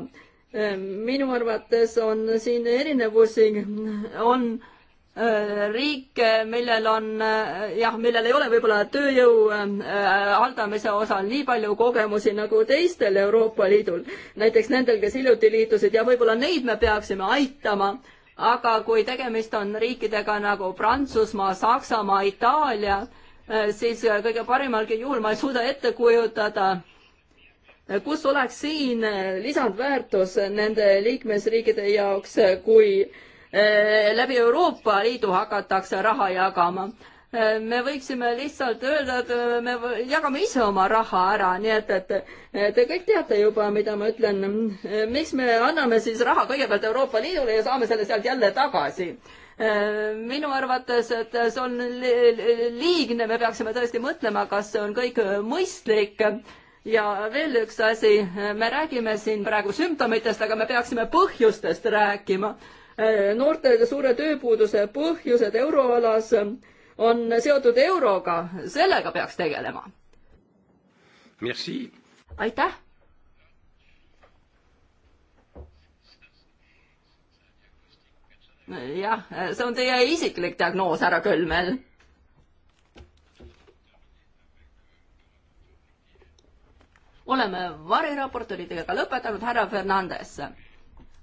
Äh, minu arvates on siin erinevusi, on Äh, riike, äh, millel on äh, jah, millel ei ole võib-olla tööjõu haldamise osal nii palju kogemusi nagu teistel Euroopa Liidul, näiteks nendel, kes hiljuti liitusid ja võib-olla neid me peaksime aitama, aga kui tegemist on riikidega nagu Prantsusmaa, Saksamaa, Itaalia, siis kõige parimalgi juhul ma ei suuda ette kujutada, kus oleks siin lisandväärtus nende liikmesriikide jaoks, kui äh, Eh, läbi Euroopa Liidu hakatakse raha jagama eh, me võiksime lihtsalt öelda, et eh, me jagame ise oma raha ära, nii et, et te kõik teate juba, mida ma ütlen. miks me anname siis raha kõigepealt Euroopa Liidule ja saame selle sealt jälle tagasi? minu arvates, et see on liigne, me peaksime tõesti mõtlema, kas see on kõik mõistlik ja veel üks asi, me räägime siin praegu sümptomitest, aga me peaksime põhjustest rääkima Äh, noorte suure tööpuuduse põhjused euroalas on seotud euroga, sellega peaks tegelema. aitäh. jah, see on teie isiklik diagnoos, härra Kölmel oleme variraportoritega lõpetanud, härra Fernandes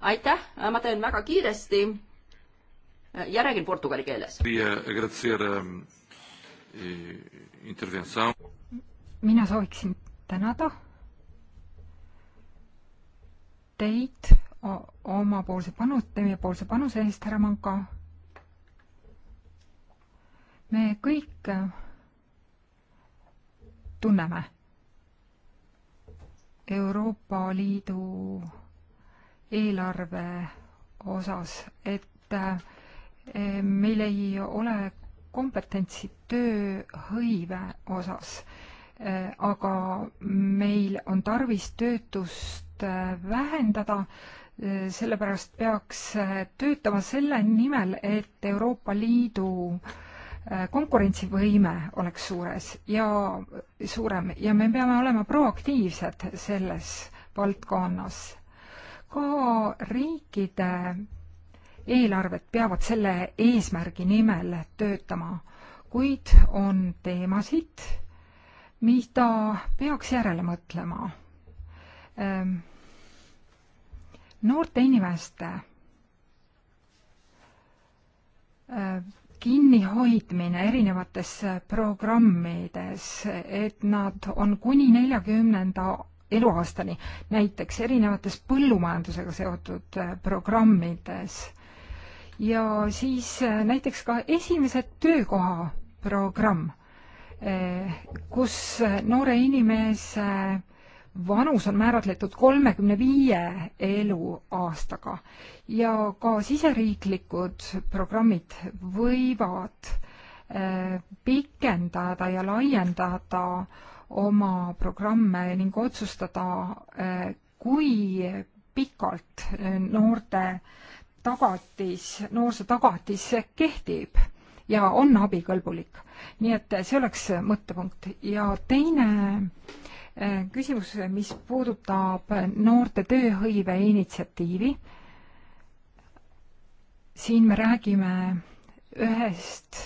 aitäh, ma teen väga kiiresti ja räägin portugali keeles. Eh, eh, mina sooviksin tänada teid omapoolse panu-, teiepoolse panuse eest, härra Manka. me kõik eh, tunneme Euroopa Liidu eelarve osas, et eh, meil ei ole kompetentsi tööhõive osas, eh, aga meil on tarvis töötust eh, vähendada, sellepärast peaks töötama selle nimel, et Euroopa Liidu konkurentsivõime oleks suures ja suurem ja me peame olema proaktiivsed selles valdkonnas ka riikide eelarved peavad selle eesmärgi nimel töötama, kuid on teemasid, mida peaks järele mõtlema. Ehm, noorte inimeste ehm, kinnihoidmine erinevates programmides, et nad on kuni neljakümnenda eluaastani, näiteks erinevates põllumajandusega seotud äh, programmides. ja siis äh, näiteks ka esimese töökoha programm, äh, kus noore inimese vanus on määratletud kolmekümne viie eluaastaga ja ka siseriiklikud programmid võivad pikendada ja laiendada äh, oma programme ning otsustada, eh, kui pikalt eh, noorte tagatis, noorsootagatis kehtib ja on abikõlbulik. nii et see oleks mõttepunkt ja teine eh, küsimus, mis puudutab noorte tööhõive initsiatiivi. siin me räägime ühest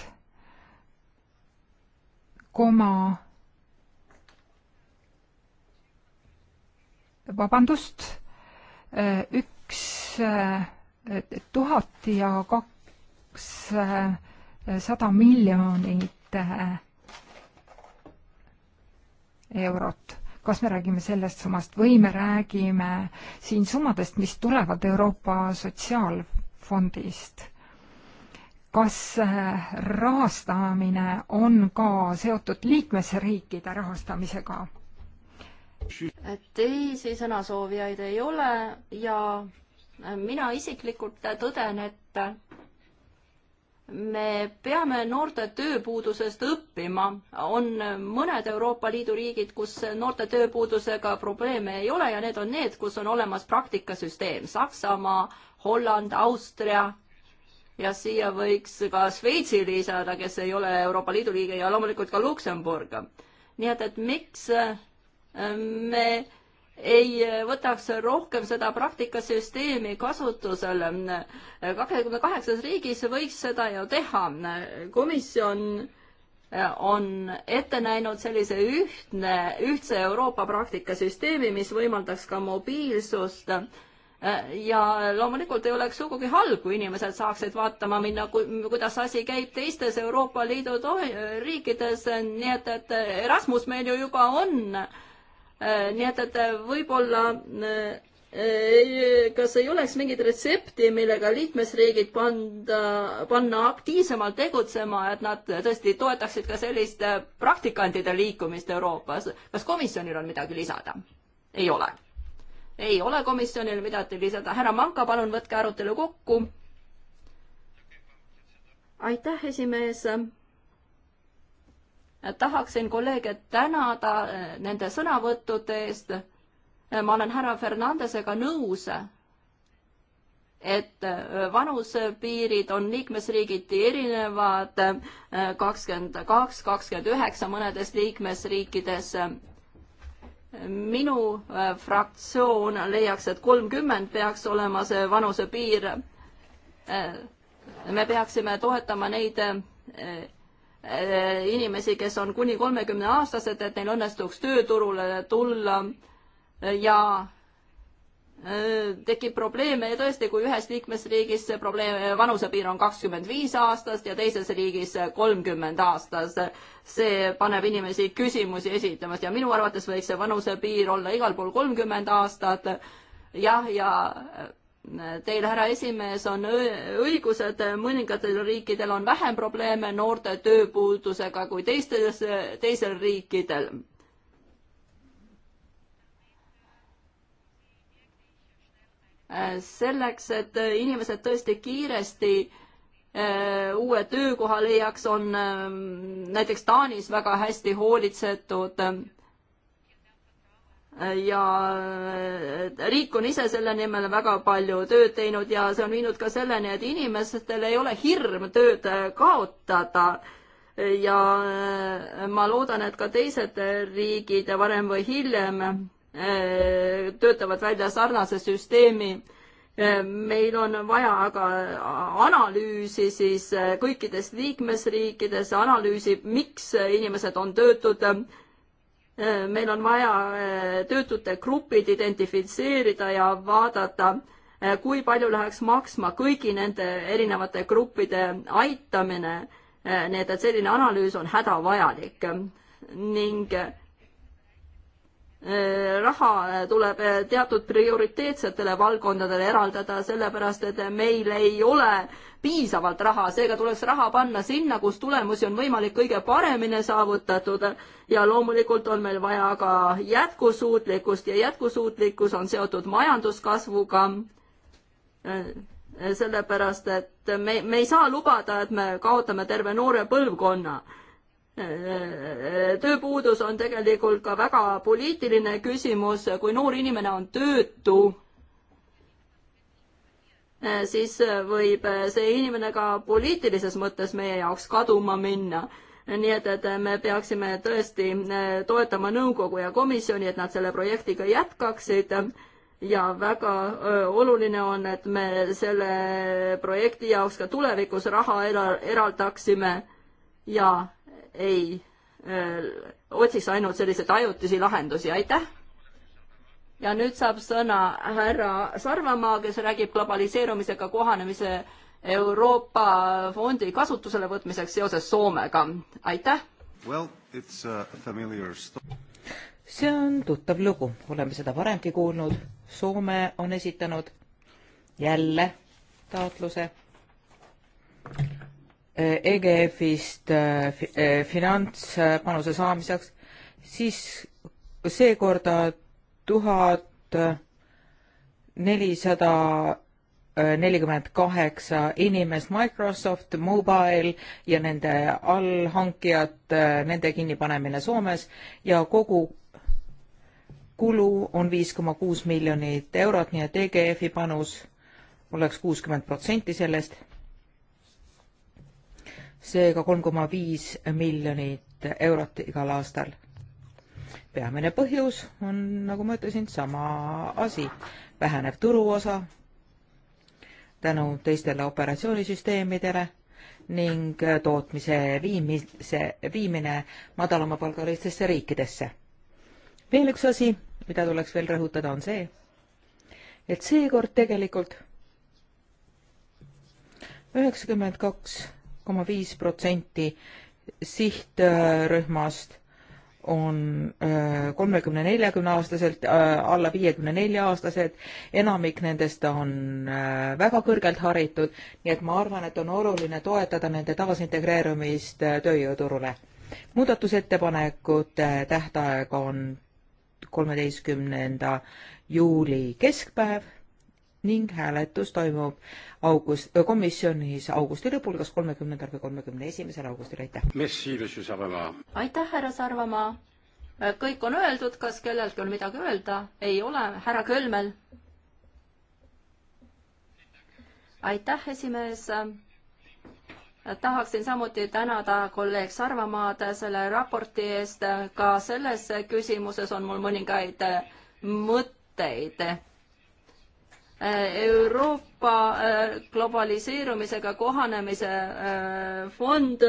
koma vabandust, äh, üks äh, tuhat ja kakssada äh, miljonit eurot. kas me räägime sellest summast või me räägime siin summadest, mis tulevad Euroopa Sotsiaalfondist? kas rahastamine on ka seotud liikmesriikide rahastamisega? teisi sõnasoovijaid ei ole ja mina isiklikult tõden, et me peame noorte tööpuudusest õppima. on mõned Euroopa Liidu riigid, kus noorte tööpuudusega probleeme ei ole ja need on need, kus on olemas praktikasüsteem. Saksamaa, Holland, Austria ja siia võiks ka Šveitsi lisada, kes ei ole Euroopa Liidu liige ja loomulikult ka Luksemburg. nii et, et miks me ei eh, võtaks rohkem seda praktikasüsteemi kasutusele. kahekümne kaheksas riigis võiks seda ju teha. komisjon eh, on ette näinud sellise ühtne, ühtse Euroopa praktikasüsteemi, mis võimaldaks ka mobiilsust eh, ja loomulikult ei oleks sugugi halb, kui inimesed saaksid vaatama minna, kuidas asi käib teistes Euroopa Liidu riikides, nii et, et Erasmus meil ju juba on äh, Äh, nii et, et äh, võib-olla äh, kas ei oleks mingit retsepti, millega liikmesriigid panda, panna aktiivsemalt tegutsema, et nad tõesti toetaksid ka sellist praktikantide liikumist Euroopas. kas komisjonil on midagi lisada? ei ole. ei ole komisjonil midagi lisada. härra Manka, palun võtke arutelu kokku. aitäh, esimees tahaksin kolleege tänada eh, nende sõnavõttude eest. Eh, ma olen härra Fernandesega nõus, et eh, vanusepiirid on liikmesriigiti erinevad, kakskümmend kaks, kakskümmend üheksa mõnedes liikmesriikides. minu fraktsioon leiaks, et kolmkümmend peaks olema see vanusepiir. me peaksime toetama neid Eh, inimesi, kes on kuni kolmekümne aastased, et neil õnnestuks tööturule tulla ja eh, tekib probleeme ja tõesti, kui ühes liikmesriigis see probleem, eh, vanusepiir on kakskümmend viis aastast ja teises riigis kolmkümmend aastast, see paneb inimesi küsimusi esitama ja minu arvates võiks see vanusepiir olla igal pool kolmkümmend aastat. jah, ja, ja Teil, härra esimees, on õigus, et mõningatel riikidel on vähem probleeme noorte tööpuudusega kui teistes, teisel riikidel. selleks, et inimesed tõesti kiiresti eh, uue töökoha leiaks, on eh, näiteks Taanis väga hästi hoolitsetud ja äh, riik on ise selle nimel väga palju tööd teinud ja see on viinud ka selleni, et inimestel ei ole hirm tööd äh, kaotada. ja äh, ma loodan, et ka teised riigid varem või hiljem töötavad välja sarnase süsteemi. meil on vaja aga analüüsi siis kõikides liikmesriikides, analüüsi, miks inimesed on töötud Äh, meil on vaja äh, töötute grupid identifitseerida ja vaadata, äh, kui palju läheks maksma kõigi nende erinevate gruppide aitamine. nii et, et selline analüüs on hädavajalik ning raha tuleb teatud prioriteetsetele valdkondadele eraldada, sellepärast et meil ei ole piisavalt raha, seega tuleks raha panna sinna, kus tulemusi on võimalik kõige paremini saavutatud ja loomulikult on meil vaja ka jätkusuutlikkust ja jätkusuutlikkus on seotud majanduskasvuga äh, sellepärast et me, me ei saa lubada, et me kaotame terve noore põlvkonna. Äh, tööpuudus on tegelikult ka väga poliitiline küsimus, kui noor inimene on töötu, Äh, siis äh, võib äh, see inimene ka poliitilises mõttes meie jaoks kaduma minna nii et, et me peaksime tõesti toetama nõukogu ja komisjoni, et nad selle projektiga jätkaksid ja väga oluline on, et me selle projekti jaoks ka tulevikus raha eraldaksime ja ei öö, otsiks ainult selliseid ajutisi lahendusi, aitäh! ja nüüd saab sõna härra Sarvamaa, kes räägib globaliseerumisega kohanemise Euroopa fondi kasutusele võtmiseks seoses Soomega. aitäh well,! see on tuttav lugu, oleme seda varemgi kuulnud. Soome on esitanud jälle taotluse EGF-ist äh, äh, finantspanuse saamiseks, siis seekord tuhat nelisada äh, nelikümmend kaheksa inimest Microsoft Mobile ja nende allhankijad, äh, nende kinnipanemine Soomes ja kogu kulu on viis koma kuus miljonit eurot, nii et EGF-i panus oleks kuuskümmend protsenti sellest. seega kolm koma viis miljonit eurot igal aastal peamine põhjus on, nagu ma ütlesin, sama asi, vähenev turuosa tänu teistele operatsioonisüsteemidele ning tootmise viimise, viimine madalamapalgalistesse riikidesse. veel üks asi, mida tuleks veel rõhutada, on see, et seekord tegelikult üheksakümmend kaks koma viis protsenti sihtrühmast on äh, kolmekümne, neljakümne aastaselt, äh, alla viiekümne nelja aastased, enamik nendest on äh, väga kõrgelt haritud, nii et ma arvan, et on oluline toetada nende taasintegreerumist tööjõuturule. muudatusettepanekute tähtaeg on kolmeteistkümnenda juuli keskpäev ning hääletus toimub august, komisjonis augusti lõpul, kas kolmekümnendal või kolmekümne esimesel augustil, aitäh! aitäh, härra Sarvamaa! kõik on öeldud, kas kellelgi on midagi öelda? ei ole, härra Kölmel? aitäh, esimees! tahaksin samuti tänada kolleeg Sarvamaad selle raporti eest, ka selles küsimuses on mul mõningaid mõtteid Euroopa äh, globaliseerumisega kohanemise äh, fond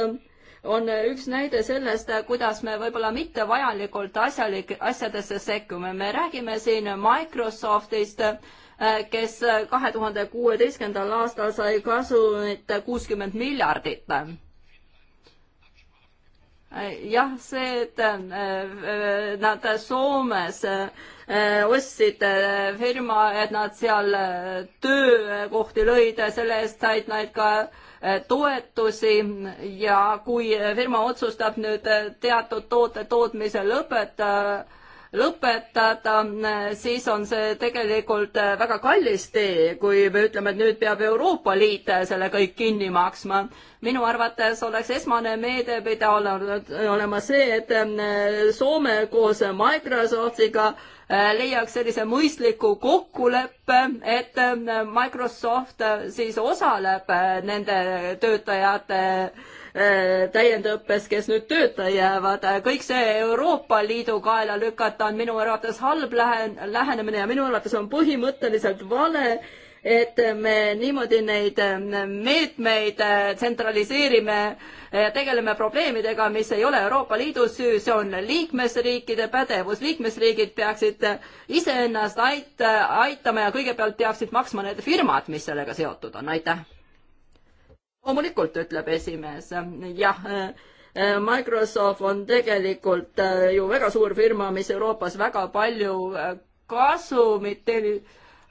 on üks näide sellest, kuidas me võib-olla mitte vajalikult asjalik, asjadesse sekkume. me räägime siin Microsoftist, äh, kes kahe tuhande kuueteistkümnendal aastal sai kasumit kuuskümmend miljardit jah, see, et äh, nad Soomes äh, ostsid äh, firma, et nad seal töökohti lõid, selle eest said nad ka toetusi ja kui firma otsustab nüüd teatud toote tootmise lõpetada, lõpetada, siis on see tegelikult väga kallis tee, kui me ütleme, et nüüd peab Euroopa Liit selle kõik kinni maksma. minu arvates oleks esmane meede pidanud olema see, et eh, Soome koos Microsoftiga eh, leiaks sellise mõistliku kokkuleppe, et eh, Microsoft siis osaleb nende töötajate Äh, täiendõppes, kes nüüd tööta jäävad. kõik see Euroopa Liidu kaela lükata on minu arvates halb lähen-, lähenemine ja minu arvates on põhimõtteliselt vale et me niimoodi neid äh, meetmeid äh, tsentraliseerime ja tegeleme probleemidega, mis ei ole Euroopa Liidu süü, see on liikmesriikide pädevus, liikmesriigid peaksid iseennast ait-, aitama ja kõigepealt peaksid maksma need firmad, mis sellega seotud on, aitäh loomulikult, ütleb esimees, jah äh, Microsoft on tegelikult äh, ju väga suur firma, mis Euroopas väga palju äh, kasumit teenib,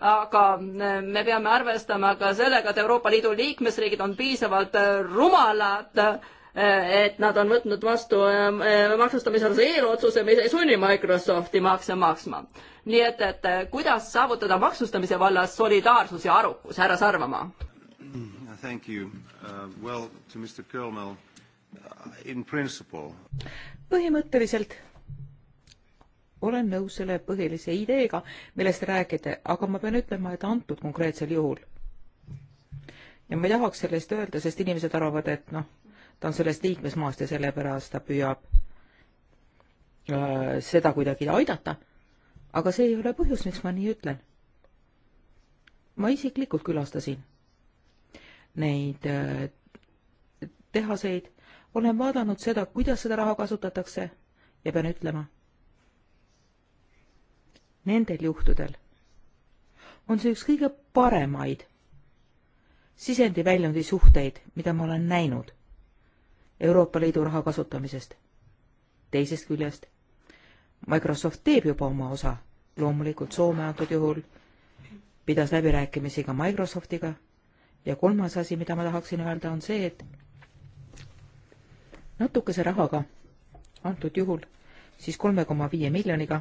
aga me peame arvestama ka sellega, et Euroopa Liidu liikmesriigid on piisavalt rumalad, et nad on võtnud vastu maksustamisalase eelotsuse, mis ei sunni Microsofti makse maksma. nii et, et kuidas saavutada maksustamise vallas solidaarsus ja arukus, härra Sarvamaa? Mm-hmm. Thank you. Uh, well, to Mr Kölmel uh,, in principle. põhimõtteliselt olen nõus selle põhilise ideega, millest rääkida, aga ma pean ütlema, et antud konkreetsel juhul. ja ma ei tahaks sellest öelda, sest inimesed arvavad, et noh, ta on sellest liikmesmaast ja sellepärast ta püüab äh, seda kuidagi aidata. aga see ei ole põhjus, miks ma nii ütlen. ma isiklikult külastasin neid äh, tehaseid, olen vaadanud seda, kuidas seda raha kasutatakse ja pean ütlema, nendel juhtudel on see üks kõige paremaid sisendiväljundi suhteid, mida ma olen näinud Euroopa Liidu raha kasutamisest. teisest küljest, Microsoft teeb juba oma osa, loomulikult Soome antud juhul pidas läbirääkimisi ka Microsoftiga ja kolmas asi, mida ma tahaksin öelda, on see, et natukese rahaga, antud juhul siis kolme koma viie miljoniga,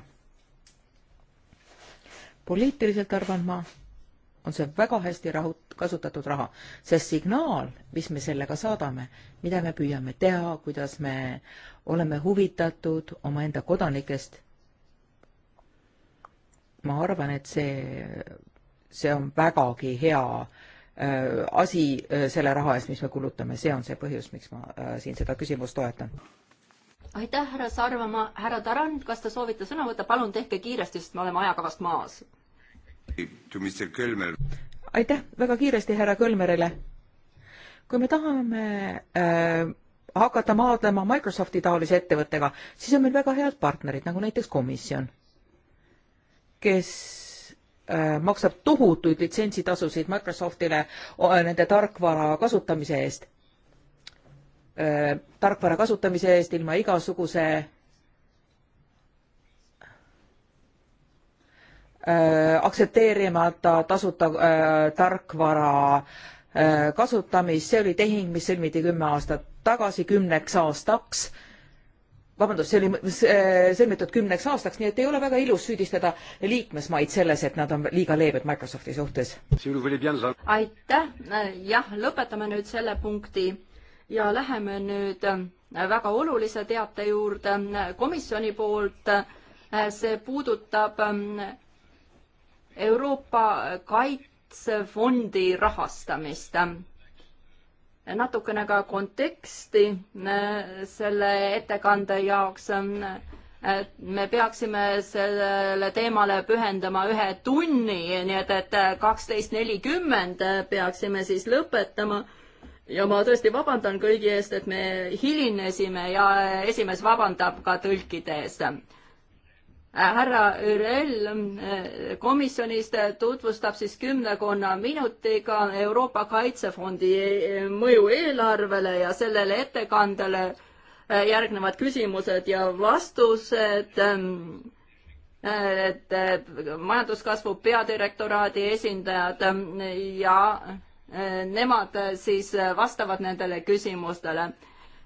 poliitiliselt arvan ma, on see väga hästi rahut-, kasutatud raha, sest signaal, mis me sellega saadame, mida me püüame teha, kuidas me oleme huvitatud omaenda kodanikest, ma arvan, et see, see on vägagi hea äh, Äh, asi äh, selle raha eest, mis me kulutame, see on see põhjus, miks ma äh, siin seda küsimust toetan. aitäh, härra Sarvamaa, härra Tarand, kas te soovite sõna võtta, palun tehke kiiresti, sest me oleme ajakavast maas. aitäh, väga kiiresti härra Kölmerile. kui me tahame äh, hakata maadlema Microsofti taolise ettevõttega, siis on meil väga head partnerid, nagu näiteks komisjon, kes Äh, maksab tohutuid litsentsitasusid Microsoftile äh, nende tarkvara kasutamise eest. Äh, tarkvara kasutamise eest ilma igasuguse aktsepteerimata tasuta tarkvara kasutamist, see oli tehing, mis sõlmiti kümme aastat tagasi kümneks aastaks vabandust, see oli äh, sõlmitud kümneks aastaks, nii et ei ole väga ilus süüdistada liikmesmaid selles, et nad on liiga leebed Microsofti suhtes. aitäh, jah, lõpetame nüüd selle punkti ja läheme nüüd äh, väga olulise teate juurde äh, komisjoni poolt. see puudutab ähm, Euroopa Kaitsefondi rahastamist natukene ka konteksti äh, selle ettekande jaoks. Äh, me peaksime sellele teemale pühendama ühe tunni, nii et, et kaksteist nelikümmend peaksime siis lõpetama. ja ma tõesti vabandan kõigi eest, et me hilinesime ja esimees vabandab ka tõlkide eest härra Ürel äh, komisjonist tutvustab siis kümnekonna minutiga Euroopa Kaitsefondi äh, mõju eelarvele ja sellele ettekandele äh, järgnevad küsimused ja vastused. Ähm, et majanduskasvu peadirektoraadi esindajad ähm, ja nemad siis vastavad nendele küsimustele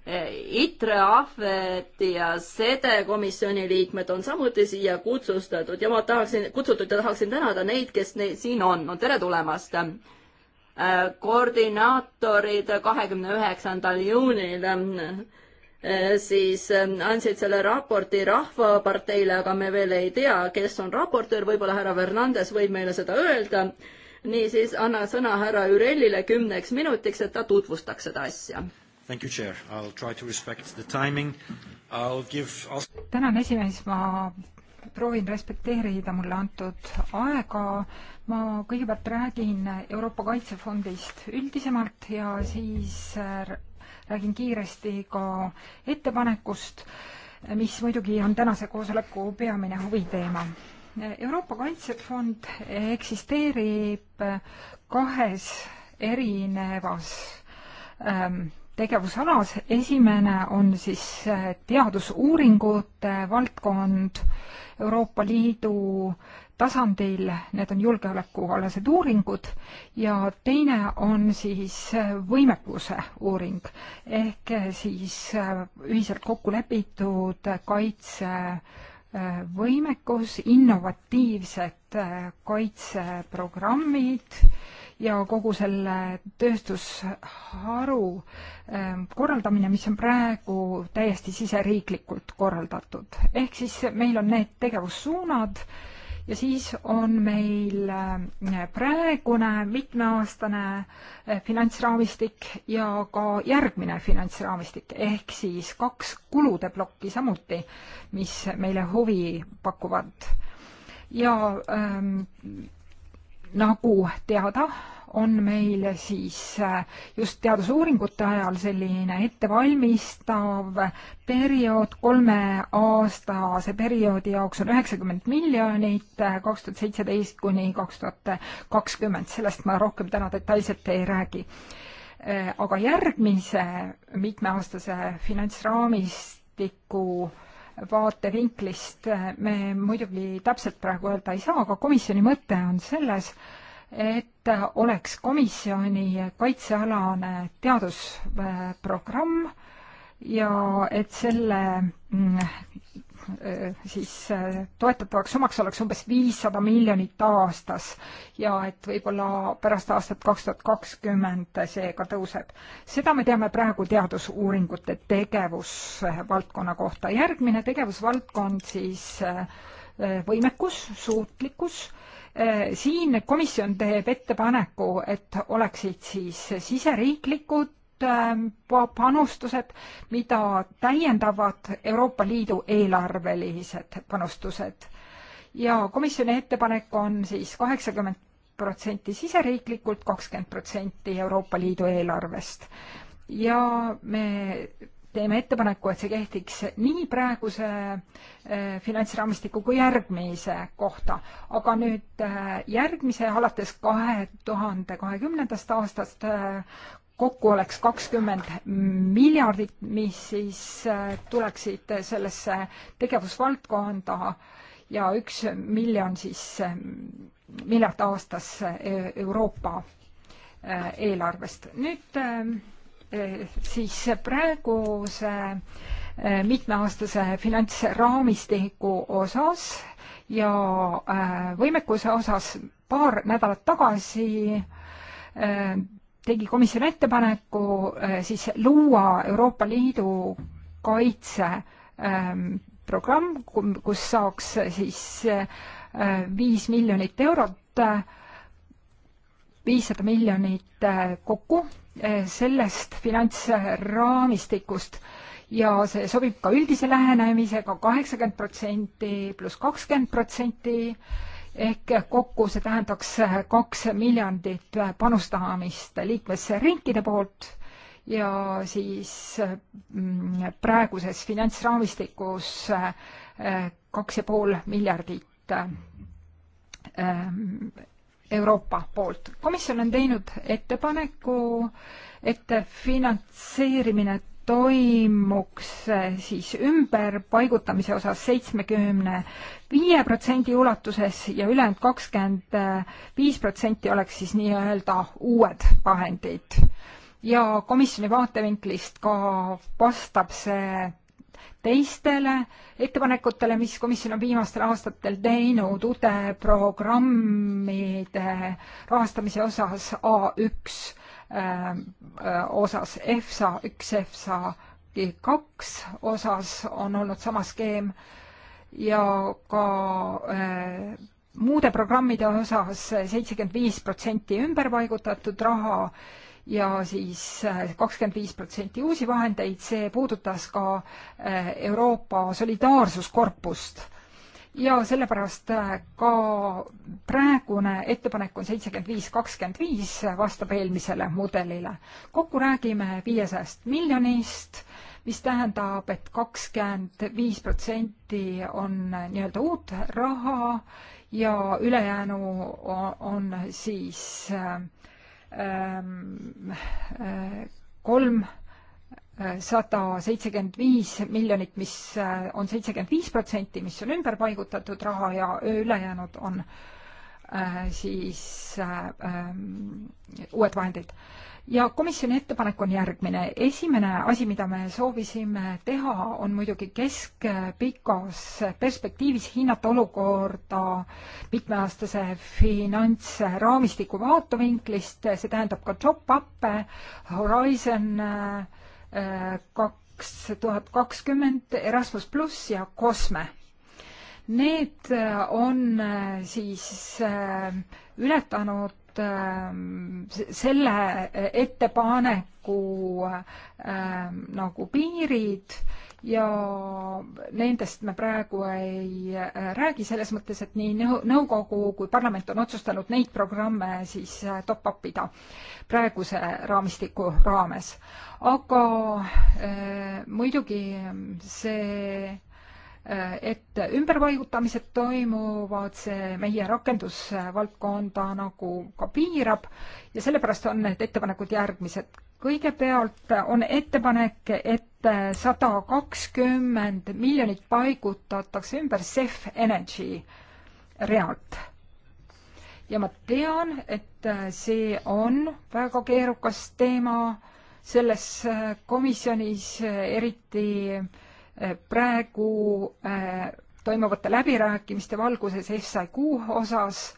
ITRE, AFET ja SEDE komisjoni liikmed on samuti siia kutsustatud ja ma tahaksin, kutsutud ja tahaksin tänada neid, kes neid siin on, no tere tulemast. Äh, koordinaatorid kahekümne üheksandal juunil äh, siis äh, andsid selle raporti Rahvaparteile, aga me veel ei tea, kes on raportöör, võib-olla härra Fernandes võib meile seda öelda. niisiis annan sõna härra Jürellile kümneks minutiks, et ta tutvustaks seda asja Thank you, Chair. I'll try to respect the timing. I'll give tänan, esimees, ma proovin respekteerida mulle antud aega. ma kõigepealt räägin Euroopa Kaitsefondist üldisemalt ja siis äh, räägin kiiresti ka ettepanekust, mis muidugi on tänase koosoleku peamine huviteema. Euroopa Kaitsefond eksisteerib kahes erinevas ähm, tegevusalas, esimene on siis äh, teadusuuringute valdkond Euroopa Liidu tasandil, need on julgeolekualased uuringud, ja teine on siis äh, võimekuse uuring ehk äh, siis ühiselt kokku lepitud kaitsevõimekus, innovatiivsed kaitseprogrammid ja kogu selle tööstusharu ähm, korraldamine, mis on praegu täiesti siseriiklikult korraldatud. ehk siis meil on need tegevussuunad ja siis on meil ähm, praegune mitmeaastane äh, finantsraamistik ja ka järgmine finantsraamistik, ehk siis kaks kulude plokki samuti, mis meile huvi pakuvad. ja ähm, nagu teada, on meil siis äh, just teadusuuringute ajal selline ettevalmistav periood, kolmeaastase perioodi jaoks on üheksakümmend miljonit, äh, kaks tuhat seitseteist kuni kaks tuhat kakskümmend, sellest ma rohkem täna detailselt ei räägi. Äh, aga järgmise mitmeaastase finantsraamistiku vaatevinklist me muidugi täpselt praegu öelda ei saa, aga komisjoni mõte on selles, et oleks komisjoni kaitsealane teadusprogramm ja et selle mm, siis toetatavaks summaks oleks umbes viissada miljonit aastas ja et võib-olla pärast aastat kaks tuhat kakskümmend see ka tõuseb. seda me teame praegu teadusuuringute tegevusvaldkonna kohta. järgmine tegevusvaldkond siis võimekus, suutlikkus siin komisjon teeb ettepaneku, et oleksid siis siseriiklikud Ähm, panustused, mida täiendavad Euroopa Liidu eelarvelised panustused. ja komisjoni ettepanek on siis kaheksakümmend protsenti siseriiklikult, kakskümmend protsenti Euroopa Liidu eelarvest. ja me teeme ettepaneku, et see kehtiks nii praeguse äh, finantsraamistiku kui järgmise kohta. aga nüüd äh, järgmise, alates kahe tuhande kahekümnendast aastast äh, kokku oleks kakskümmend miljardit, mis siis äh, tuleksid sellesse tegevusvaldkonda ja üks miljon siis, äh, miljard aastas äh, Euroopa eelarvest. nüüd siis praeguse mitmeaastase finantsraamistiku osas ja võimekuse osas paar nädalat tagasi tegi komisjon ettepaneku äh, siis luua Euroopa Liidu kaitseprogramm, ähm, kus saaks siis äh, viis miljonit eurot, äh, viissada miljonit kokku sellest finantsraamistikust ja see sobib ka üldise lähenemisega kaheksakümmend protsenti pluss kakskümmend protsenti ehk kokku see tähendaks kaks miljardit panustamist liikmesriikide poolt ja siis mm, praeguses finantsraamistikus eh, kaks ja pool miljardit eh, Euroopa poolt. komisjon on teinud ettepaneku, et finantseerimine toimuks siis ümberpaigutamise osas seitsmekümne viie protsendi ulatuses ja ülejäänud kakskümmend viis protsenti oleks siis nii-öelda uued vahendid. ja komisjoni vaatevinklist ka vastab see teistele ettepanekutele, mis komisjon on viimastel aastatel teinud uute programmide rahastamise osas A1 Ähm, äh, osas EFSA üks, EFSA kaks osas on olnud sama skeem ja ka äh, muude programmide osas seitsekümmend viis protsenti ümberpaigutatud raha ja siis äh, kakskümmend viis protsenti uusi vahendeid, see puudutas ka Euroopa solidaarsuskorpust ja sellepärast äh, ka praegune ettepanek on seitsekümmend viis, kakskümmend viis, äh, vastab eelmisele mudelile. kokku räägime viiesajast miljonist, mis tähendab et, et kakskümmend viis protsenti on äh, nii-öelda uut raha ja ülejäänu on siis kolm ähm, äh, sada seitsekümmend viis miljonit, mis äh, on seitsekümmend viis protsenti, mis on ümber paigutatud raha ja ülejäänud on äh, siis äh, ähm, uued vahendid. ja komisjoni ettepanek on järgmine. esimene asi, mida me soovisime teha, on muidugi keskpikas perspektiivis hinnata olukorda mitmeaastase finantsraamistiku vaatevinklist, see tähendab ka top-up'e, Horizon äh, kaks tuhat kakskümmend, Erasmus pluss ja Kosme. Need on siis äh, ületanud olnud ähm, selle ettepaneku ähm, nagu piirid ja nendest me praegu ei äh, räägi, selles mõttes, et nii nõukogu kui parlament on otsustanud neid programme siis äh, top-up ida praeguse raamistiku raames. aga äh, muidugi see et ümberpaigutamised toimuvad, see meie rakendusvaldkonda nagu ka piirab ja sellepärast on need ettepanekud järgmised. kõigepealt on ettepanek, et sada kakskümmend miljonit paigutatakse ümber CEF Energy realt. ja ma tean, et see on väga keerukas teema selles komisjonis, eriti äh, praegu äh, toimuvate läbirääkimiste valguses SIQ osas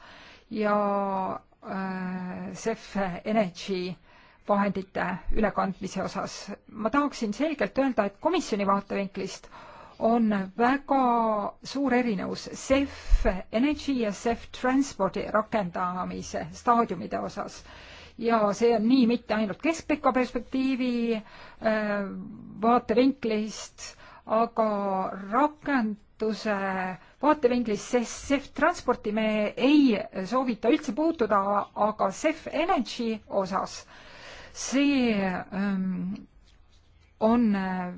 ja CEF äh, Energy vahendite ülekandmise osas. ma tahaksin selgelt öelda, et komisjoni vaatevinklist on väga suur erinevus CEF Energy ja CEF Transpordi rakendamise staadiumide osas ja see on nii mitte ainult keskpika perspektiivi äh, vaatevinklist, aga rakenduse vaatevinklist, sest CEF Transporti me ei soovita üldse puutuda, aga CEF Energy osas see ähm, on äh,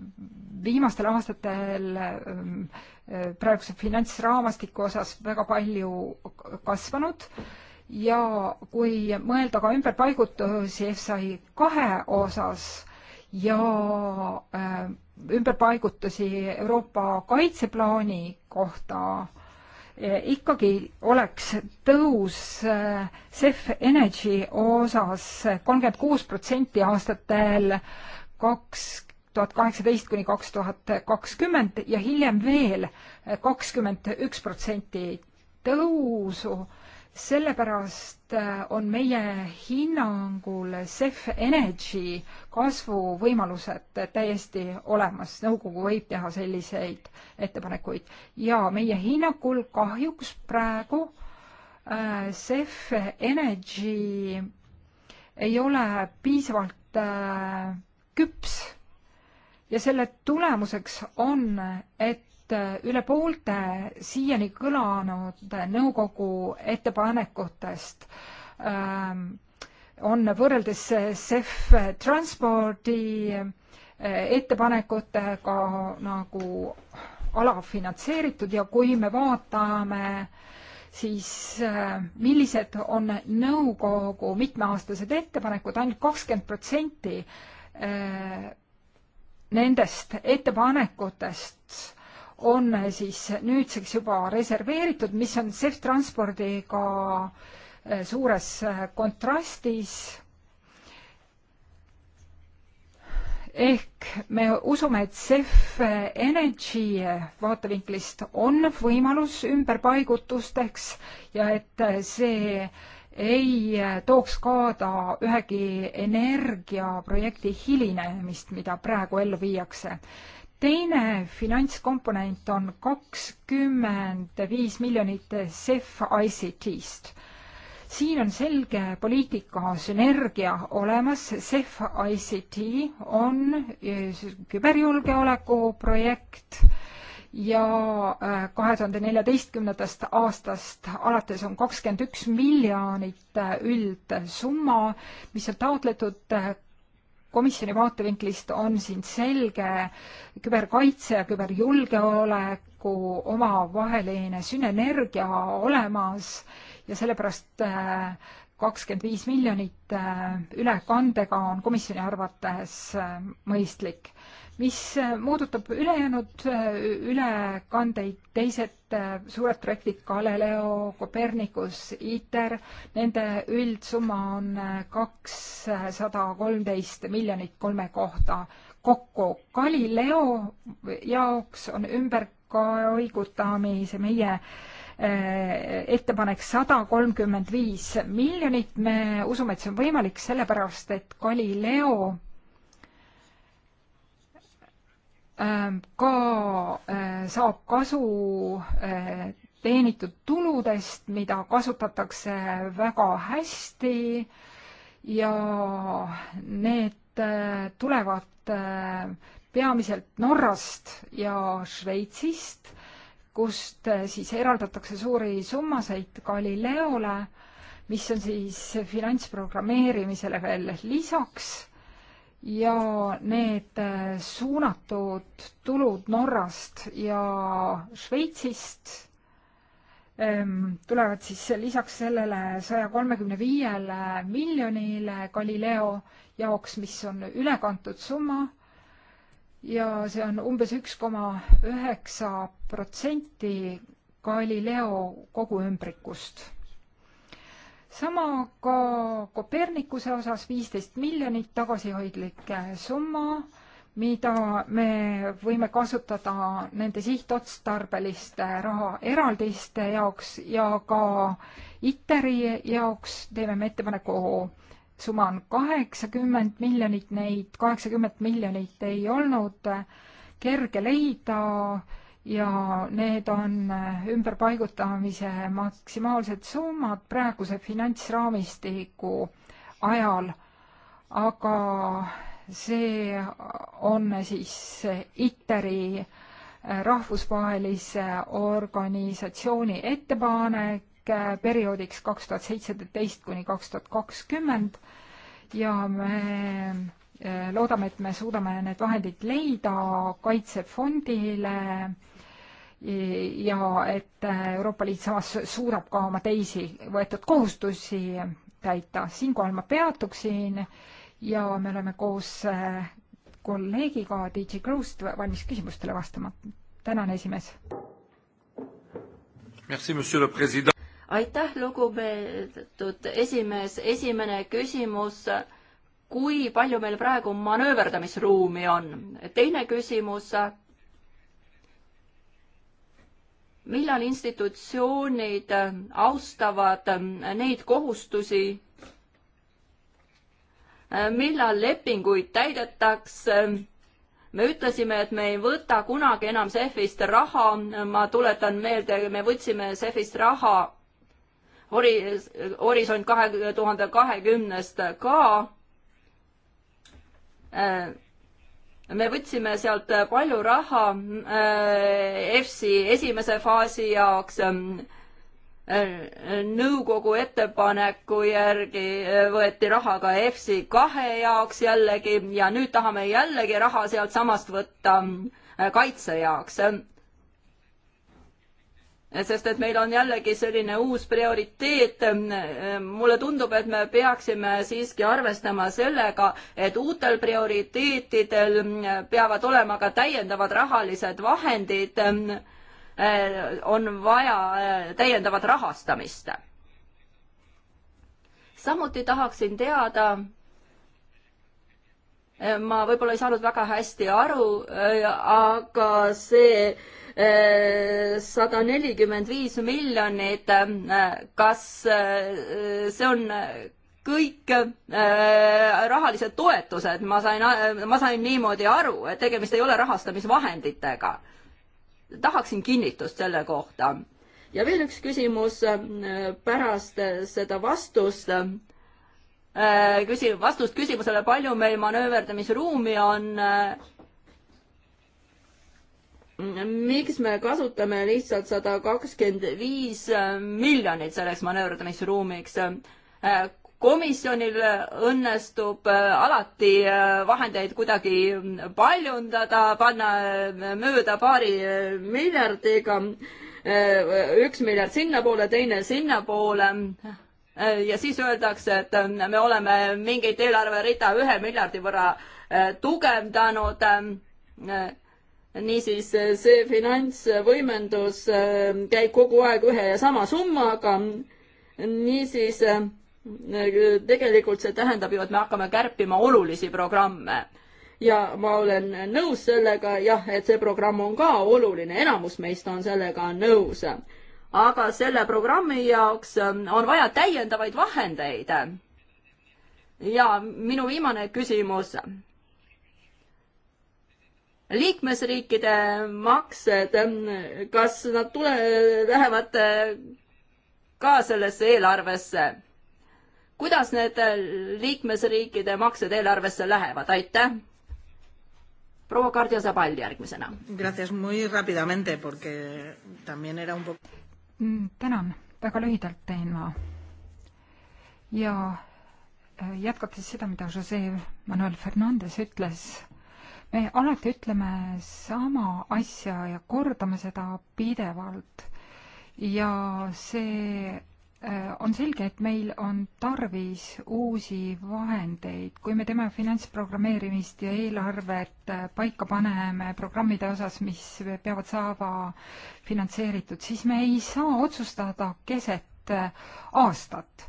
viimastel aastatel ähm, äh, praeguse finantsraamastiku osas väga palju kasvanud ja kui mõelda ka ümberpaigutusi FSI kahe osas ja äh, ümberpaigutusi Euroopa kaitseplaani kohta e, ikkagi oleks tõus CEF Energy osas kolmkümmend kuus protsenti aastatel kaks tuhat kaheksateist kuni kaks tuhat kakskümmend ja hiljem veel kakskümmend üks protsenti tõusu sellepärast äh, on meie hinnangul CEF Energy kasvuvõimalused täiesti olemas, nõukogu võib teha selliseid ettepanekuid ja meie hinnangul kahjuks praegu CEF äh, Energy ei ole piisavalt äh, küps ja selle tulemuseks on, et et äh, üle poolte siiani kõlanud nõukogu ettepanekutest ähm, on võrreldes CEF äh, transpordi äh, ettepanekutega nagu alafinantseeritud ja kui me vaatame siis millised on nõukogu mitmeaastased ettepanekud ainult, ainult kakskümmend protsenti nendest ettepanekutest on siis nüüdseks juba reserveeritud, mis on SEF transpordiga eh, suures eh, kontrastis. ehk me usume, et SEF Energy vaatevinklist on võimalus ümberpaigutusteks ja et see ei eh, tooks kaada ühegi energiaprojekti hilinemist, mida praegu ellu viiakse teine finantskomponent on kakskümmend viis miljonit CEF ICT-st. siin on selge poliitika sünergia olemas, CEF ICT on e, küberjulgeoleku projekt ja e, kahe tuhande neljateistkümnendast aastast alates on kakskümmend üks miljonit e, üldsumma, mis on taotletud komisjoni vaatevinklist on siin selge küberkaitse ja küberjulgeoleku omavaheline sünergia olemas ja sellepärast äh, kakskümmend viis miljonit äh, ülekandega on komisjoni arvates äh, mõistlik mis äh, moodutab ülejäänud äh, ülekandeid, teised äh, suured projektid, Galileo, Copernicus, ITER, nende üldsumma on kakssada kolmteist miljonit kolme kohta kokku. Galileo jaoks on ümberkaigutamise meie ettepanek sada kolmkümmend viis miljonit, me usume, et see on võimalik, sellepärast et Galileo Ähm, ka äh, saab kasu äh, teenitud tuludest, mida kasutatakse väga hästi ja need äh, tulevad peamiselt Norrast ja Šveitsist, kust siis eraldatakse suuri summasid Galileole, mis on siis finantsprogrammeerimisele veel lisaks ja need äh, suunatud tulud Norrast ja Šveitsist ähm, tulevad siis lisaks sellele saja kolmekümne viiele miljonile Galileo jaoks, mis on ülekantud summa ja see on umbes üks koma üheksa protsenti Galileo kogu ümbrikust sama ka Kopernikuse osas viisteist miljonit tagasihoidlik eh, summa, mida me võime kasutada nende sihtotstarbeliste rahaeraldiste jaoks ja ka ITER-i jaoks teeme me ettepaneku summa on kaheksakümmend miljonit, neid kaheksakümmet miljonit ei olnud eh, kerge leida ja need on äh, ümberpaigutamise maksimaalsed summad praeguse finantsraamistiku ajal, aga see on äh, siis äh, ITER-i rahvusvahelise organisatsiooni ettepanek perioodiks kaks tuhat seitseteist kuni kaks tuhat kakskümmend ja me loodame, et me suudame need vahendid leida kaitsefondile ja et Euroopa Liit samas suudab ka oma teisi võetud kohustusi täita. siinkohal ma peatuksin ja me oleme koos äh, kolleegiga DJ Crew'st valmis küsimustele vastama. tänan, esimees! aitäh, lugupeetud esimees, esimene küsimus, kui palju meil praegu manööverdamisruumi on? teine küsimus millal institutsioonid äh, austavad äh, neid kohustusi, äh, millal lepinguid täidetakse. me ütlesime, et me ei võta kunagi enam CEF-ist raha, ma tuletan meelde, me võtsime CEF-ist raha hori-, horisont kahe tuhande kahekümnest ka me võtsime sealt palju raha äh, EFSI esimese faasi jaoks. Ähm, äh, nõukogu ettepaneku järgi äh, võeti raha ka EFSI kahe jaoks jällegi ja nüüd tahame jällegi raha sealtsamast võtta kaitse jaoks sest et meil on jällegi selline uus prioriteet. mulle tundub, et me peaksime siiski arvestama sellega, et uutel prioriteetidel peavad olema ka täiendavad rahalised vahendid. on vaja täiendavat rahastamist. samuti tahaksin teada, ma võib-olla ei saanud väga hästi aru, aga see sada nelikümmend viis miljonit, kas eh, see on kõik äh, rahalised toetused, ma sain, ma sain niimoodi aru, et tegemist ei ole rahastamisvahenditega. tahaksin kinnitust selle kohta. ja veel üks küsimus eh, pärast seda vastust küsi-, vastust küsimusele, palju meil manööverdamisruumi on, miks me kasutame lihtsalt sada kakskümmend viis äh, miljonit selleks manööverdamisruumiks? Äh, komisjonil õnnestub äh, alati vahendeid kuidagi paljundada, panna mööda paari miljardiga, üks miljard sinnapoole, teine sinnapoole ja siis öeldakse, et me oleme mingit eelarverida ühe miljardi võrra tugevdanud niisiis see finantsvõimendus äh, käib kogu aeg ühe ja sama summaga. niisiis äh, tegelikult see tähendab ju, et me hakkame kärpima olulisi programme. ja ma olen nõus sellega jah, et see programm on ka oluline, enamus meist on sellega nõus. aga selle programmi jaoks äh, on vaja täiendavaid vahendeid. ja minu viimane küsimus liikmesriikide maksed, kas nad tule, lähevad äh, ka sellesse eelarvesse? kuidas need äh, liikmesriikide maksed eelarvesse lähevad, aitäh! proua Kardia Zabal järgmisena. Mm, tänan, väga lühidalt teen ma. ja äh, jätkates seda, mida Jose Manuel Fernandez ütles me alati ütleme sama asja ja kordame seda pidevalt. ja see äh, on selge, et meil on tarvis uusi vahendeid, kui me teeme finantsprogrammeerimist ja eelarvet äh, paika paneme programmide osas, mis peavad saama finantseeritud, siis me ei saa otsustada keset äh, aastat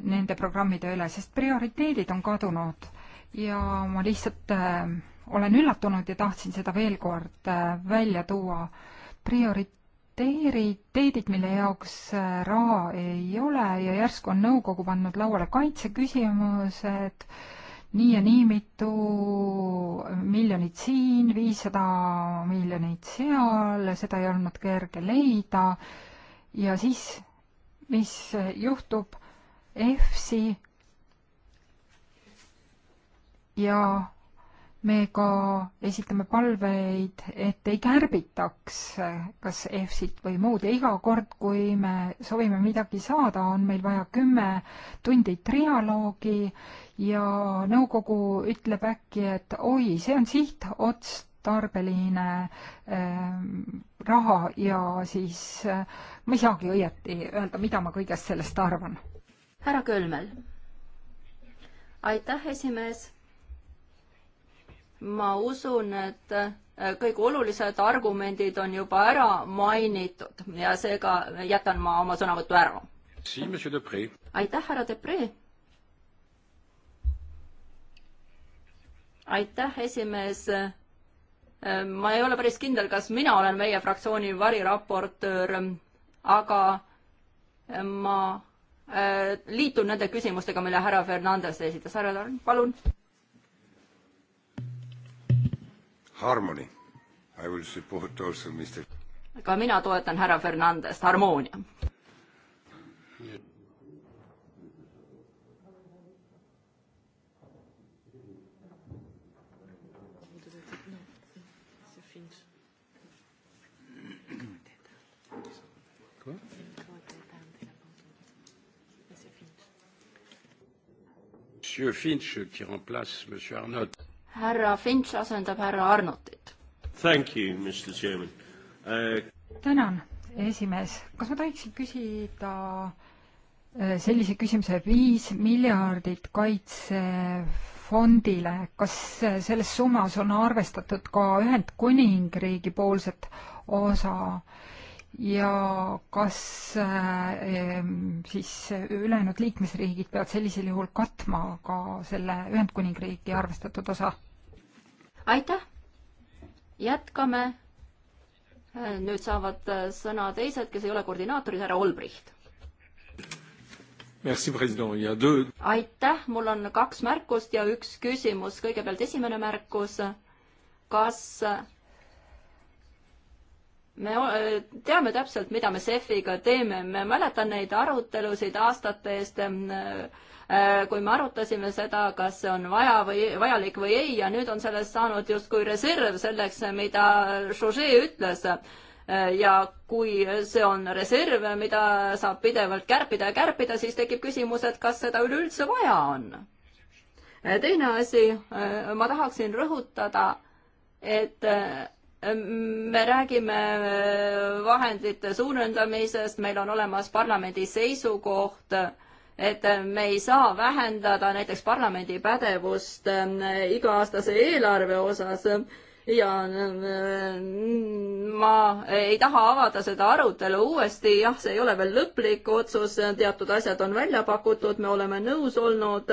nende programmide üle, sest prioriteedid on kadunud ja ma lihtsalt äh, olen üllatunud ja tahtsin seda veel kord äh, välja tuua. prioriteedid, mille jaoks äh, raha ei ole ja järsku on nõukogu pannud lauale kaitseküsimused, nii ja nii mitu miljonit siin, viissada miljonit seal, seda ei olnud kerge leida. ja siis, mis juhtub? EFSi ja me ka esitame palveid, et ei kärbitaks kas EFSit või muud ja iga kord, kui me soovime midagi saada, on meil vaja kümme tundi trialoogi ja nõukogu ütleb äkki, et oi, see on sihtotstarbeline äh, raha ja siis äh, ma ei saagi õieti öelda, mida ma kõigest sellest arvan. härra Kölmel. aitäh, esimees ma usun, et äh, kõik olulised argumendid on juba ära mainitud ja seega jätan ma oma sõnavõtu ära. aitäh, härra Depree. aitäh, esimees. Äh, ma ei ole päris kindel, kas mina olen meie fraktsiooni variraportöör, aga äh, ma liitun nende küsimustega, mille härra Fernandes esitas. härra Tarn, palun harmony. I will support also Mr. ka mina toetan härra Fernandest, harmoonia. Monsieur Finch qui remplace Monsieur Arnott härra Finch asendab härra Arnotit. Uh... tänan, esimees. kas ma tohiksin küsida eh, sellise küsimuse, viis miljardit kaitsefondile, kas eh, selles summas on arvestatud ka Ühendkuningriigi poolset osa ja kas äh, siis ülejäänud liikmesriigid peavad sellisel juhul katma ka selle Ühendkuningriigi arvestatud osa? aitäh! jätkame. Äh, nüüd saavad äh, sõna teised, kes ei ole koordinaatorid, härra Olbricht. aitäh, mul on kaks märkust ja üks küsimus. kõigepealt esimene märkus. kas äh, me teame täpselt, mida me CEF-iga teeme, ma mäletan neid arutelusid aastate eest Äh, kui me arutasime seda, kas see on vaja või vajalik või ei ja nüüd on sellest saanud justkui reserv selleks, mida Jauget ütles äh, ja kui see on reserv, mida saab pidevalt kärpida ja kärpida, siis tekib küsimus, et kas seda üleüldse vaja on. Äh, teine asi, ma tahaksin rõhutada, et me räägime vahendite suurendamisest, meil on olemas parlamendi seisukoht et äh, me ei saa vähendada näiteks parlamendi pädevust ähm, iga-aastase eelarve osas ja äh, ma ei taha avada seda arutelu uuesti, jah, see ei ole veel lõplik otsus, teatud asjad on välja pakutud, me oleme nõus olnud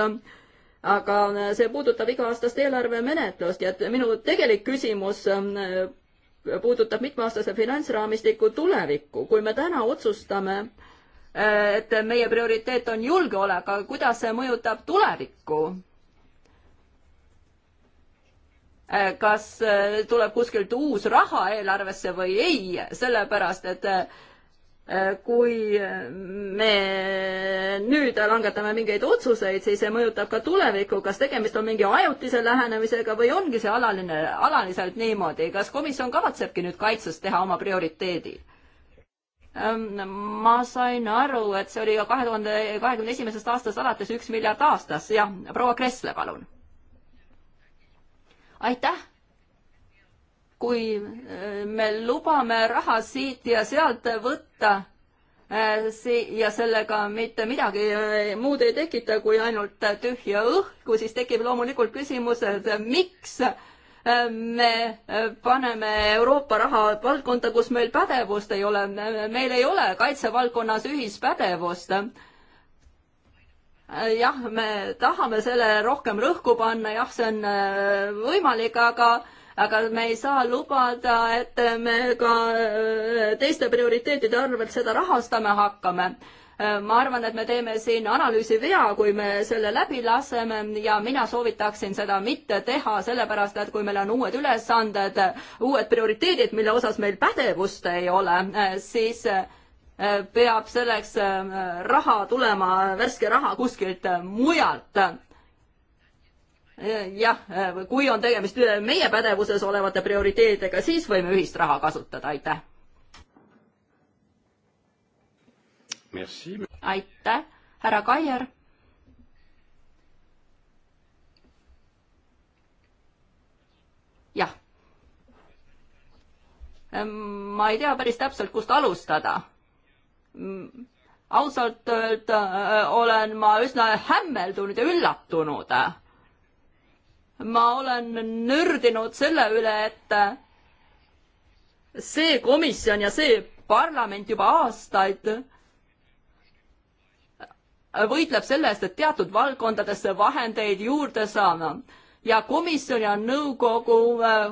aga äh, see puudutab iga-aastast eelarvemenetlust ja minu tegelik küsimus puudutab mitmeaastase finantsraamistiku tulevikku. kui me täna otsustame, et meie prioriteet on julgeolek, aga kuidas see mõjutab tulevikku? kas tuleb kuskilt uus raha eelarvesse või ei, sellepärast et eh, kui me nüüd langetame mingeid otsuseid, siis see mõjutab ka tulevikku, kas tegemist on mingi ajutise lähenemisega või ongi see alaline, alaliselt niimoodi, kas komisjon kavatsebki nüüd kaitsest teha oma prioriteedi? Ehm, ma sain aru, et see oli ka kahe tuhande kahekümne esimesest aastast alates üks miljard aastas, jah, proua Kressle, palun. aitäh. kui eh, me lubame raha siit ja sealt võtta eh, see ja sellega mitte midagi eh, muud ei tekita kui ainult tühja õhku, siis tekib loomulikult küsimus, et miks äh, me paneme Euroopa raha valdkonda, kus meil pädevust ei ole, meil ei ole kaitsevaldkonnas ühispädevust. jah, me tahame sellele rohkem rõhku panna, jah, see on äh, võimalik, aga aga me ei saa lubada, et me ka äh, teiste prioriteetide arvelt seda rahastama hakkame Äh, ma arvan, et me teeme siin analüüsivea, kui me selle läbi laseme ja mina soovitaksin seda mitte teha, sellepärast et kui meil on uued ülesanded, uued prioriteedid, mille osas meil pädevust ei ole, äh, siis äh, peab selleks raha tulema, värske raha kuskilt mujalt jah, kui on tegemist meie pädevuses olevate prioriteedidega, siis võime ühist raha kasutada, aitäh aitäh, härra Kaier. jah. Ehm, ma ei tea päris täpselt, kust alustada. ausalt öelda eh, olen ma üsna hämmeldunud ja üllatunud. ma olen nördinud selle üle, et see komisjon ja see parlament juba aastaid võitleb selle eest, et teatud valdkondadesse vahendeid juurde saada ja komisjon ja nõukogu äh,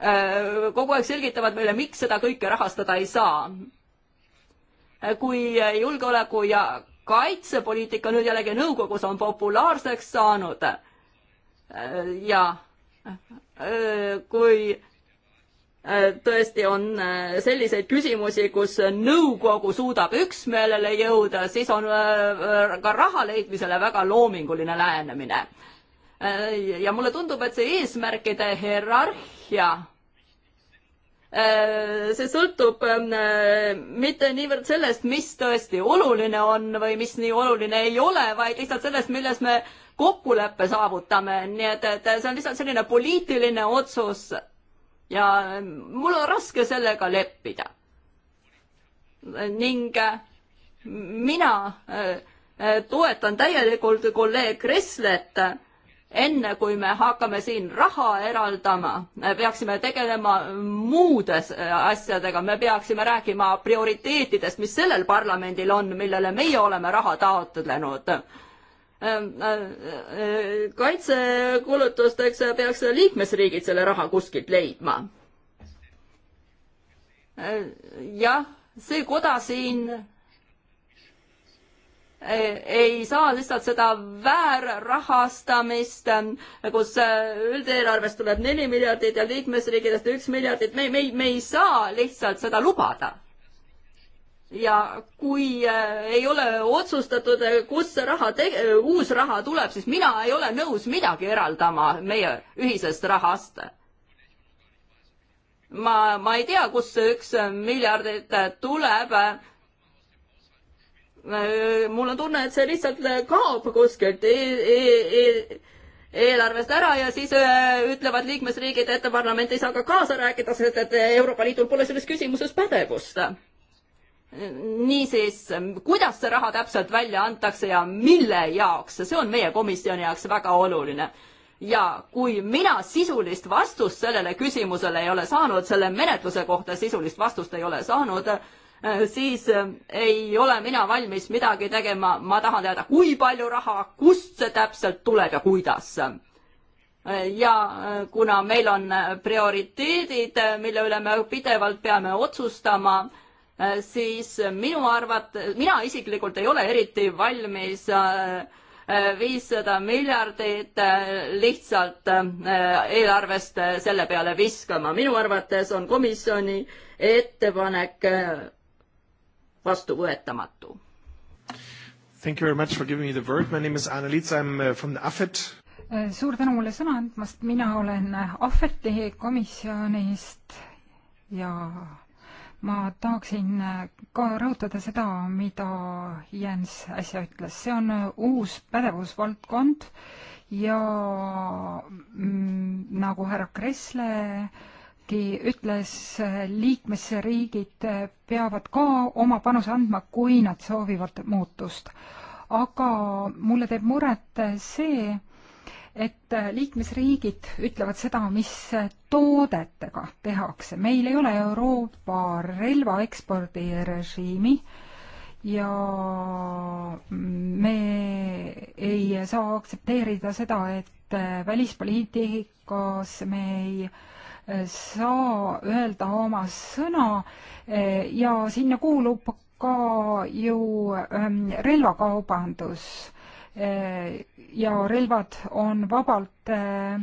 äh, kogu aeg selgitavad meile, miks seda kõike rahastada ei saa. kui julgeoleku ja kaitsepoliitika nüüd jällegi nõukogus on populaarseks saanud äh, ja kui Äh, tõesti on äh, selliseid küsimusi, kus nõukogu suudab üksmeelele jõuda, siis on äh, ka raha leidmisele väga loominguline lähenemine. ja mulle tundub, et see eesmärkide hierarhia see sõltub mitte niivõrd sellest, mis tõesti oluline on või mis nii oluline ei ole, vaid lihtsalt sellest, milles me kokkuleppe saavutame, nii et, et see on lihtsalt selline poliitiline otsus ja ähm, mul on raske sellega leppida. ning äh, mina äh, äh, toetan täielikult kolleeg Kresslet, enne kui me hakkame siin raha eraldama, peaksime tegelema muudes asjadega, me peaksime rääkima prioriteetidest, mis sellel parlamendil on, millele meie oleme raha taotlenud Ähm, äh, äh, kaitsekulutusteks peaks liikmesriigid selle raha kuskilt leidma. Äh, jah, see koda siin ei saa lihtsalt seda väärrahastamist, kus üldeelarvest tuleb neli miljardit ja liikmesriikidest üks miljardit, me, me, me ei saa lihtsalt seda lubada ja kui äh, ei ole otsustatud, äh, kust see raha, äh, uus raha tuleb, siis mina ei ole nõus midagi eraldama meie ühisest rahast. ma, ma ei tea, kust see üks miljardit tuleb. mul on tunne, et see lihtsalt kaob kuskilt e e e eelarvest ära ja siis ütlevad liikmesriigid, et parlament ei saa ka kaasa rääkida, sest et Euroopa Liidul pole selles küsimuses pädevust niisiis, kuidas see raha täpselt välja antakse ja mille jaoks, see on meie komisjoni jaoks väga oluline. ja kui mina sisulist vastust sellele küsimusele ei ole saanud, selle menetluse kohta sisulist vastust ei ole saanud, äh, siis äh, ei ole mina valmis midagi tegema, ma tahan teada, kui palju raha, kust see täpselt tuleb ja kuidas. ja äh, kuna meil on prioriteedid, mille üle me pidevalt peame otsustama Äh, siis minu arvates, mina isiklikult ei ole eriti valmis äh, äh, viissada miljardit lihtsalt eelarvest selle peale viskama. minu arvates on komisjoni ettepanek vastuvõetamatu. Thank you very much for giving me the word. My name is Anneliis, I am uh, from the Ahvet suur tänu mulle sõna andmast, mina olen Ahveti komisjonist ja ma tahaksin äh, ka rõhutada seda, mida Jens äsja ütles, see on äh, uus pädevusvaldkond ja mm, nagu härra Kresslegi ütles, äh, liikmesriigid peavad ka oma panuse andma, kui nad soovivad muutust. aga mulle teeb muret see, et liikmesriigid ütlevad seda, mis toodetega tehakse. meil ei ole Euroopa relvaekspordi režiimi ja me ei saa aktsepteerida seda, et välispoliitikas me ei saa öelda oma sõna eh, ja sinna kuulub ka ju ehm, relvakaubandus ja relvad on vabalt eh,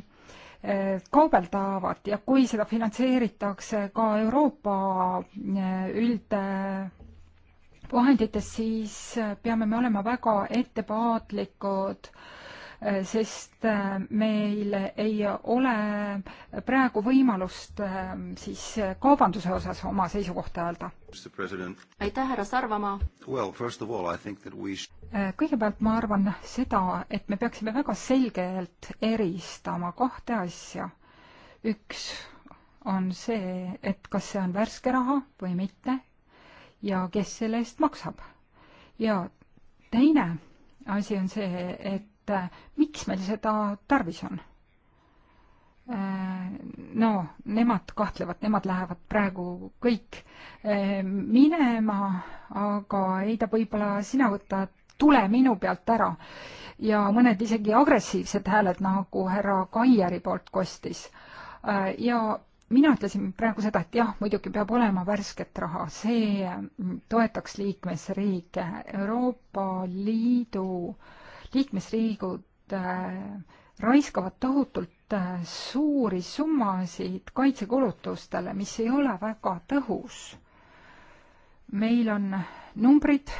kaubeldavad ja kui seda finantseeritakse ka Euroopa eh, üldvahenditest, siis peame me olema väga ettevaatlikud äh, sest äh, meil ei ole praegu võimalust äh, siis kaubanduse osas oma seisukohta öelda. aitäh, härra Sarvamaa well,! We... Äh, kõigepealt ma arvan seda, et me peaksime väga selgelt eristama kahte asja. üks on see, et kas see on värske raha või mitte ja kes selle eest maksab. ja teine asi on see, et et äh, miks meil seda tarvis on? Äh, no nemad kahtlevad, nemad lähevad praegu kõik äh, minema, aga ei ta võib-olla sina võta tule minu pealt ära. ja mõned isegi agressiivsed hääled, nagu härra Kaieri poolt kostis. ja mina ütlesin praegu seda, et jah, muidugi peab olema värsket raha, see toetaks liikmesriike, Euroopa Liidu äh, liikmesriigid äh, raiskavad tohutult äh, suuri summasid kaitsekulutustele, mis ei ole väga tõhus. meil on numbrid,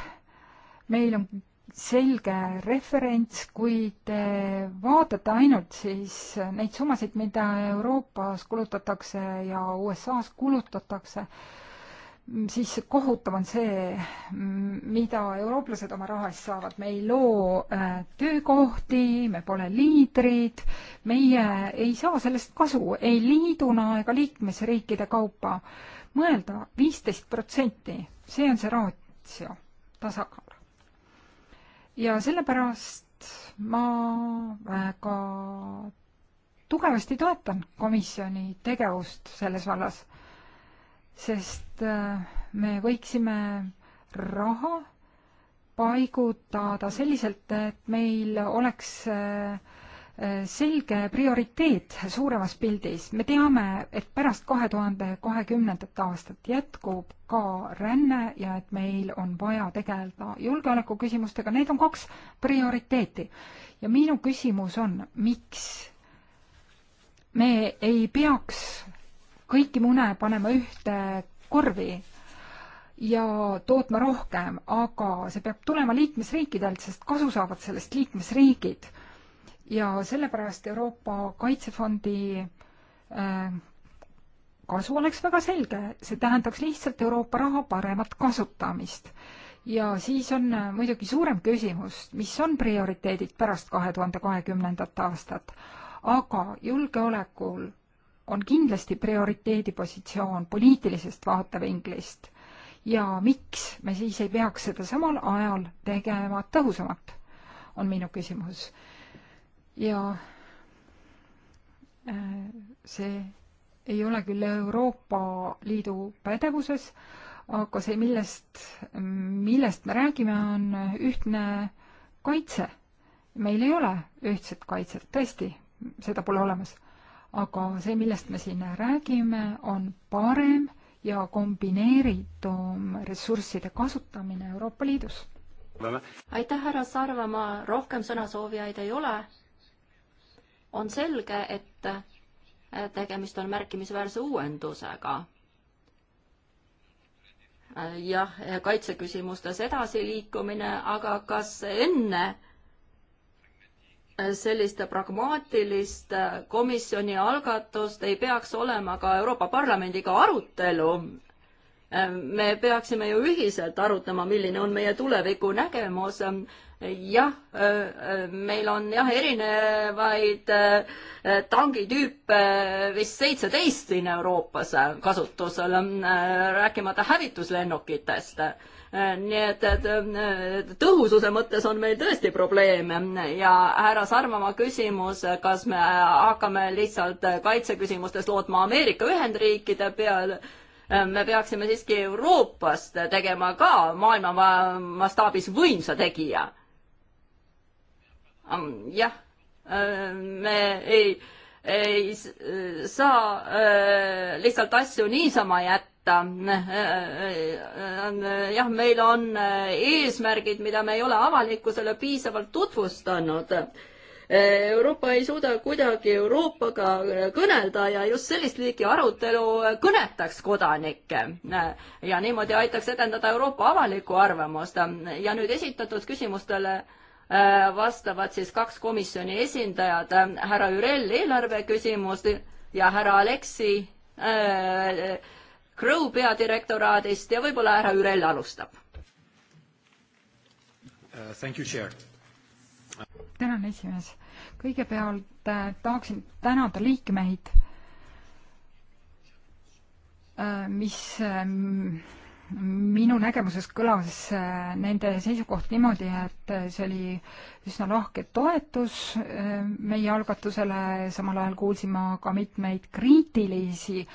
meil on selge referents, kui te vaatate ainult siis neid summasid, mida Euroopas kulutatakse ja USA-s kulutatakse, siis kohutav on see, mida eurooplased oma raha eest saavad. me ei loo äh, töökohti, me pole liidrid, meie ei saa sellest kasu ei liiduna ega liikmesriikide kaupa. mõelda, viisteist protsenti, see on see raatsio, tasakaal. ja sellepärast ma väga tugevasti toetan komisjoni tegevust selles vallas sest äh, me võiksime raha paigutada selliselt, et meil oleks äh, äh, selge prioriteet suuremas pildis. me teame, et pärast kahe tuhande kahekümnendat aastat jätkub ka ränne ja et meil on vaja tegeleda julgeolekuküsimustega, need on kaks prioriteeti. ja minu küsimus on, miks me ei peaks kõiki mune panema ühte korvi ja tootma rohkem, aga see peab tulema liikmesriikidelt, sest kasu saavad sellest liikmesriigid. ja sellepärast Euroopa Kaitsefondi äh, kasu oleks väga selge, see tähendaks lihtsalt Euroopa raha paremat kasutamist. ja siis on äh, muidugi suurem küsimus, mis on prioriteedid pärast kahe tuhande kahekümnendat aastat, aga julgeolekul on kindlasti prioriteedipositsioon poliitilisest vaatevinklist ja miks me siis ei peaks seda samal ajal tegema tõhusamalt, on minu küsimus. ja äh, see ei ole küll Euroopa Liidu pädevuses, aga see, millest, millest me räägime, on ühtne kaitse. meil ei ole ühtset kaitset, tõesti, seda pole olemas aga see, millest me siin räägime, on parem ja kombineeritum ressursside kasutamine Euroopa Liidus. aitäh, härra Sarvamaa, rohkem sõnasoovijaid ei ole. on selge, et tegemist on märkimisväärse uuendusega. jah, kaitseküsimustes edasiliikumine, aga kas enne sellist pragmaatilist komisjoni algatust ei peaks olema ka Euroopa Parlamendiga arutelu. me peaksime ju ühiselt arutama, milline on meie tuleviku nägemus. jah, meil on jah, erinevaid eh, tangitüüpe vist seitseteist siin Euroopas kasutusel, eh, rääkimata hävituslennukitest Äh, nii et, et äh, tõhususe mõttes on meil tõesti probleeme ja härra Sarvamaa küsimus, kas me hakkame lihtsalt kaitseküsimustes lootma Ameerika Ühendriikide peale, äh, me peaksime siiski Euroopast tegema ka maailma mastaabis võimsa tegija. jah, me ei, ei saa lihtsalt asju niisama jätta võtta. jah, meil on eesmärgid, mida me ei ole avalikkusele piisavalt tutvustanud. Euroopa ei suuda kuidagi Euroopaga kõnelda ja just sellist liiki arutelu kõnetaks kodanikke. ja niimoodi aitaks edendada Euroopa avalikku arvamust. ja nüüd esitatud küsimustele äh, vastavad siis kaks komisjoni esindajat, härra Jürel eelarve küsimus ja härra Aleksi äh, Grow peadirektoraadist ja võib-olla härra Ürel alustab uh,. Thank you, chair. tänan, esimees. kõigepealt äh, tahaksin tänada liikmeid äh,, mis äh, minu nägemuses kõlas äh, nende seisukoht niimoodi, et äh, see oli üsna lahke toetus äh, meie algatusele, samal ajal kuulsin ma ka mitmeid kriitilisi äh,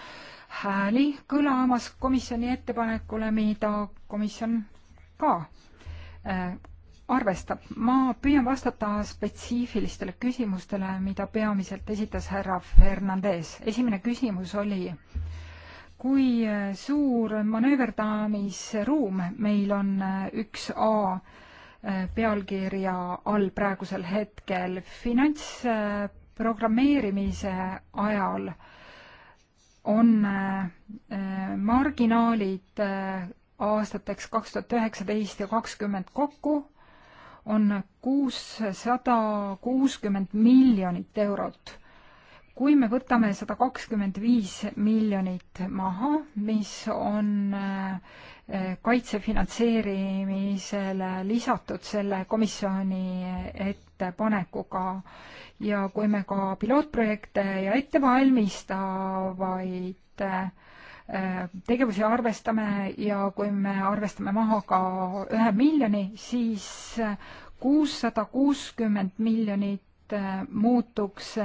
hääli kõlamas komisjoni ettepanekule, mida komisjon ka äh, arvestab. ma püüan vastata spetsiifilistele küsimustele, mida peamiselt esitas härra Fernandez. esimene küsimus oli, kui äh, suur manööverdamisruum meil on äh, üks A pealkirja all praegusel hetkel finantsprogrammeerimise ajal äh, on äh, äh, marginaalid äh, aastateks kaks tuhat üheksateist ja kakskümmend kokku on kuussada kuuskümmend miljonit eurot. kui me võtame sada kakskümmend viis miljonit maha, mis on kaitsefinantseerimisele lisatud selle komisjoni ettepanekuga ja kui me ka pilootprojekte ja ettevalmistavaid äh, tegevusi arvestame ja kui me arvestame maha ka ühe miljoni, siis kuussada kuuskümmend miljonit äh, muutuks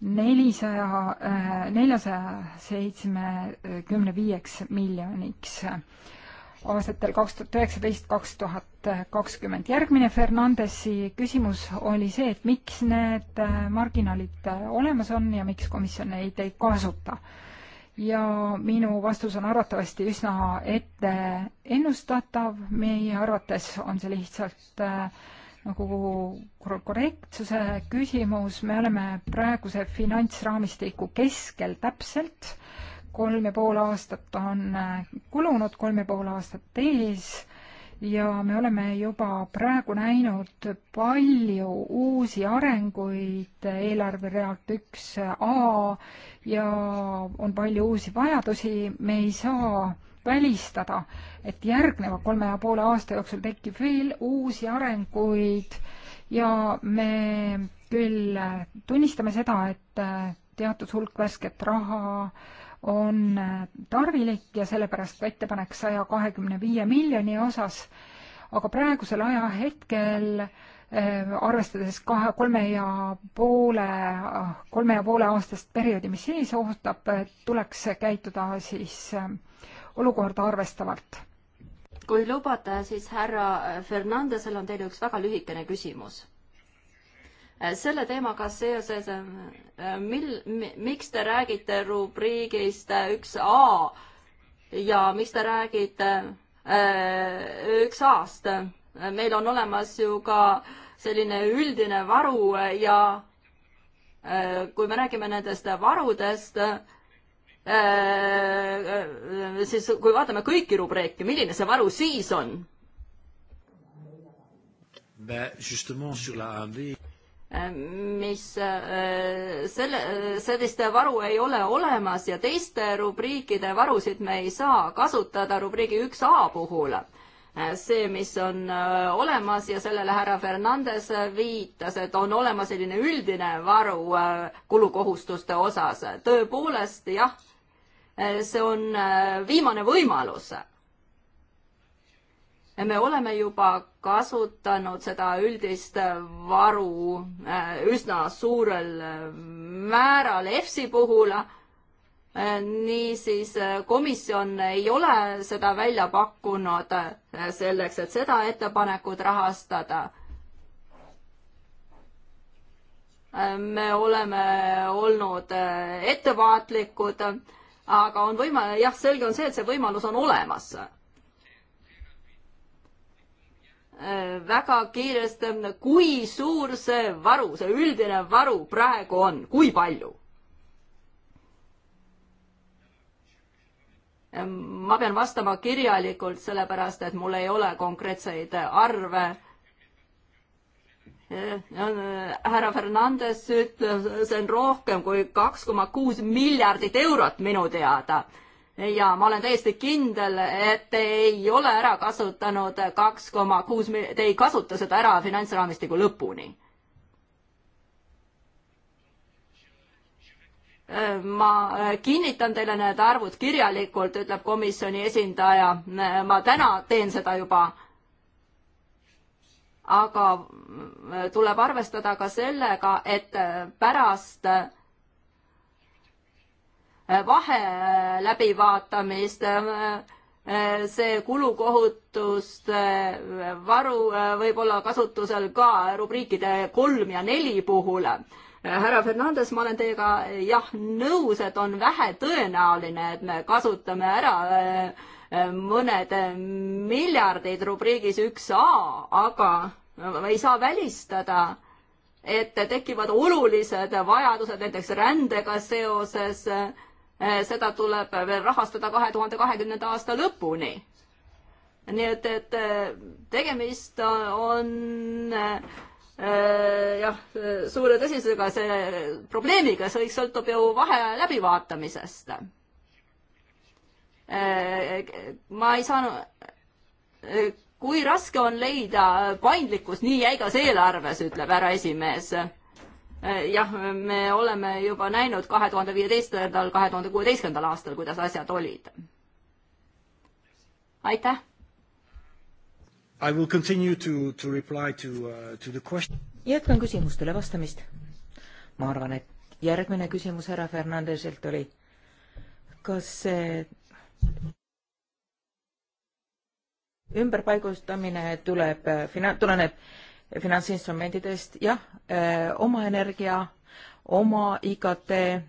nelisaja, äh, neljasaja seitsmekümne viieks miljoniks aastatel kaks tuhat üheksateist, kaks tuhat äh, kakskümmend. järgmine Fernandesi küsimus oli see, et miks need äh, marginaalid olemas on ja miks komisjon neid ei kasuta. ja minu vastus on arvatavasti üsna ette ennustatav, meie arvates on see lihtsalt äh, nagu korrektsuse küsimus, me oleme praeguse finantsraamistiku keskel täpselt, kolm ja pool aastat on äh, kulunud, kolm ja pool aastat ees ja me oleme juba praegu näinud palju uusi arenguid eelarverealt üks A ja on palju uusi vajadusi, me ei saa välistada, et järgneva kolme ja poole aasta jooksul tekib veel uusi arenguid ja me küll tunnistame seda, et äh, teatud hulk värsket raha on äh, tarvilik ja sellepärast ka ettepanek saja kahekümne viie miljoni osas, aga praegusel ajahetkel äh, arvestades kahe, kolme ja poole, kolme ja poole aastast perioodi, mis ees ootab, tuleks käituda siis olukorda arvestavalt. kui lubate, siis härra Fernandesel on teile üks väga lühikene küsimus selle teemaga seoses, mil, miks te räägite rubriigist üks A ja miks te räägite äh, üks A-st? meil on olemas ju ka selline üldine varu ja äh, kui me räägime nendest varudest, Äh, äh, siis kui vaatame kõiki rubriike, milline see varu siis on? Äh, mis selle, sellist varu ei ole olemas ja teiste rubriikide varusid me ei saa kasutada rubriigi üks A puhul. see, mis on olemas ja sellele härra Fernandes viitas, et on olemas selline üldine varu kulukohustuste osas. tõepoolest, jah Eh, see on eh, viimane võimalus. me oleme juba kasutanud seda üldist varu eh, üsna suurel määral EFSi puhul. niisiis komisjon ei ole seda välja pakkunud selleks, et seda ettepanekut rahastada me oleme olnud ettevaatlikud aga on võimalik, jah, selge on see, et see võimalus on olemas. väga kiiresti, kui suur see varu, see üldine varu praegu on, kui palju? ma pean vastama kirjalikult, sellepärast et mul ei ole konkreetseid arve Äh, äh, härra Fernandes ütles, see on rohkem kui kaks koma kuus miljardit eurot minu teada. ja ma olen täiesti kindel, et te ei ole ära kasutanud kaks koma kuus, te ei kasuta seda ära finantsraamistiku lõpuni. Äh, ma kinnitan teile need arvud kirjalikult, ütleb komisjoni esindaja. ma täna teen seda juba aga tuleb arvestada ka sellega, et pärast vahe läbivaatamist see kulukohutuste varu võib olla kasutusel ka rubriikide kolm ja neli puhul. härra Fernandes, ma olen teiega jah nõus, et on vähe tõenäoline, et me kasutame ära äh, mõned miljardid rubriigis üks A, aga ei saa välistada, et tekivad olulised vajadused näiteks rändega seoses. seda tuleb veel rahastada kahe tuhande kahekümnenda aasta lõpuni nii et, et tegemist on äh, jah, suure tõsisusega see probleemiga, see kõik sõltub ju vahe läbivaatamisest Äh, ma ei saanud, äh, kui raske on leida paindlikkus nii jäigas eelarves, ütleb härra esimees äh, jah, me oleme juba näinud kahe tuhande viieteistkümnendal, kahe tuhande kuueteistkümnendal aastal, kuidas asjad olid. aitäh. I will continue to, to reply to uh,, to the question. jätkan küsimustele vastamist. ma arvan, et järgmine küsimus härra Fernandeselt oli, kas see ümberpaigustamine tuleb äh, fina-, tuleneb finantsinstrumentidest, jah, äh, oma energia, oma IKT äh,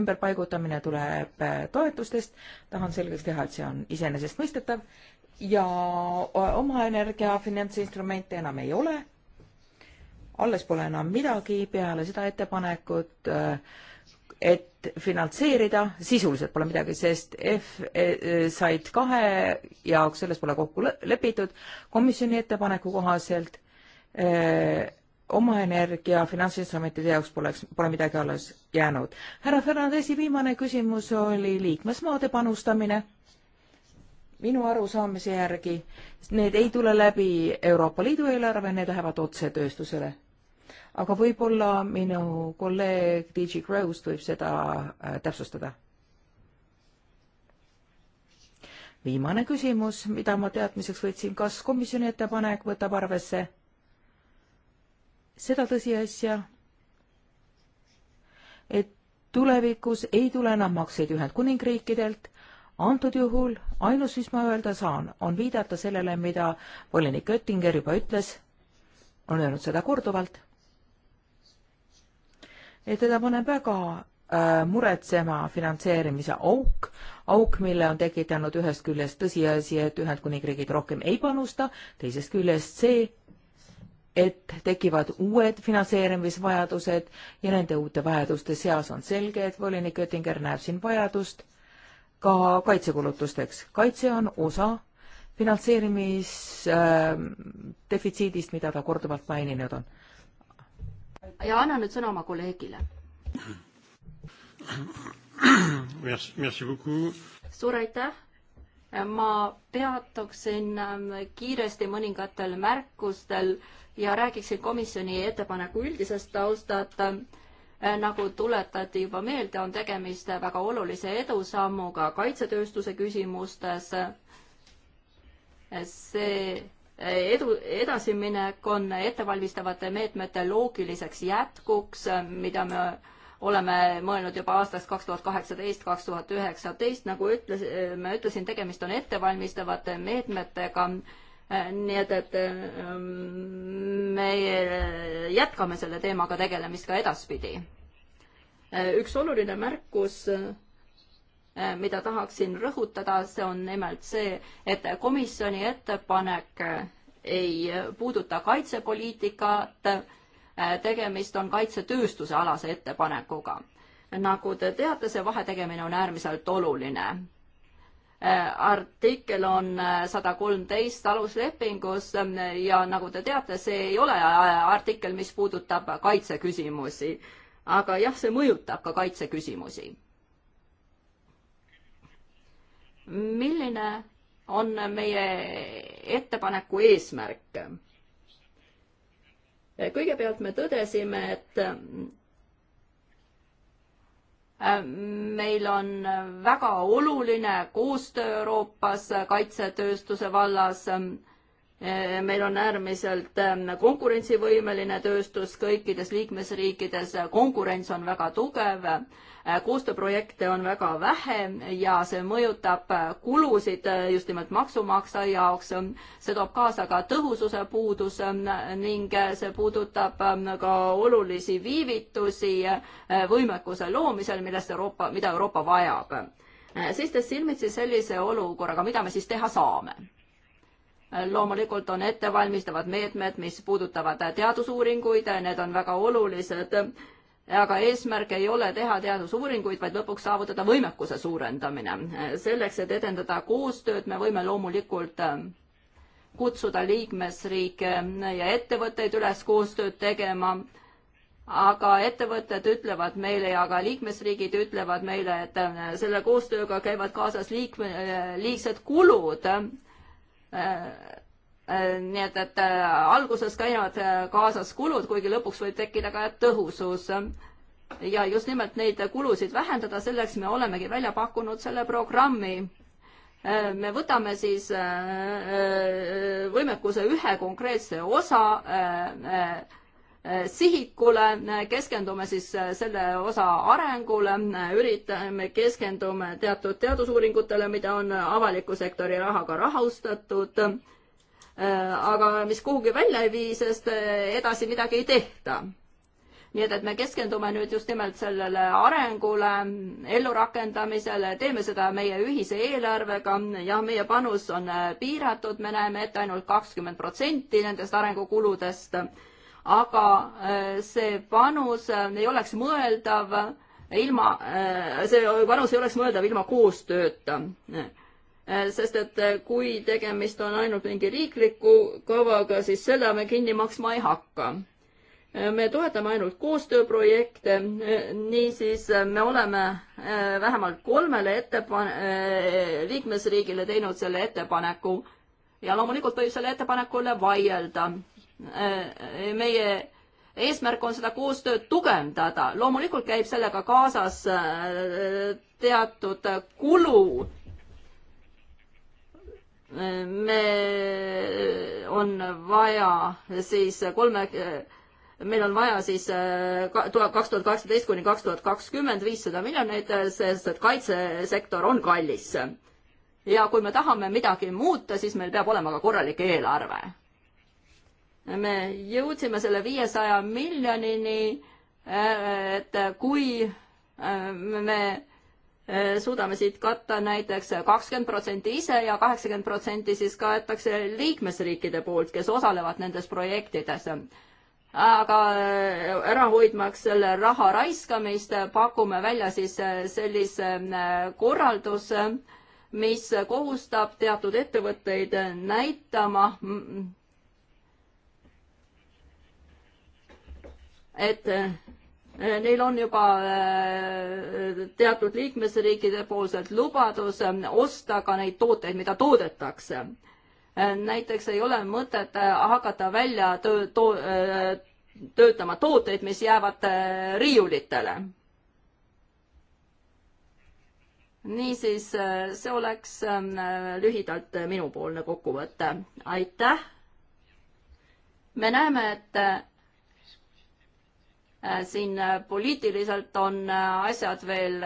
ümberpaigutamine tuleb toetustest, tahan selgeks teha, et see on iseenesestmõistetav, ja oma energia finantsinstrumente enam ei ole, alles pole enam midagi peale seda ettepanekut, et finantseerida, sisuliselt pole midagi, sest F e, e, said kahe jaoks, selles pole kokku lepitud, komisjoni ettepaneku kohaselt öö, e, oma energia finantsinstrumentide jaoks poleks, pole midagi alles jäänud. härra Fernandesi viimane küsimus oli liikmesmaade panustamine. minu arusaamise järgi need ei tule läbi Euroopa Liidu eelarve, need lähevad otse tööstusele aga võib-olla minu kolleeg DJ Gross võib seda äh, täpsustada. viimane küsimus, mida ma teadmiseks võtsin, kas komisjoni ettepanek võtab arvesse seda tõsiasja, et tulevikus ei tule enam makseid Ühendkuningriikidelt, antud juhul ainus, mis ma öelda saan, on viidata sellele, mida volinik Oettinger juba ütles, on öelnud seda korduvalt ja teda paneb väga äh, muretsema finantseerimise auk, auk, mille on tekitanud ühest küljest tõsiasi, et Ühendkuningriigid rohkem ei panusta, teisest küljest see, et tekivad uued finantseerimisvajadused ja nende uute vajaduste seas on selge, et volinik Oettinger näeb siin vajadust ka kaitsekulutusteks. kaitse on osa finantseerimisdefitsiidist äh,, mida ta korduvalt maininud on ja annan nüüd sõna oma kolleegile. suur aitäh. ma peatuksin ähm, kiiresti mõningatel märkustel ja räägiksin komisjoni ettepaneku üldisest taustast äh, nagu tuletati juba meelde, on tegemist väga olulise edusammuga kaitsetööstuse küsimustes. Äh, see edu, edasiminek on ettevalmistavate meetmete loogiliseks jätkuks, mida me oleme mõelnud juba aastast kaks tuhat kaheksateist, kaks tuhat üheksateist, nagu ütles, ma ütlesin, tegemist on ettevalmistavate meetmetega, nii et, et ähm, me jätkame selle teemaga tegelemist ka edaspidi. Äh, üks oluline märkus Äh, mida tahaksin rõhutada, see on nimelt see, et komisjoni ettepanek äh, ei puuduta kaitsepoliitikat, äh, tegemist on kaitsetööstuse alase ettepanekuga. nagu te teate, see vahetegemine on äärmiselt oluline. artikkel on sada kolmteist aluslepingus ja nagu te teate, see ei ole artikkel, mis puudutab kaitseküsimusi. aga jah, see mõjutab ka kaitseküsimusi milline on meie ettepaneku eesmärk? kõigepealt me tõdesime, et äh, meil on väga oluline koostöö Euroopas kaitsetööstuse vallas. Äh, meil on äärmiselt äh, konkurentsivõimeline tööstus kõikides liikmesriikides, konkurents on väga tugev Äh, koostööprojekte on väga vähe ja see mõjutab äh, kulusid äh, just nimelt maksumaksja jaoks. see toob kaasa ka tõhususe puuduse ning see puudutab ähm, ka olulisi viivitusi võimekuse loomisel, millest Euroopa, mida Euroopa vajab. seistes silmitsi sellise olukorraga, mida me siis teha saame? loomulikult on ettevalmistavad meetmed, mis puudutavad teadusuuringuid, need on väga olulised aga eesmärk ei ole teha teadusuuringuid, vaid lõpuks saavutada võimekuse suurendamine. selleks, et edendada koostööd, me võime loomulikult äh, kutsuda liikmesriike ja ettevõtteid üles koostööd tegema, aga ettevõtted ütlevad meile ja ka liikmesriigid ütlevad meile, et äh, selle koostööga käivad kaasas liikme, äh, liigsed kulud Äh, nii et, et äh, alguses käivad äh, kaasas kulud, kuigi lõpuks võib tekkida ka tõhusus. ja just nimelt neid kulusid vähendada, selleks me olemegi välja pakkunud selle programmi. me võtame siis võimekuse ühe konkreetse osa sihikule, keskendume siis selle osa arengule, üritame, keskendume teatud teadusuuringutele, mida on avaliku sektori rahaga rahastatud Äh, aga mis kuhugi välja ei vii, sest äh, edasi midagi ei tehta. nii et, et me keskendume nüüd just nimelt sellele arengule, ellurakendamisele, teeme seda meie ühise eelarvega, jah, meie panus on äh, piiratud, me näeme ette ainult kakskümmend protsenti nendest arengukuludest, aga see panus ei oleks mõeldav ilma, see panus ei oleks mõeldav ilma koostööta Äh, sest et äh, kui tegemist on ainult mingi riikliku kavaga, siis seda me kinni maksma ei hakka. Äh, me toetame ainult koostööprojekte, niisiis me oleme vähemalt kolmele ettepan-, liikmesriigile teinud selle ettepaneku ja loomulikult võib selle ettepaneku üle vaielda. meie eesmärk on seda koostööd tugevdada, loomulikult käib sellega kaasas teatud kulu me, on vaja siis kolme, meil on vaja siis kaks tuhat kaheksateist kuni kaks tuhat kakskümmend viissada miljonit, sest et kaitsesektor on kallis. ja kui me tahame midagi muuta, siis meil peab olema ka korralik eelarve. me jõudsime selle viiesaja miljonini, et kui me Äh, suudame siit katta näiteks kakskümmend protsenti ise ja kaheksakümmend protsenti siis kaetakse liikmesriikide poolt, kes osalevad nendes projektides. aga äh, ära hoidmaks selle raha raiskamist, pakume välja siis äh, sellise korralduse, mis kohustab teatud ettevõtteid näitama mm, et Neil on juba äh, teatud liikmesriikide poolselt lubadus äh, osta ka neid tooteid, mida toodetakse. Äh, näiteks ei ole mõtet hakata välja töö, to, töötama tooteid, mis jäävad riiulitele. niisiis, see oleks ähm, lühidalt minupoolne kokkuvõte. aitäh! me näeme, et Äh, siin äh, poliitiliselt on äh, asjad veel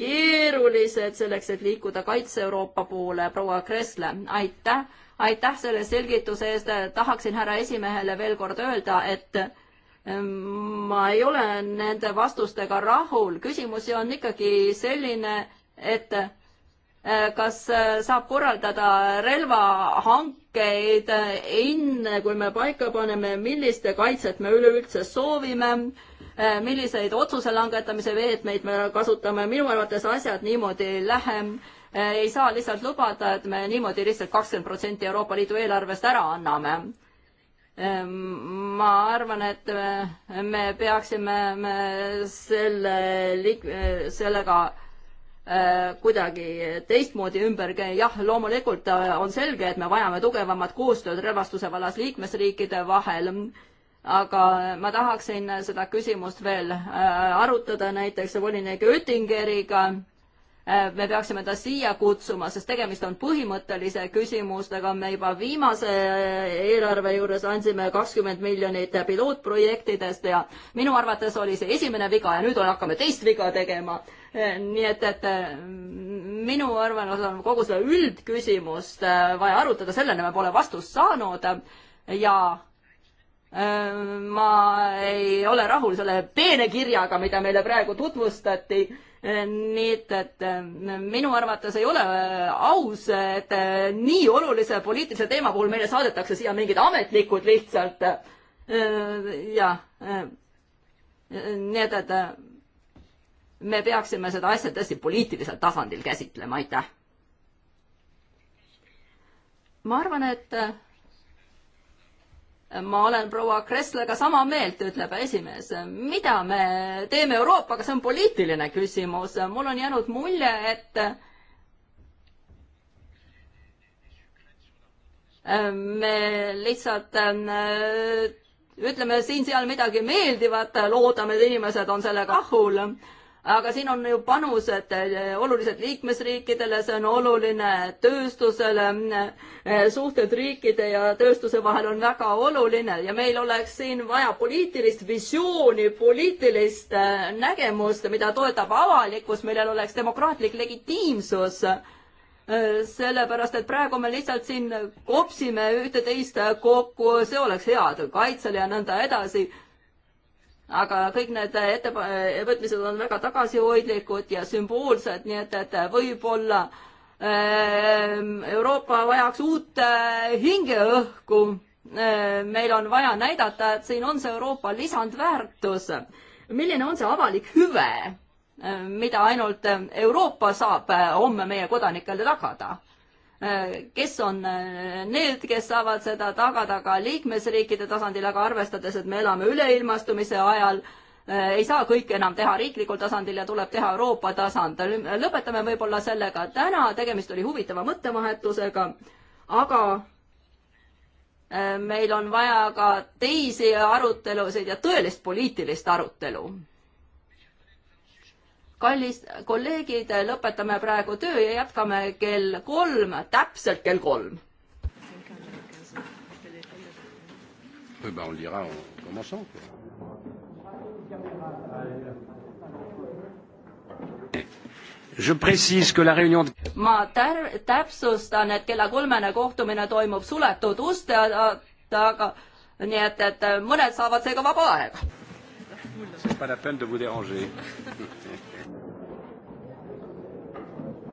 keerulised selleks, et liikuda Kaitse-Euroopa poole, proua Kressle, aitäh, aitäh selle selgituse eest, tahaksin härra esimehele veel kord öelda, et ähm, ma ei ole nende vastustega rahul, küsimusi on ikkagi selline, et Äh, kas äh, saab korraldada relvahankeid äh, enne, kui me paika paneme, milliste kaitset me üleüldse soovime, milliseid otsuse langetamise veetmeid me kasutame, minu arvates asjad niimoodi ei lähe. ei saa lihtsalt lubada, et me niimoodi lihtsalt kakskümmend protsenti Euroopa Liidu eelarvest ära anname ma arvan, et me, me peaksime me selle, sellega Äh, kuidagi teistmoodi ümber käia, jah, loomulikult äh, on selge, et me vajame tugevamat koostööd relvastuse vallas liikmesriikide vahel, aga ma tahaksin seda küsimust veel äh, arutada näiteks volinik Oettingeriga Äh, me peaksime ta siia kutsuma, sest tegemist on põhimõttelise küsimustega, me juba viimase äh, eelarve juures andsime kakskümmend miljonit pilootprojektidest ja minu arvates oli see esimene viga ja nüüd hakkame teist viga tegema. Äh, nii et, et minu arvamus on kogu seda üldküsimust vaja arutada, sellele me pole vastust saanud ja ma ei ole rahul selle peenekirjaga, mida meile praegu tutvustati nii et, et äh, minu arvates ei ole äh, aus, et äh, nii olulise poliitilise teema puhul meile saadetakse siia mingid ametnikud lihtsalt. jah, nii et, et me peaksime seda asja tõesti poliitilisel tasandil käsitlema, aitäh. ma arvan, et ma olen proua Kresslega sama meelt, ütleb esimees. mida me teeme Euroopaga, see on poliitiline küsimus. mul on jäänud mulje, et äh, me lihtsalt äh, ütleme siin-seal midagi meeldivat, loodame, et inimesed on sellega rahul aga siin on ju panused eh, olulised liikmesriikidele, see on oluline tööstusele, eh, suhted riikide ja tööstuse vahel on väga oluline ja meil oleks siin vaja poliitilist visiooni, poliitilist eh, nägemust, mida toetab avalikkus, millel oleks demokraatlik legitiimsus sellepärast, et praegu me lihtsalt siin kopsime ühte-teist kokku, see oleks hea kaitsele ja nõnda edasi aga kõik need ettevõtmised eh, on väga tagasihoidlikud ja sümboolsed, nii et, et võib-olla ehm, Euroopa vajaks uut eh, hingeõhku. Eh, meil on vaja näidata, et siin on see Euroopa lisandväärtus. milline on see avalik hüve, mida ainult Euroopa saab homme meie kodanikele tagada? Äh, kes on äh, need, kes saavad seda tagada ka liikmesriikide tasandil, aga arvestades, et me elame üleilmastumise ajal, äh, ei saa kõike enam teha riiklikul tasandil ja tuleb teha Euroopa tasandil. lõpetame võib-olla sellega täna, tegemist oli huvitava mõttevahetusega, aga meil on vaja ka teisi arutelusid ja tõelist poliitilist arutelu kallis kolleegid, lõpetame praegu töö ja jätkame kell kolm, täpselt kell kolm. Eh ben, on le dira en commençant. Je précise que la réunion de... ma tär-, täpsustan, et kella kolmene kohtumine toimub suletud uste taga, nii et, et mõned saavad seega vaba aega. C'est pas la peine de vous déranger